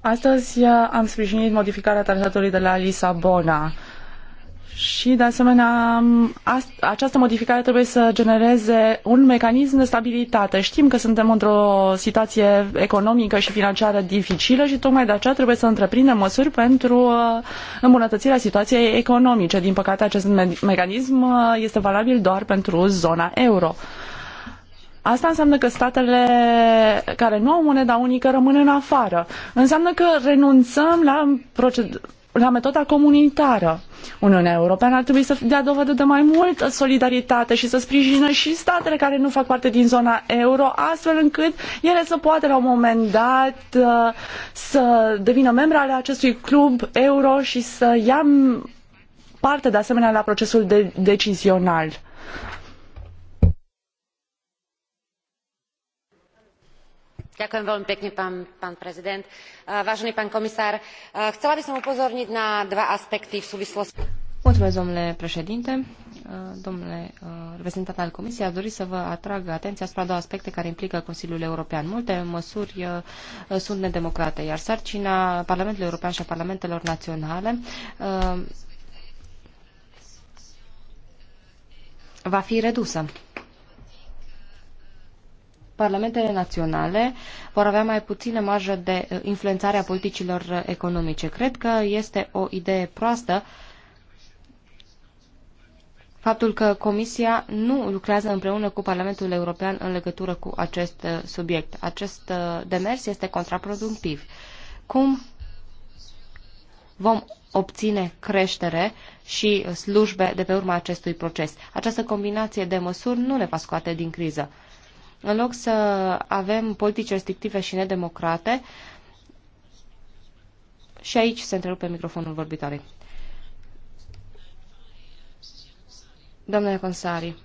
Astăzi uh, am sprijinit modificarea tratatului de la Lisabona. Și, de asemenea, această modificare trebuie să genereze un mecanism de stabilitate. Știm că suntem într-o situație economică și financiară dificilă și tocmai de aceea trebuie să întreprindem măsuri pentru uh, îmbunătățirea situației economice. Din păcate, acest mecanism uh, este valabil doar pentru zona euro. Asta înseamnă că statele care nu au moneda unică rămân în afară. Înseamnă că renunțăm la proced- la metoda comunitară. Uniunea Europeană ar trebui să dea dovadă de mai multă solidaritate și să sprijină și statele care nu fac parte din zona euro, astfel încât ele să poată la un moment dat uh, să devină membre ale acestui club euro și să ia parte de asemenea la procesul de- decizional. chcela by som upozorniť na dva aspekty v súvislosti Mulțumesc, domnule președinte. Domnule reprezentant al Comisiei, aș dori să vă atrag atenția asupra două aspecte care implică Consiliul European. Multe măsuri sunt nedemocrate, iar sarcina Parlamentului European și a Parlamentelor Naționale va fi redusă parlamentele naționale vor avea mai puțină marjă de uh, influențare a politicilor uh, economice. Cred că este o idee proastă faptul că Comisia nu lucrează împreună cu Parlamentul European în legătură cu acest uh, subiect. Acest demers este contraproductiv. Cum vom obține creștere și slujbe de pe urma acestui proces? Această combinație de măsuri nu ne va scoate din criză în loc să avem politici restrictive și nedemocrate, și aici se întrerupe microfonul vorbitorii. Domnule Consari.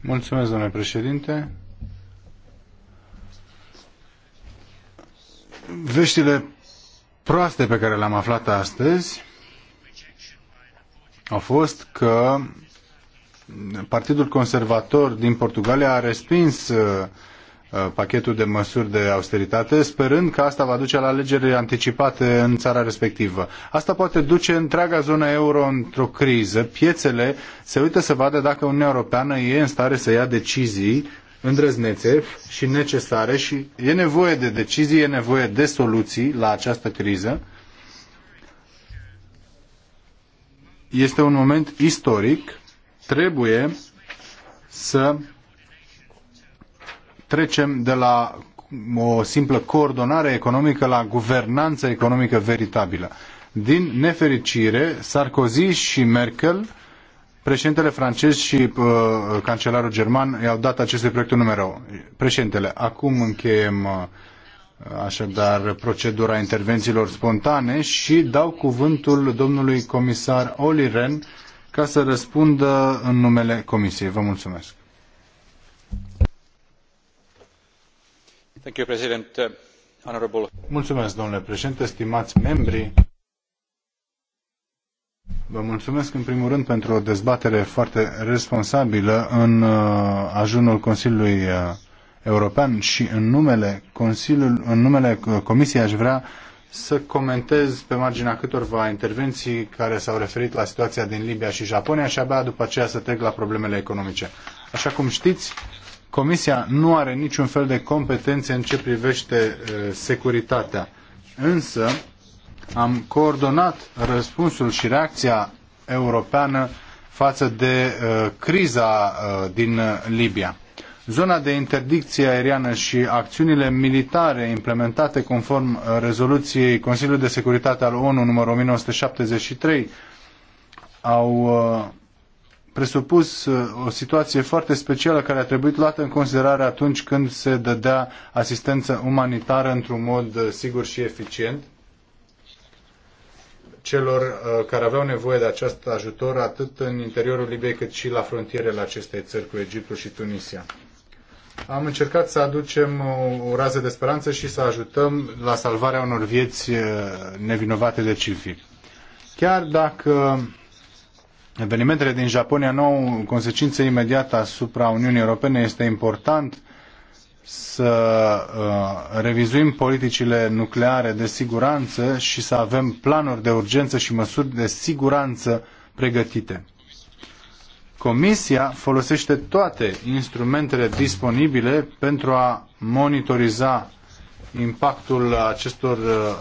Mulțumesc, domnule președinte. Veștile proaste pe care le-am aflat astăzi au fost că Partidul Conservator din Portugalia a respins uh, uh, pachetul de măsuri de austeritate, sperând că asta va duce la alegeri anticipate în țara respectivă. Asta poate duce întreaga zonă euro într-o criză. Piețele se uită să vadă dacă Uniunea Europeană e în stare să ia decizii îndrăznețe și necesare și e nevoie de decizii, e nevoie de soluții la această criză. Este un moment istoric trebuie să trecem de la o simplă coordonare economică la guvernanță economică veritabilă. Din nefericire, Sarkozy și Merkel, președintele francez și uh, cancelarul german i-au dat acestui proiect un Președintele, acum încheiem uh, așadar procedura intervențiilor spontane și dau cuvântul domnului comisar Oli Rehn ca să răspundă în numele Comisiei. Vă mulțumesc. Mulțumesc, domnule președinte, stimați membri. Vă mulțumesc în primul rând pentru o dezbatere foarte responsabilă în uh, ajunul Consiliului uh, European și în numele, Consiliul, în numele uh, Comisiei aș vrea să comentez pe marginea câtorva intervenții care s-au referit la situația din Libia și Japonia și abia după aceea să trec la problemele economice. Așa cum știți, Comisia nu are niciun fel de competențe în ce privește uh, securitatea. Însă am coordonat răspunsul și reacția europeană față de uh, criza uh, din Libia. Zona de interdicție aeriană și acțiunile militare implementate conform uh, rezoluției Consiliului de Securitate al ONU numărul 1973 au uh, presupus uh, o situație foarte specială care a trebuit luată în considerare atunci când se dădea asistență umanitară într-un mod sigur și eficient celor care aveau nevoie de acest ajutor atât în interiorul Libiei cât și la frontierele acestei țări cu Egiptul și Tunisia am încercat să aducem o rază de speranță și să ajutăm la salvarea unor vieți nevinovate de civili. Chiar dacă evenimentele din Japonia nu au consecințe imediate asupra Uniunii Europene, este important să uh, revizuim politicile nucleare de siguranță și să avem planuri de urgență și măsuri de siguranță pregătite. Comisia folosește toate instrumentele disponibile pentru a monitoriza impactul acestor uh,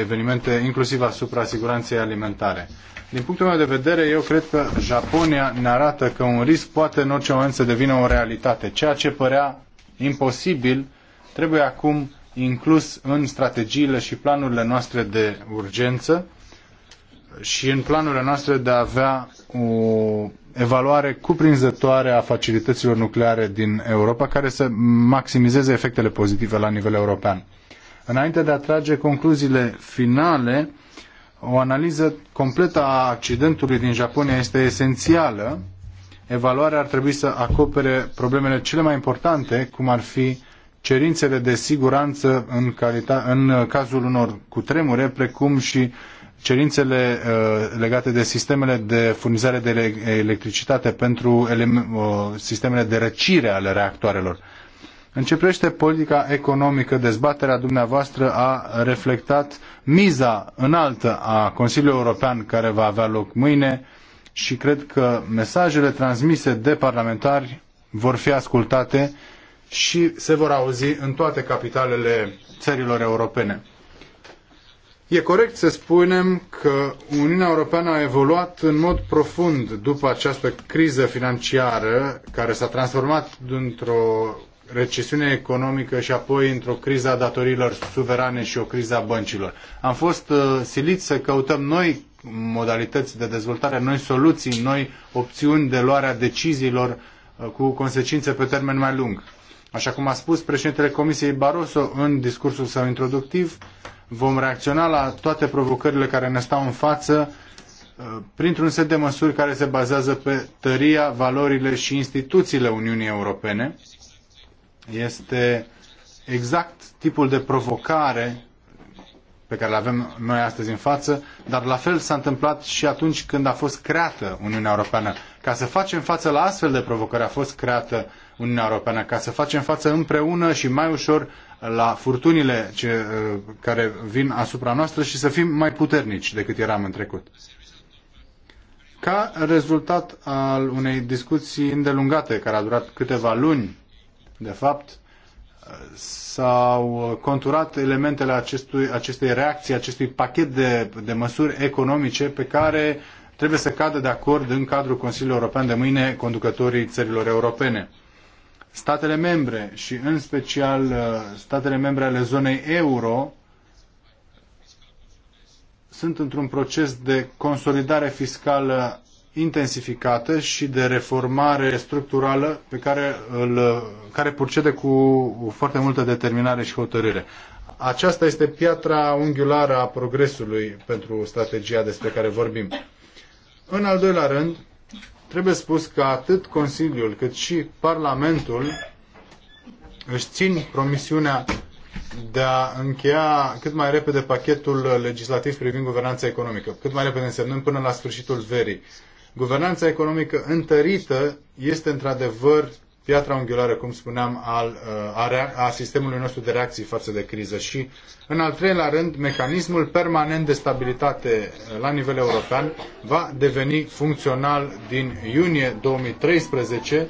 evenimente, inclusiv asupra siguranței alimentare. Din punctul meu de vedere, eu cred că Japonia ne arată că un risc poate în orice moment să devină o realitate. Ceea ce părea imposibil trebuie acum inclus în strategiile și planurile noastre de urgență și în planurile noastre de a avea o evaluare cuprinzătoare a facilităților nucleare din Europa care să maximizeze efectele pozitive la nivel european. Înainte de a trage concluziile finale, o analiză completă a accidentului din Japonia este esențială. Evaluarea ar trebui să acopere problemele cele mai importante, cum ar fi cerințele de siguranță în, calita- în cazul unor cutremure, precum și cerințele uh, legate de sistemele de furnizare de electricitate pentru uh, sistemele de răcire ale reactoarelor. În ce privește politica economică, dezbaterea dumneavoastră a reflectat miza înaltă a Consiliului European care va avea loc mâine și cred că mesajele transmise de parlamentari vor fi ascultate și se vor auzi în toate capitalele țărilor europene. E corect să spunem că Uniunea Europeană a evoluat în mod profund după această criză financiară care s-a transformat într-o recesiune economică și apoi într-o criză a datoriilor suverane și o criză a băncilor. Am fost uh, siliți să căutăm noi modalități de dezvoltare, noi soluții, noi opțiuni de luare a deciziilor uh, cu consecințe pe termen mai lung. Așa cum a spus președintele Comisiei Barroso în discursul său introductiv, vom reacționa la toate provocările care ne stau în față uh, printr-un set de măsuri care se bazează pe tăria, valorile și instituțiile Uniunii Europene. Este exact tipul de provocare pe care le avem noi astăzi în față, dar la fel s-a întâmplat și atunci când a fost creată Uniunea Europeană. Ca să facem față la astfel de provocări a fost creată Uniunea Europeană, ca să facem față împreună și mai ușor la furtunile ce, uh, care vin asupra noastră și să fim mai puternici decât eram în trecut. Ca rezultat al unei discuții îndelungate, care a durat câteva luni, de fapt, s-au conturat elementele acestui, acestei reacții, acestui pachet de, de măsuri economice pe care trebuie să cadă de acord în cadrul Consiliului European de mâine conducătorii țărilor europene statele membre și în special uh, statele membre ale zonei euro sunt într-un proces de consolidare fiscală intensificată și de reformare structurală pe care, îl, care procede cu foarte multă determinare și hotărâre. Aceasta este piatra unghiulară a progresului pentru strategia despre care vorbim. În al doilea rând, Trebuie spus că atât Consiliul cât și Parlamentul își țin promisiunea de a încheia cât mai repede pachetul legislativ privind guvernanța economică, cât mai repede însemnând până la sfârșitul verii. Guvernanța economică întărită este într-adevăr piatra unghiulară, cum spuneam, al, uh, a, a sistemului nostru de reacții față de criză și, în al treilea rând, mecanismul permanent de stabilitate uh, la nivel european va deveni funcțional din iunie 2013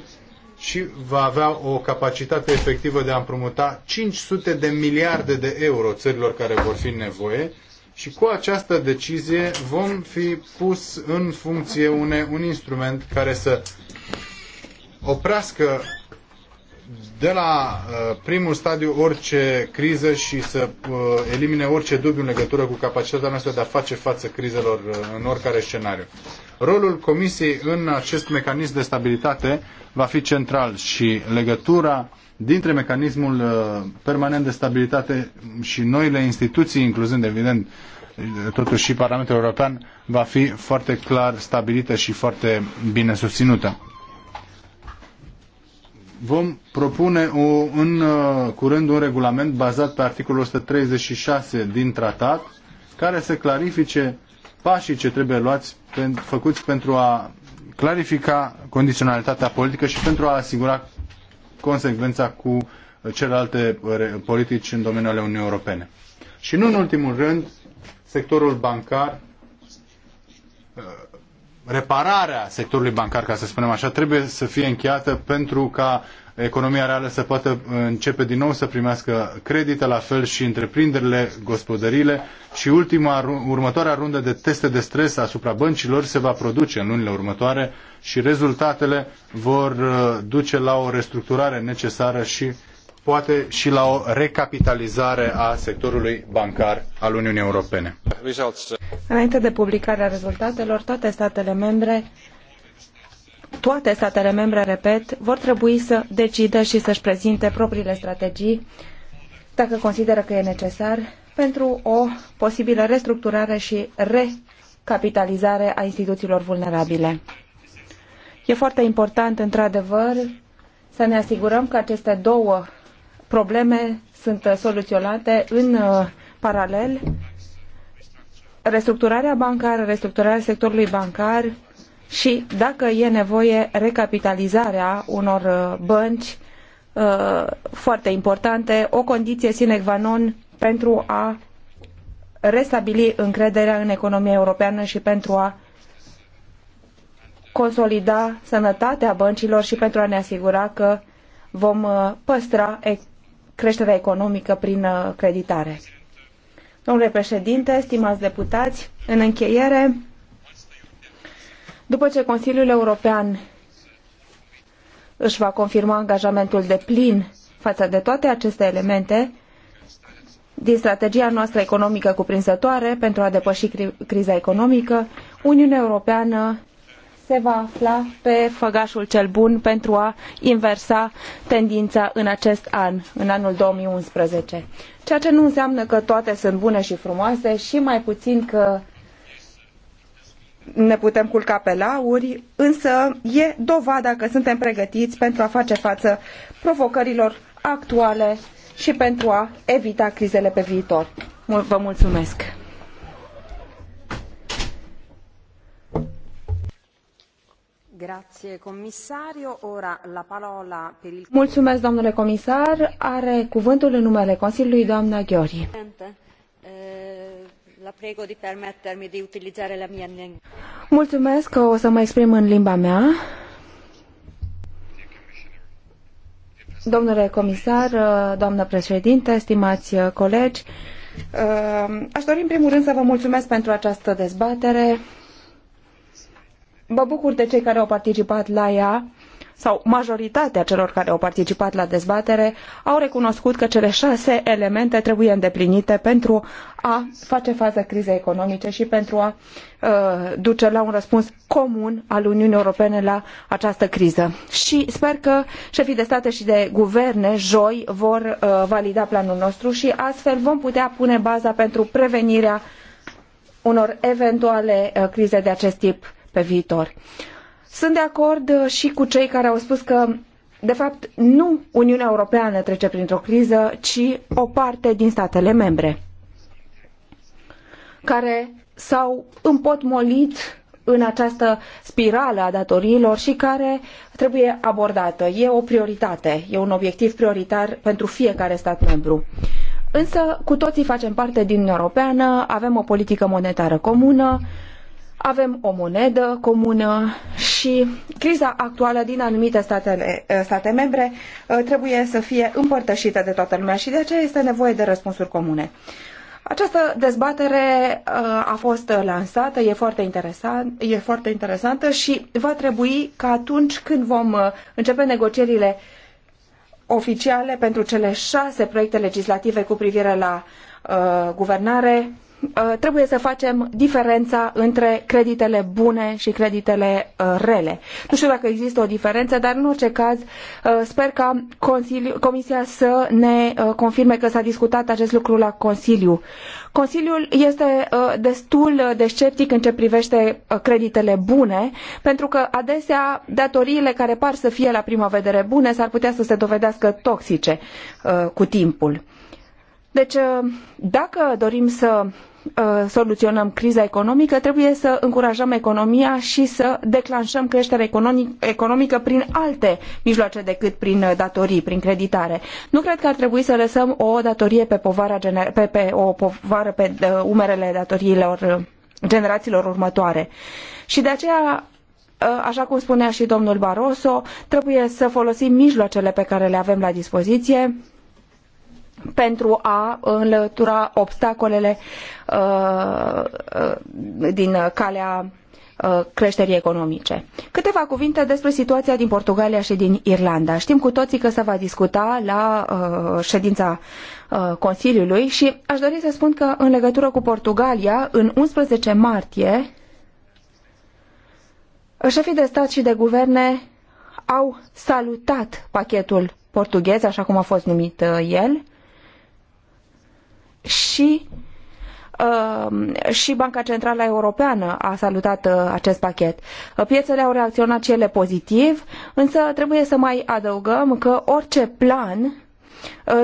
și va avea o capacitate efectivă de a împrumuta 500 de miliarde de euro țărilor care vor fi nevoie și cu această decizie vom fi pus în funcție une, un instrument care să oprească de la uh, primul stadiu orice criză și să uh, elimine orice dubiu în legătură cu capacitatea noastră de a face față crizelor uh, în oricare scenariu. Rolul Comisiei în acest mecanism de stabilitate va fi central și legătura dintre mecanismul permanent de stabilitate și noile instituții, incluzând evident totuși și Parlamentul European, va fi foarte clar stabilită și foarte bine susținută vom propune o, în uh, curând un regulament bazat pe articolul 136 din tratat care să clarifice pașii ce trebuie luați, făcuți pentru a clarifica condiționalitatea politică și pentru a asigura consecvența cu celelalte uh, politici în domeniul Uniunii Europene. Și nu în ultimul rând, sectorul bancar uh, repararea sectorului bancar, ca să spunem așa, trebuie să fie încheiată pentru ca economia reală să poată începe din nou să primească credite, la fel și întreprinderile, gospodăriile și ultima, următoarea rundă de teste de stres asupra băncilor se va produce în lunile următoare și rezultatele vor uh, duce la o restructurare necesară și poate și la o recapitalizare a sectorului bancar al Uniunii Europene. Înainte de publicarea rezultatelor, toate statele membre toate statele membre, repet, vor trebui să decidă și să-și prezinte propriile strategii, dacă consideră că e necesar, pentru o posibilă restructurare și recapitalizare a instituțiilor vulnerabile. E foarte important, într-adevăr, să ne asigurăm că aceste două probleme sunt uh, soluționate în uh, paralel. Restructurarea bancară, restructurarea sectorului bancar și, dacă e nevoie, recapitalizarea unor uh, bănci foarte importante, o condiție sine qua non pentru a restabili încrederea în economia europeană și pentru a consolida sănătatea băncilor și pentru a ne asigura că vom păstra creșterea economică prin uh, creditare. Domnule președinte, stimați deputați, în încheiere, după ce Consiliul European își va confirma angajamentul de plin față de toate aceste elemente din strategia noastră economică cuprinzătoare pentru a depăși cri criza economică, Uniunea Europeană se va afla pe făgașul cel bun pentru a inversa tendința în acest an, în anul 2011. Ceea ce nu înseamnă că toate sunt bune și frumoase și mai puțin că ne putem culca pe lauri, însă e dovada că suntem pregătiți pentru a face față provocărilor actuale și pentru a evita crizele pe viitor. Vă mulțumesc! Mulțumesc, domnule comisar. Are cuvântul în numele Consiliului doamna Ghiori. Eh, mulțumesc că o să mă exprim în limba mea. Domnule comisar, eh, doamnă președinte, stimați eh, colegi, aș dori în primul rând să vă mulțumesc pentru această dezbatere mă bucur de cei care au participat la ea sau majoritatea celor care au participat la dezbatere au recunoscut că cele șase elemente trebuie îndeplinite pentru a face față crizei economice și pentru a uh, duce la un răspuns comun al Uniunii Europene la această criză. Și sper că șefii de state și de guverne joi vor uh, valida planul nostru și astfel vom putea pune baza pentru prevenirea unor eventuale uh, crize de acest tip pe viitor. Sunt de acord uh, și cu cei care au spus că de fapt, nu Uniunea Europeană trece printr-o criză, ci o parte din statele membre care s-au împotmolit în această spirală a datoriilor și care trebuie abordată. E o prioritate, e un obiectiv prioritar pentru fiecare stat membru. Însă, cu toții facem parte din Uniunea Europeană, avem o politică monetară comună, avem o monedă comună și criza actuală din anumite statele, eh, state membre eh, trebuie să fie împărtășită de toată lumea și de aceea este nevoie de răspunsuri comune. Această dezbatere eh, a fost lansată, e foarte, interesant, e foarte interesantă și va trebui ca atunci când vom începe negocierile oficiale pentru cele șase proiecte legislative cu privire la uh, guvernare, Uh, trebuie să facem diferența între creditele bune și creditele uh, rele. Nu știu dacă există o diferență, dar în orice caz uh, sper ca Comisia să ne confirme că s-a discutat acest lucru la Consiliu. Consiliul este destul de sceptic în ce privește creditele bune, pentru că adesea datoriile care par să fie la prima vedere bune s-ar putea să se dovedească toxice cu timpul. Deci, uh, dacă dorim să uh, soluționăm criza economică, trebuie să încurajăm economia și să declanșăm creșterea economică prin alte mijloace decât prin uh, datorii, prin creditare. Nu cred că ar trebui să lăsăm o datorie pe, povara, pe, pe o povară pe umerele datoriilor generațiilor următoare. Și de aceea așa cum spunea și domnul Barroso, trebuie să folosim mijloacele pe care le avem la dispoziție, pentru a înlătura obstacolele uh, uh din calea uh, creșterii economice. Câteva cuvinte despre situația din Portugalia și din Irlanda. Știm cu toții că se va discuta la uh, ședința uh, Consiliului și aș dori să spun că în legătură cu Portugalia, în 11 martie, șefii de stat și de guverne au salutat pachetul portughez, așa cum a fost numit uh, el, și uh, și Banca Centrală Europeană a salutat uh, acest pachet. Uh, piețele au reacționat cele ele pozitiv, însă trebuie să mai adăugăm că orice plan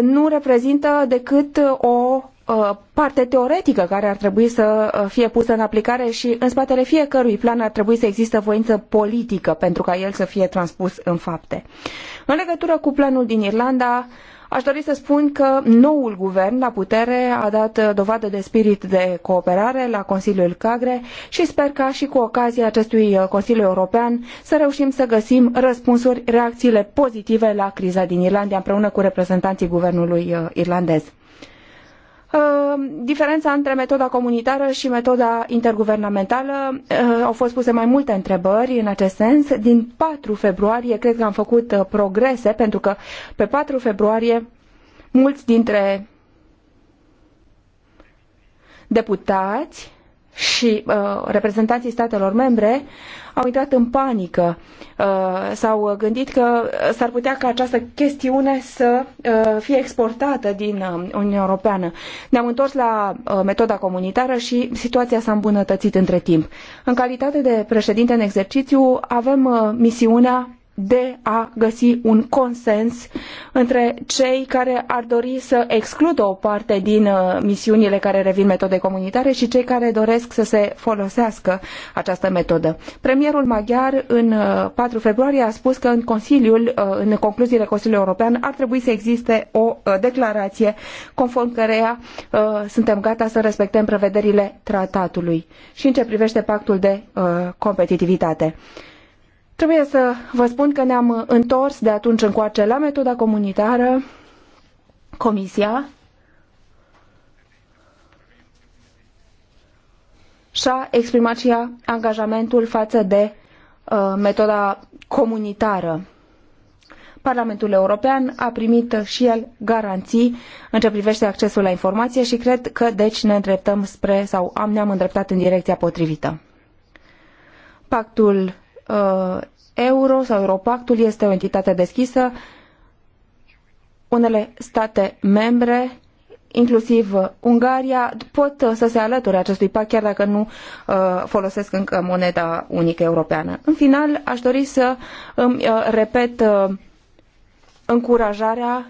nu reprezintă decât o parte teoretică care ar trebui să fie pusă în aplicare și în spatele fiecărui plan ar trebui să existe voință politică pentru ca el să fie transpus în fapte. În legătură cu planul din Irlanda, Aș dori să spun că noul guvern la putere a dat uh, dovadă de spirit de cooperare la Consiliul Cagre și sper ca și cu ocazia acestui uh, Consiliu European să reușim să găsim răspunsuri, reacțiile pozitive la criza din Irlanda împreună cu reprezentanții guvernului uh, irlandez. Ă, diferența între metoda comunitară și metoda interguvernamentală. Ă, au fost puse mai multe întrebări în acest sens. Din 4 februarie cred că am făcut ă, progrese pentru că pe 4 februarie mulți dintre deputați și uh, reprezentanții statelor membre au intrat în panică. Uh, s-au gândit că s-ar putea ca această chestiune să uh, fie exportată din uh, Uniunea Europeană. Ne-am întors la uh, metoda comunitară și situația s-a îmbunătățit între timp. În calitate de președinte în exercițiu, avem uh, misiunea de a găsi un consens între cei care ar dori să excludă o parte din uh, misiunile care revin metodei comunitare și cei care doresc să se folosească această metodă. Premierul maghiar în 4 uh, februarie a spus că în Consiliul, uh, în concluziile Consiliului European ar trebui să existe o declarație conform căreia suntem gata să respectăm prevederile tratatului și în ce privește pactul de competitivitate. Trebuie să vă spun că ne-am întors de atunci încoace la metoda comunitară, comisia, și-a exprimat și ea angajamentul față de uh, metoda comunitară. Parlamentul European a primit și el garanții în ce privește accesul la informație și cred că deci ne îndreptăm spre sau am ne-am îndreptat în direcția potrivită. Pactul uh, euro sau Europactul este o entitate deschisă. Unele state membre, inclusiv uh, Ungaria, pot uh, să se alăture acestui pact chiar dacă nu uh, folosesc încă moneda unică europeană. În final, aș dori să îmi uh, repet uh, încurajarea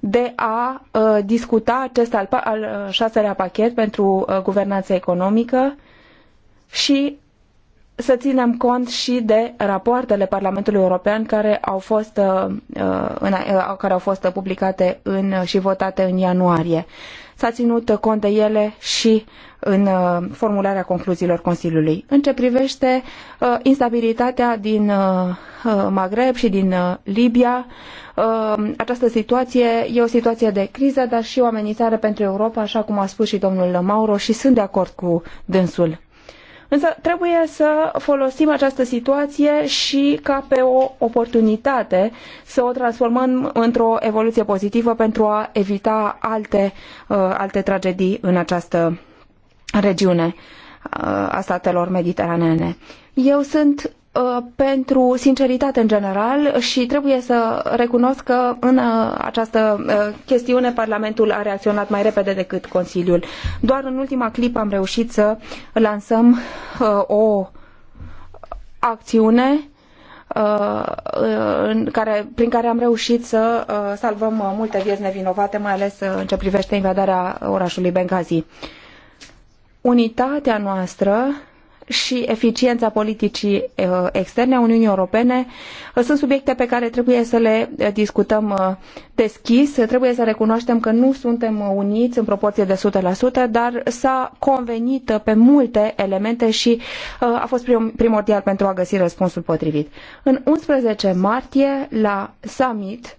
de a uh, discuta acest al, al uh, șaselea pachet pentru uh, guvernanță economică și să ținem cont și de rapoartele Parlamentului European care au fost, uh, uh, uh, care au fost publicate în, și votate în ianuarie. S-a ținut cont de ele și în formularea concluziilor Consiliului. În ce privește instabilitatea din Maghreb și din Libia, această situație e o situație de criză, dar și o amenințare pentru Europa, așa cum a spus și domnul Mauro, și sunt de acord cu dânsul Însă trebuie să folosim această situație și ca pe o oportunitate să o transformăm într-o evoluție pozitivă pentru a evita alte, uh, alte tragedii în această regiune uh, a statelor mediteraneene. Eu sunt Uh, pentru sinceritate în general și trebuie să recunosc că în uh, această uh, chestiune Parlamentul a reacționat mai repede decât Consiliul. Doar în ultima clipă am reușit să lansăm o acțiune care, prin care am reușit să salvăm multe vieți nevinovate, mai ales în ce privește invadarea orașului Benghazi. Unitatea noastră și eficiența politicii uh, externe a Uniunii Europene uh, sunt subiecte pe care trebuie să le uh, discutăm deschis. Trebuie să recunoaștem că nu suntem uniți în proporție de 100%, dar s-a convenit pe multe elemente și a fost primordial pentru a găsi răspunsul potrivit. În 11 martie, la summit,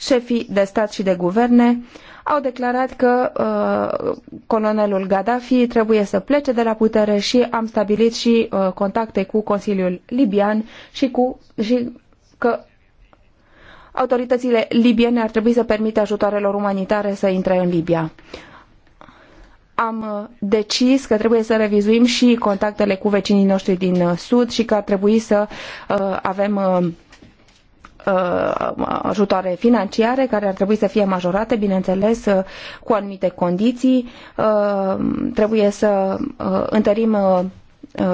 șefii de stat și de guverne au declarat că uh, colonelul Gaddafi trebuie să plece de la putere și am stabilit și uh, contacte cu Consiliul Libian și, cu, și că autoritățile libiene ar trebui să permită ajutoarelor umanitare să intre în Libia. Am uh, decis că trebuie să revizuim și contactele cu vecinii noștri din uh, Sud și că ar trebui să uh, avem Uh, ajutoare financiare care ar trebui să fie majorate, bineînțeles, uh, cu anumite condiții. Uh, trebuie să întărim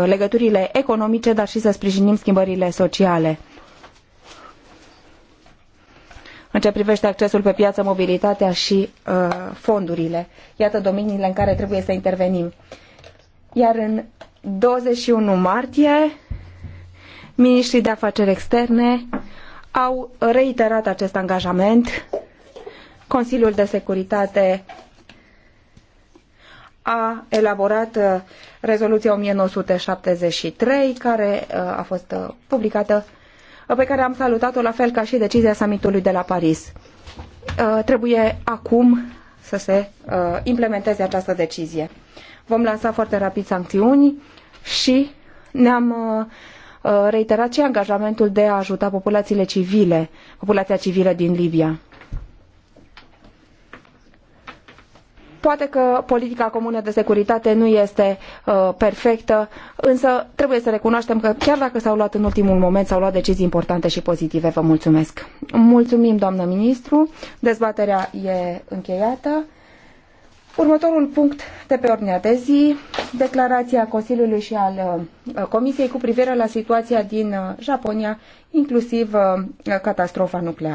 legăturile economice, dar și să sprijinim schimbările sociale. În ce privește accesul pe piață, mobilitatea și fondurile. Iată domeniile în care trebuie să intervenim. Iar în 21 martie, ministrii de afaceri externe au reiterat acest angajament. Consiliul de Securitate a elaborat uh, rezoluția 1973, care uh, a fost uh, publicată, pe care am salutat-o la fel ca și decizia summitului de la Paris. Trebuie acum să se implementeze această decizie. Vom lansa foarte rapid sancțiuni și ne-am Uh, reiterat și angajamentul de a ajuta populațiile civile, populația civilă din Libia. Poate că politica comună de securitate nu este uh, perfectă, însă trebuie să recunoaștem că chiar dacă s-au luat în ultimul moment, s-au luat decizii importante și pozitive. Vă mulțumesc! Mulțumim, doamnă ministru! Dezbaterea e încheiată. Următorul punct de pe ordinea de zi, declarația Consiliului și al uh, Comisiei cu privire la situația din uh, Japonia, inclusiv uh, catastrofa nucleară.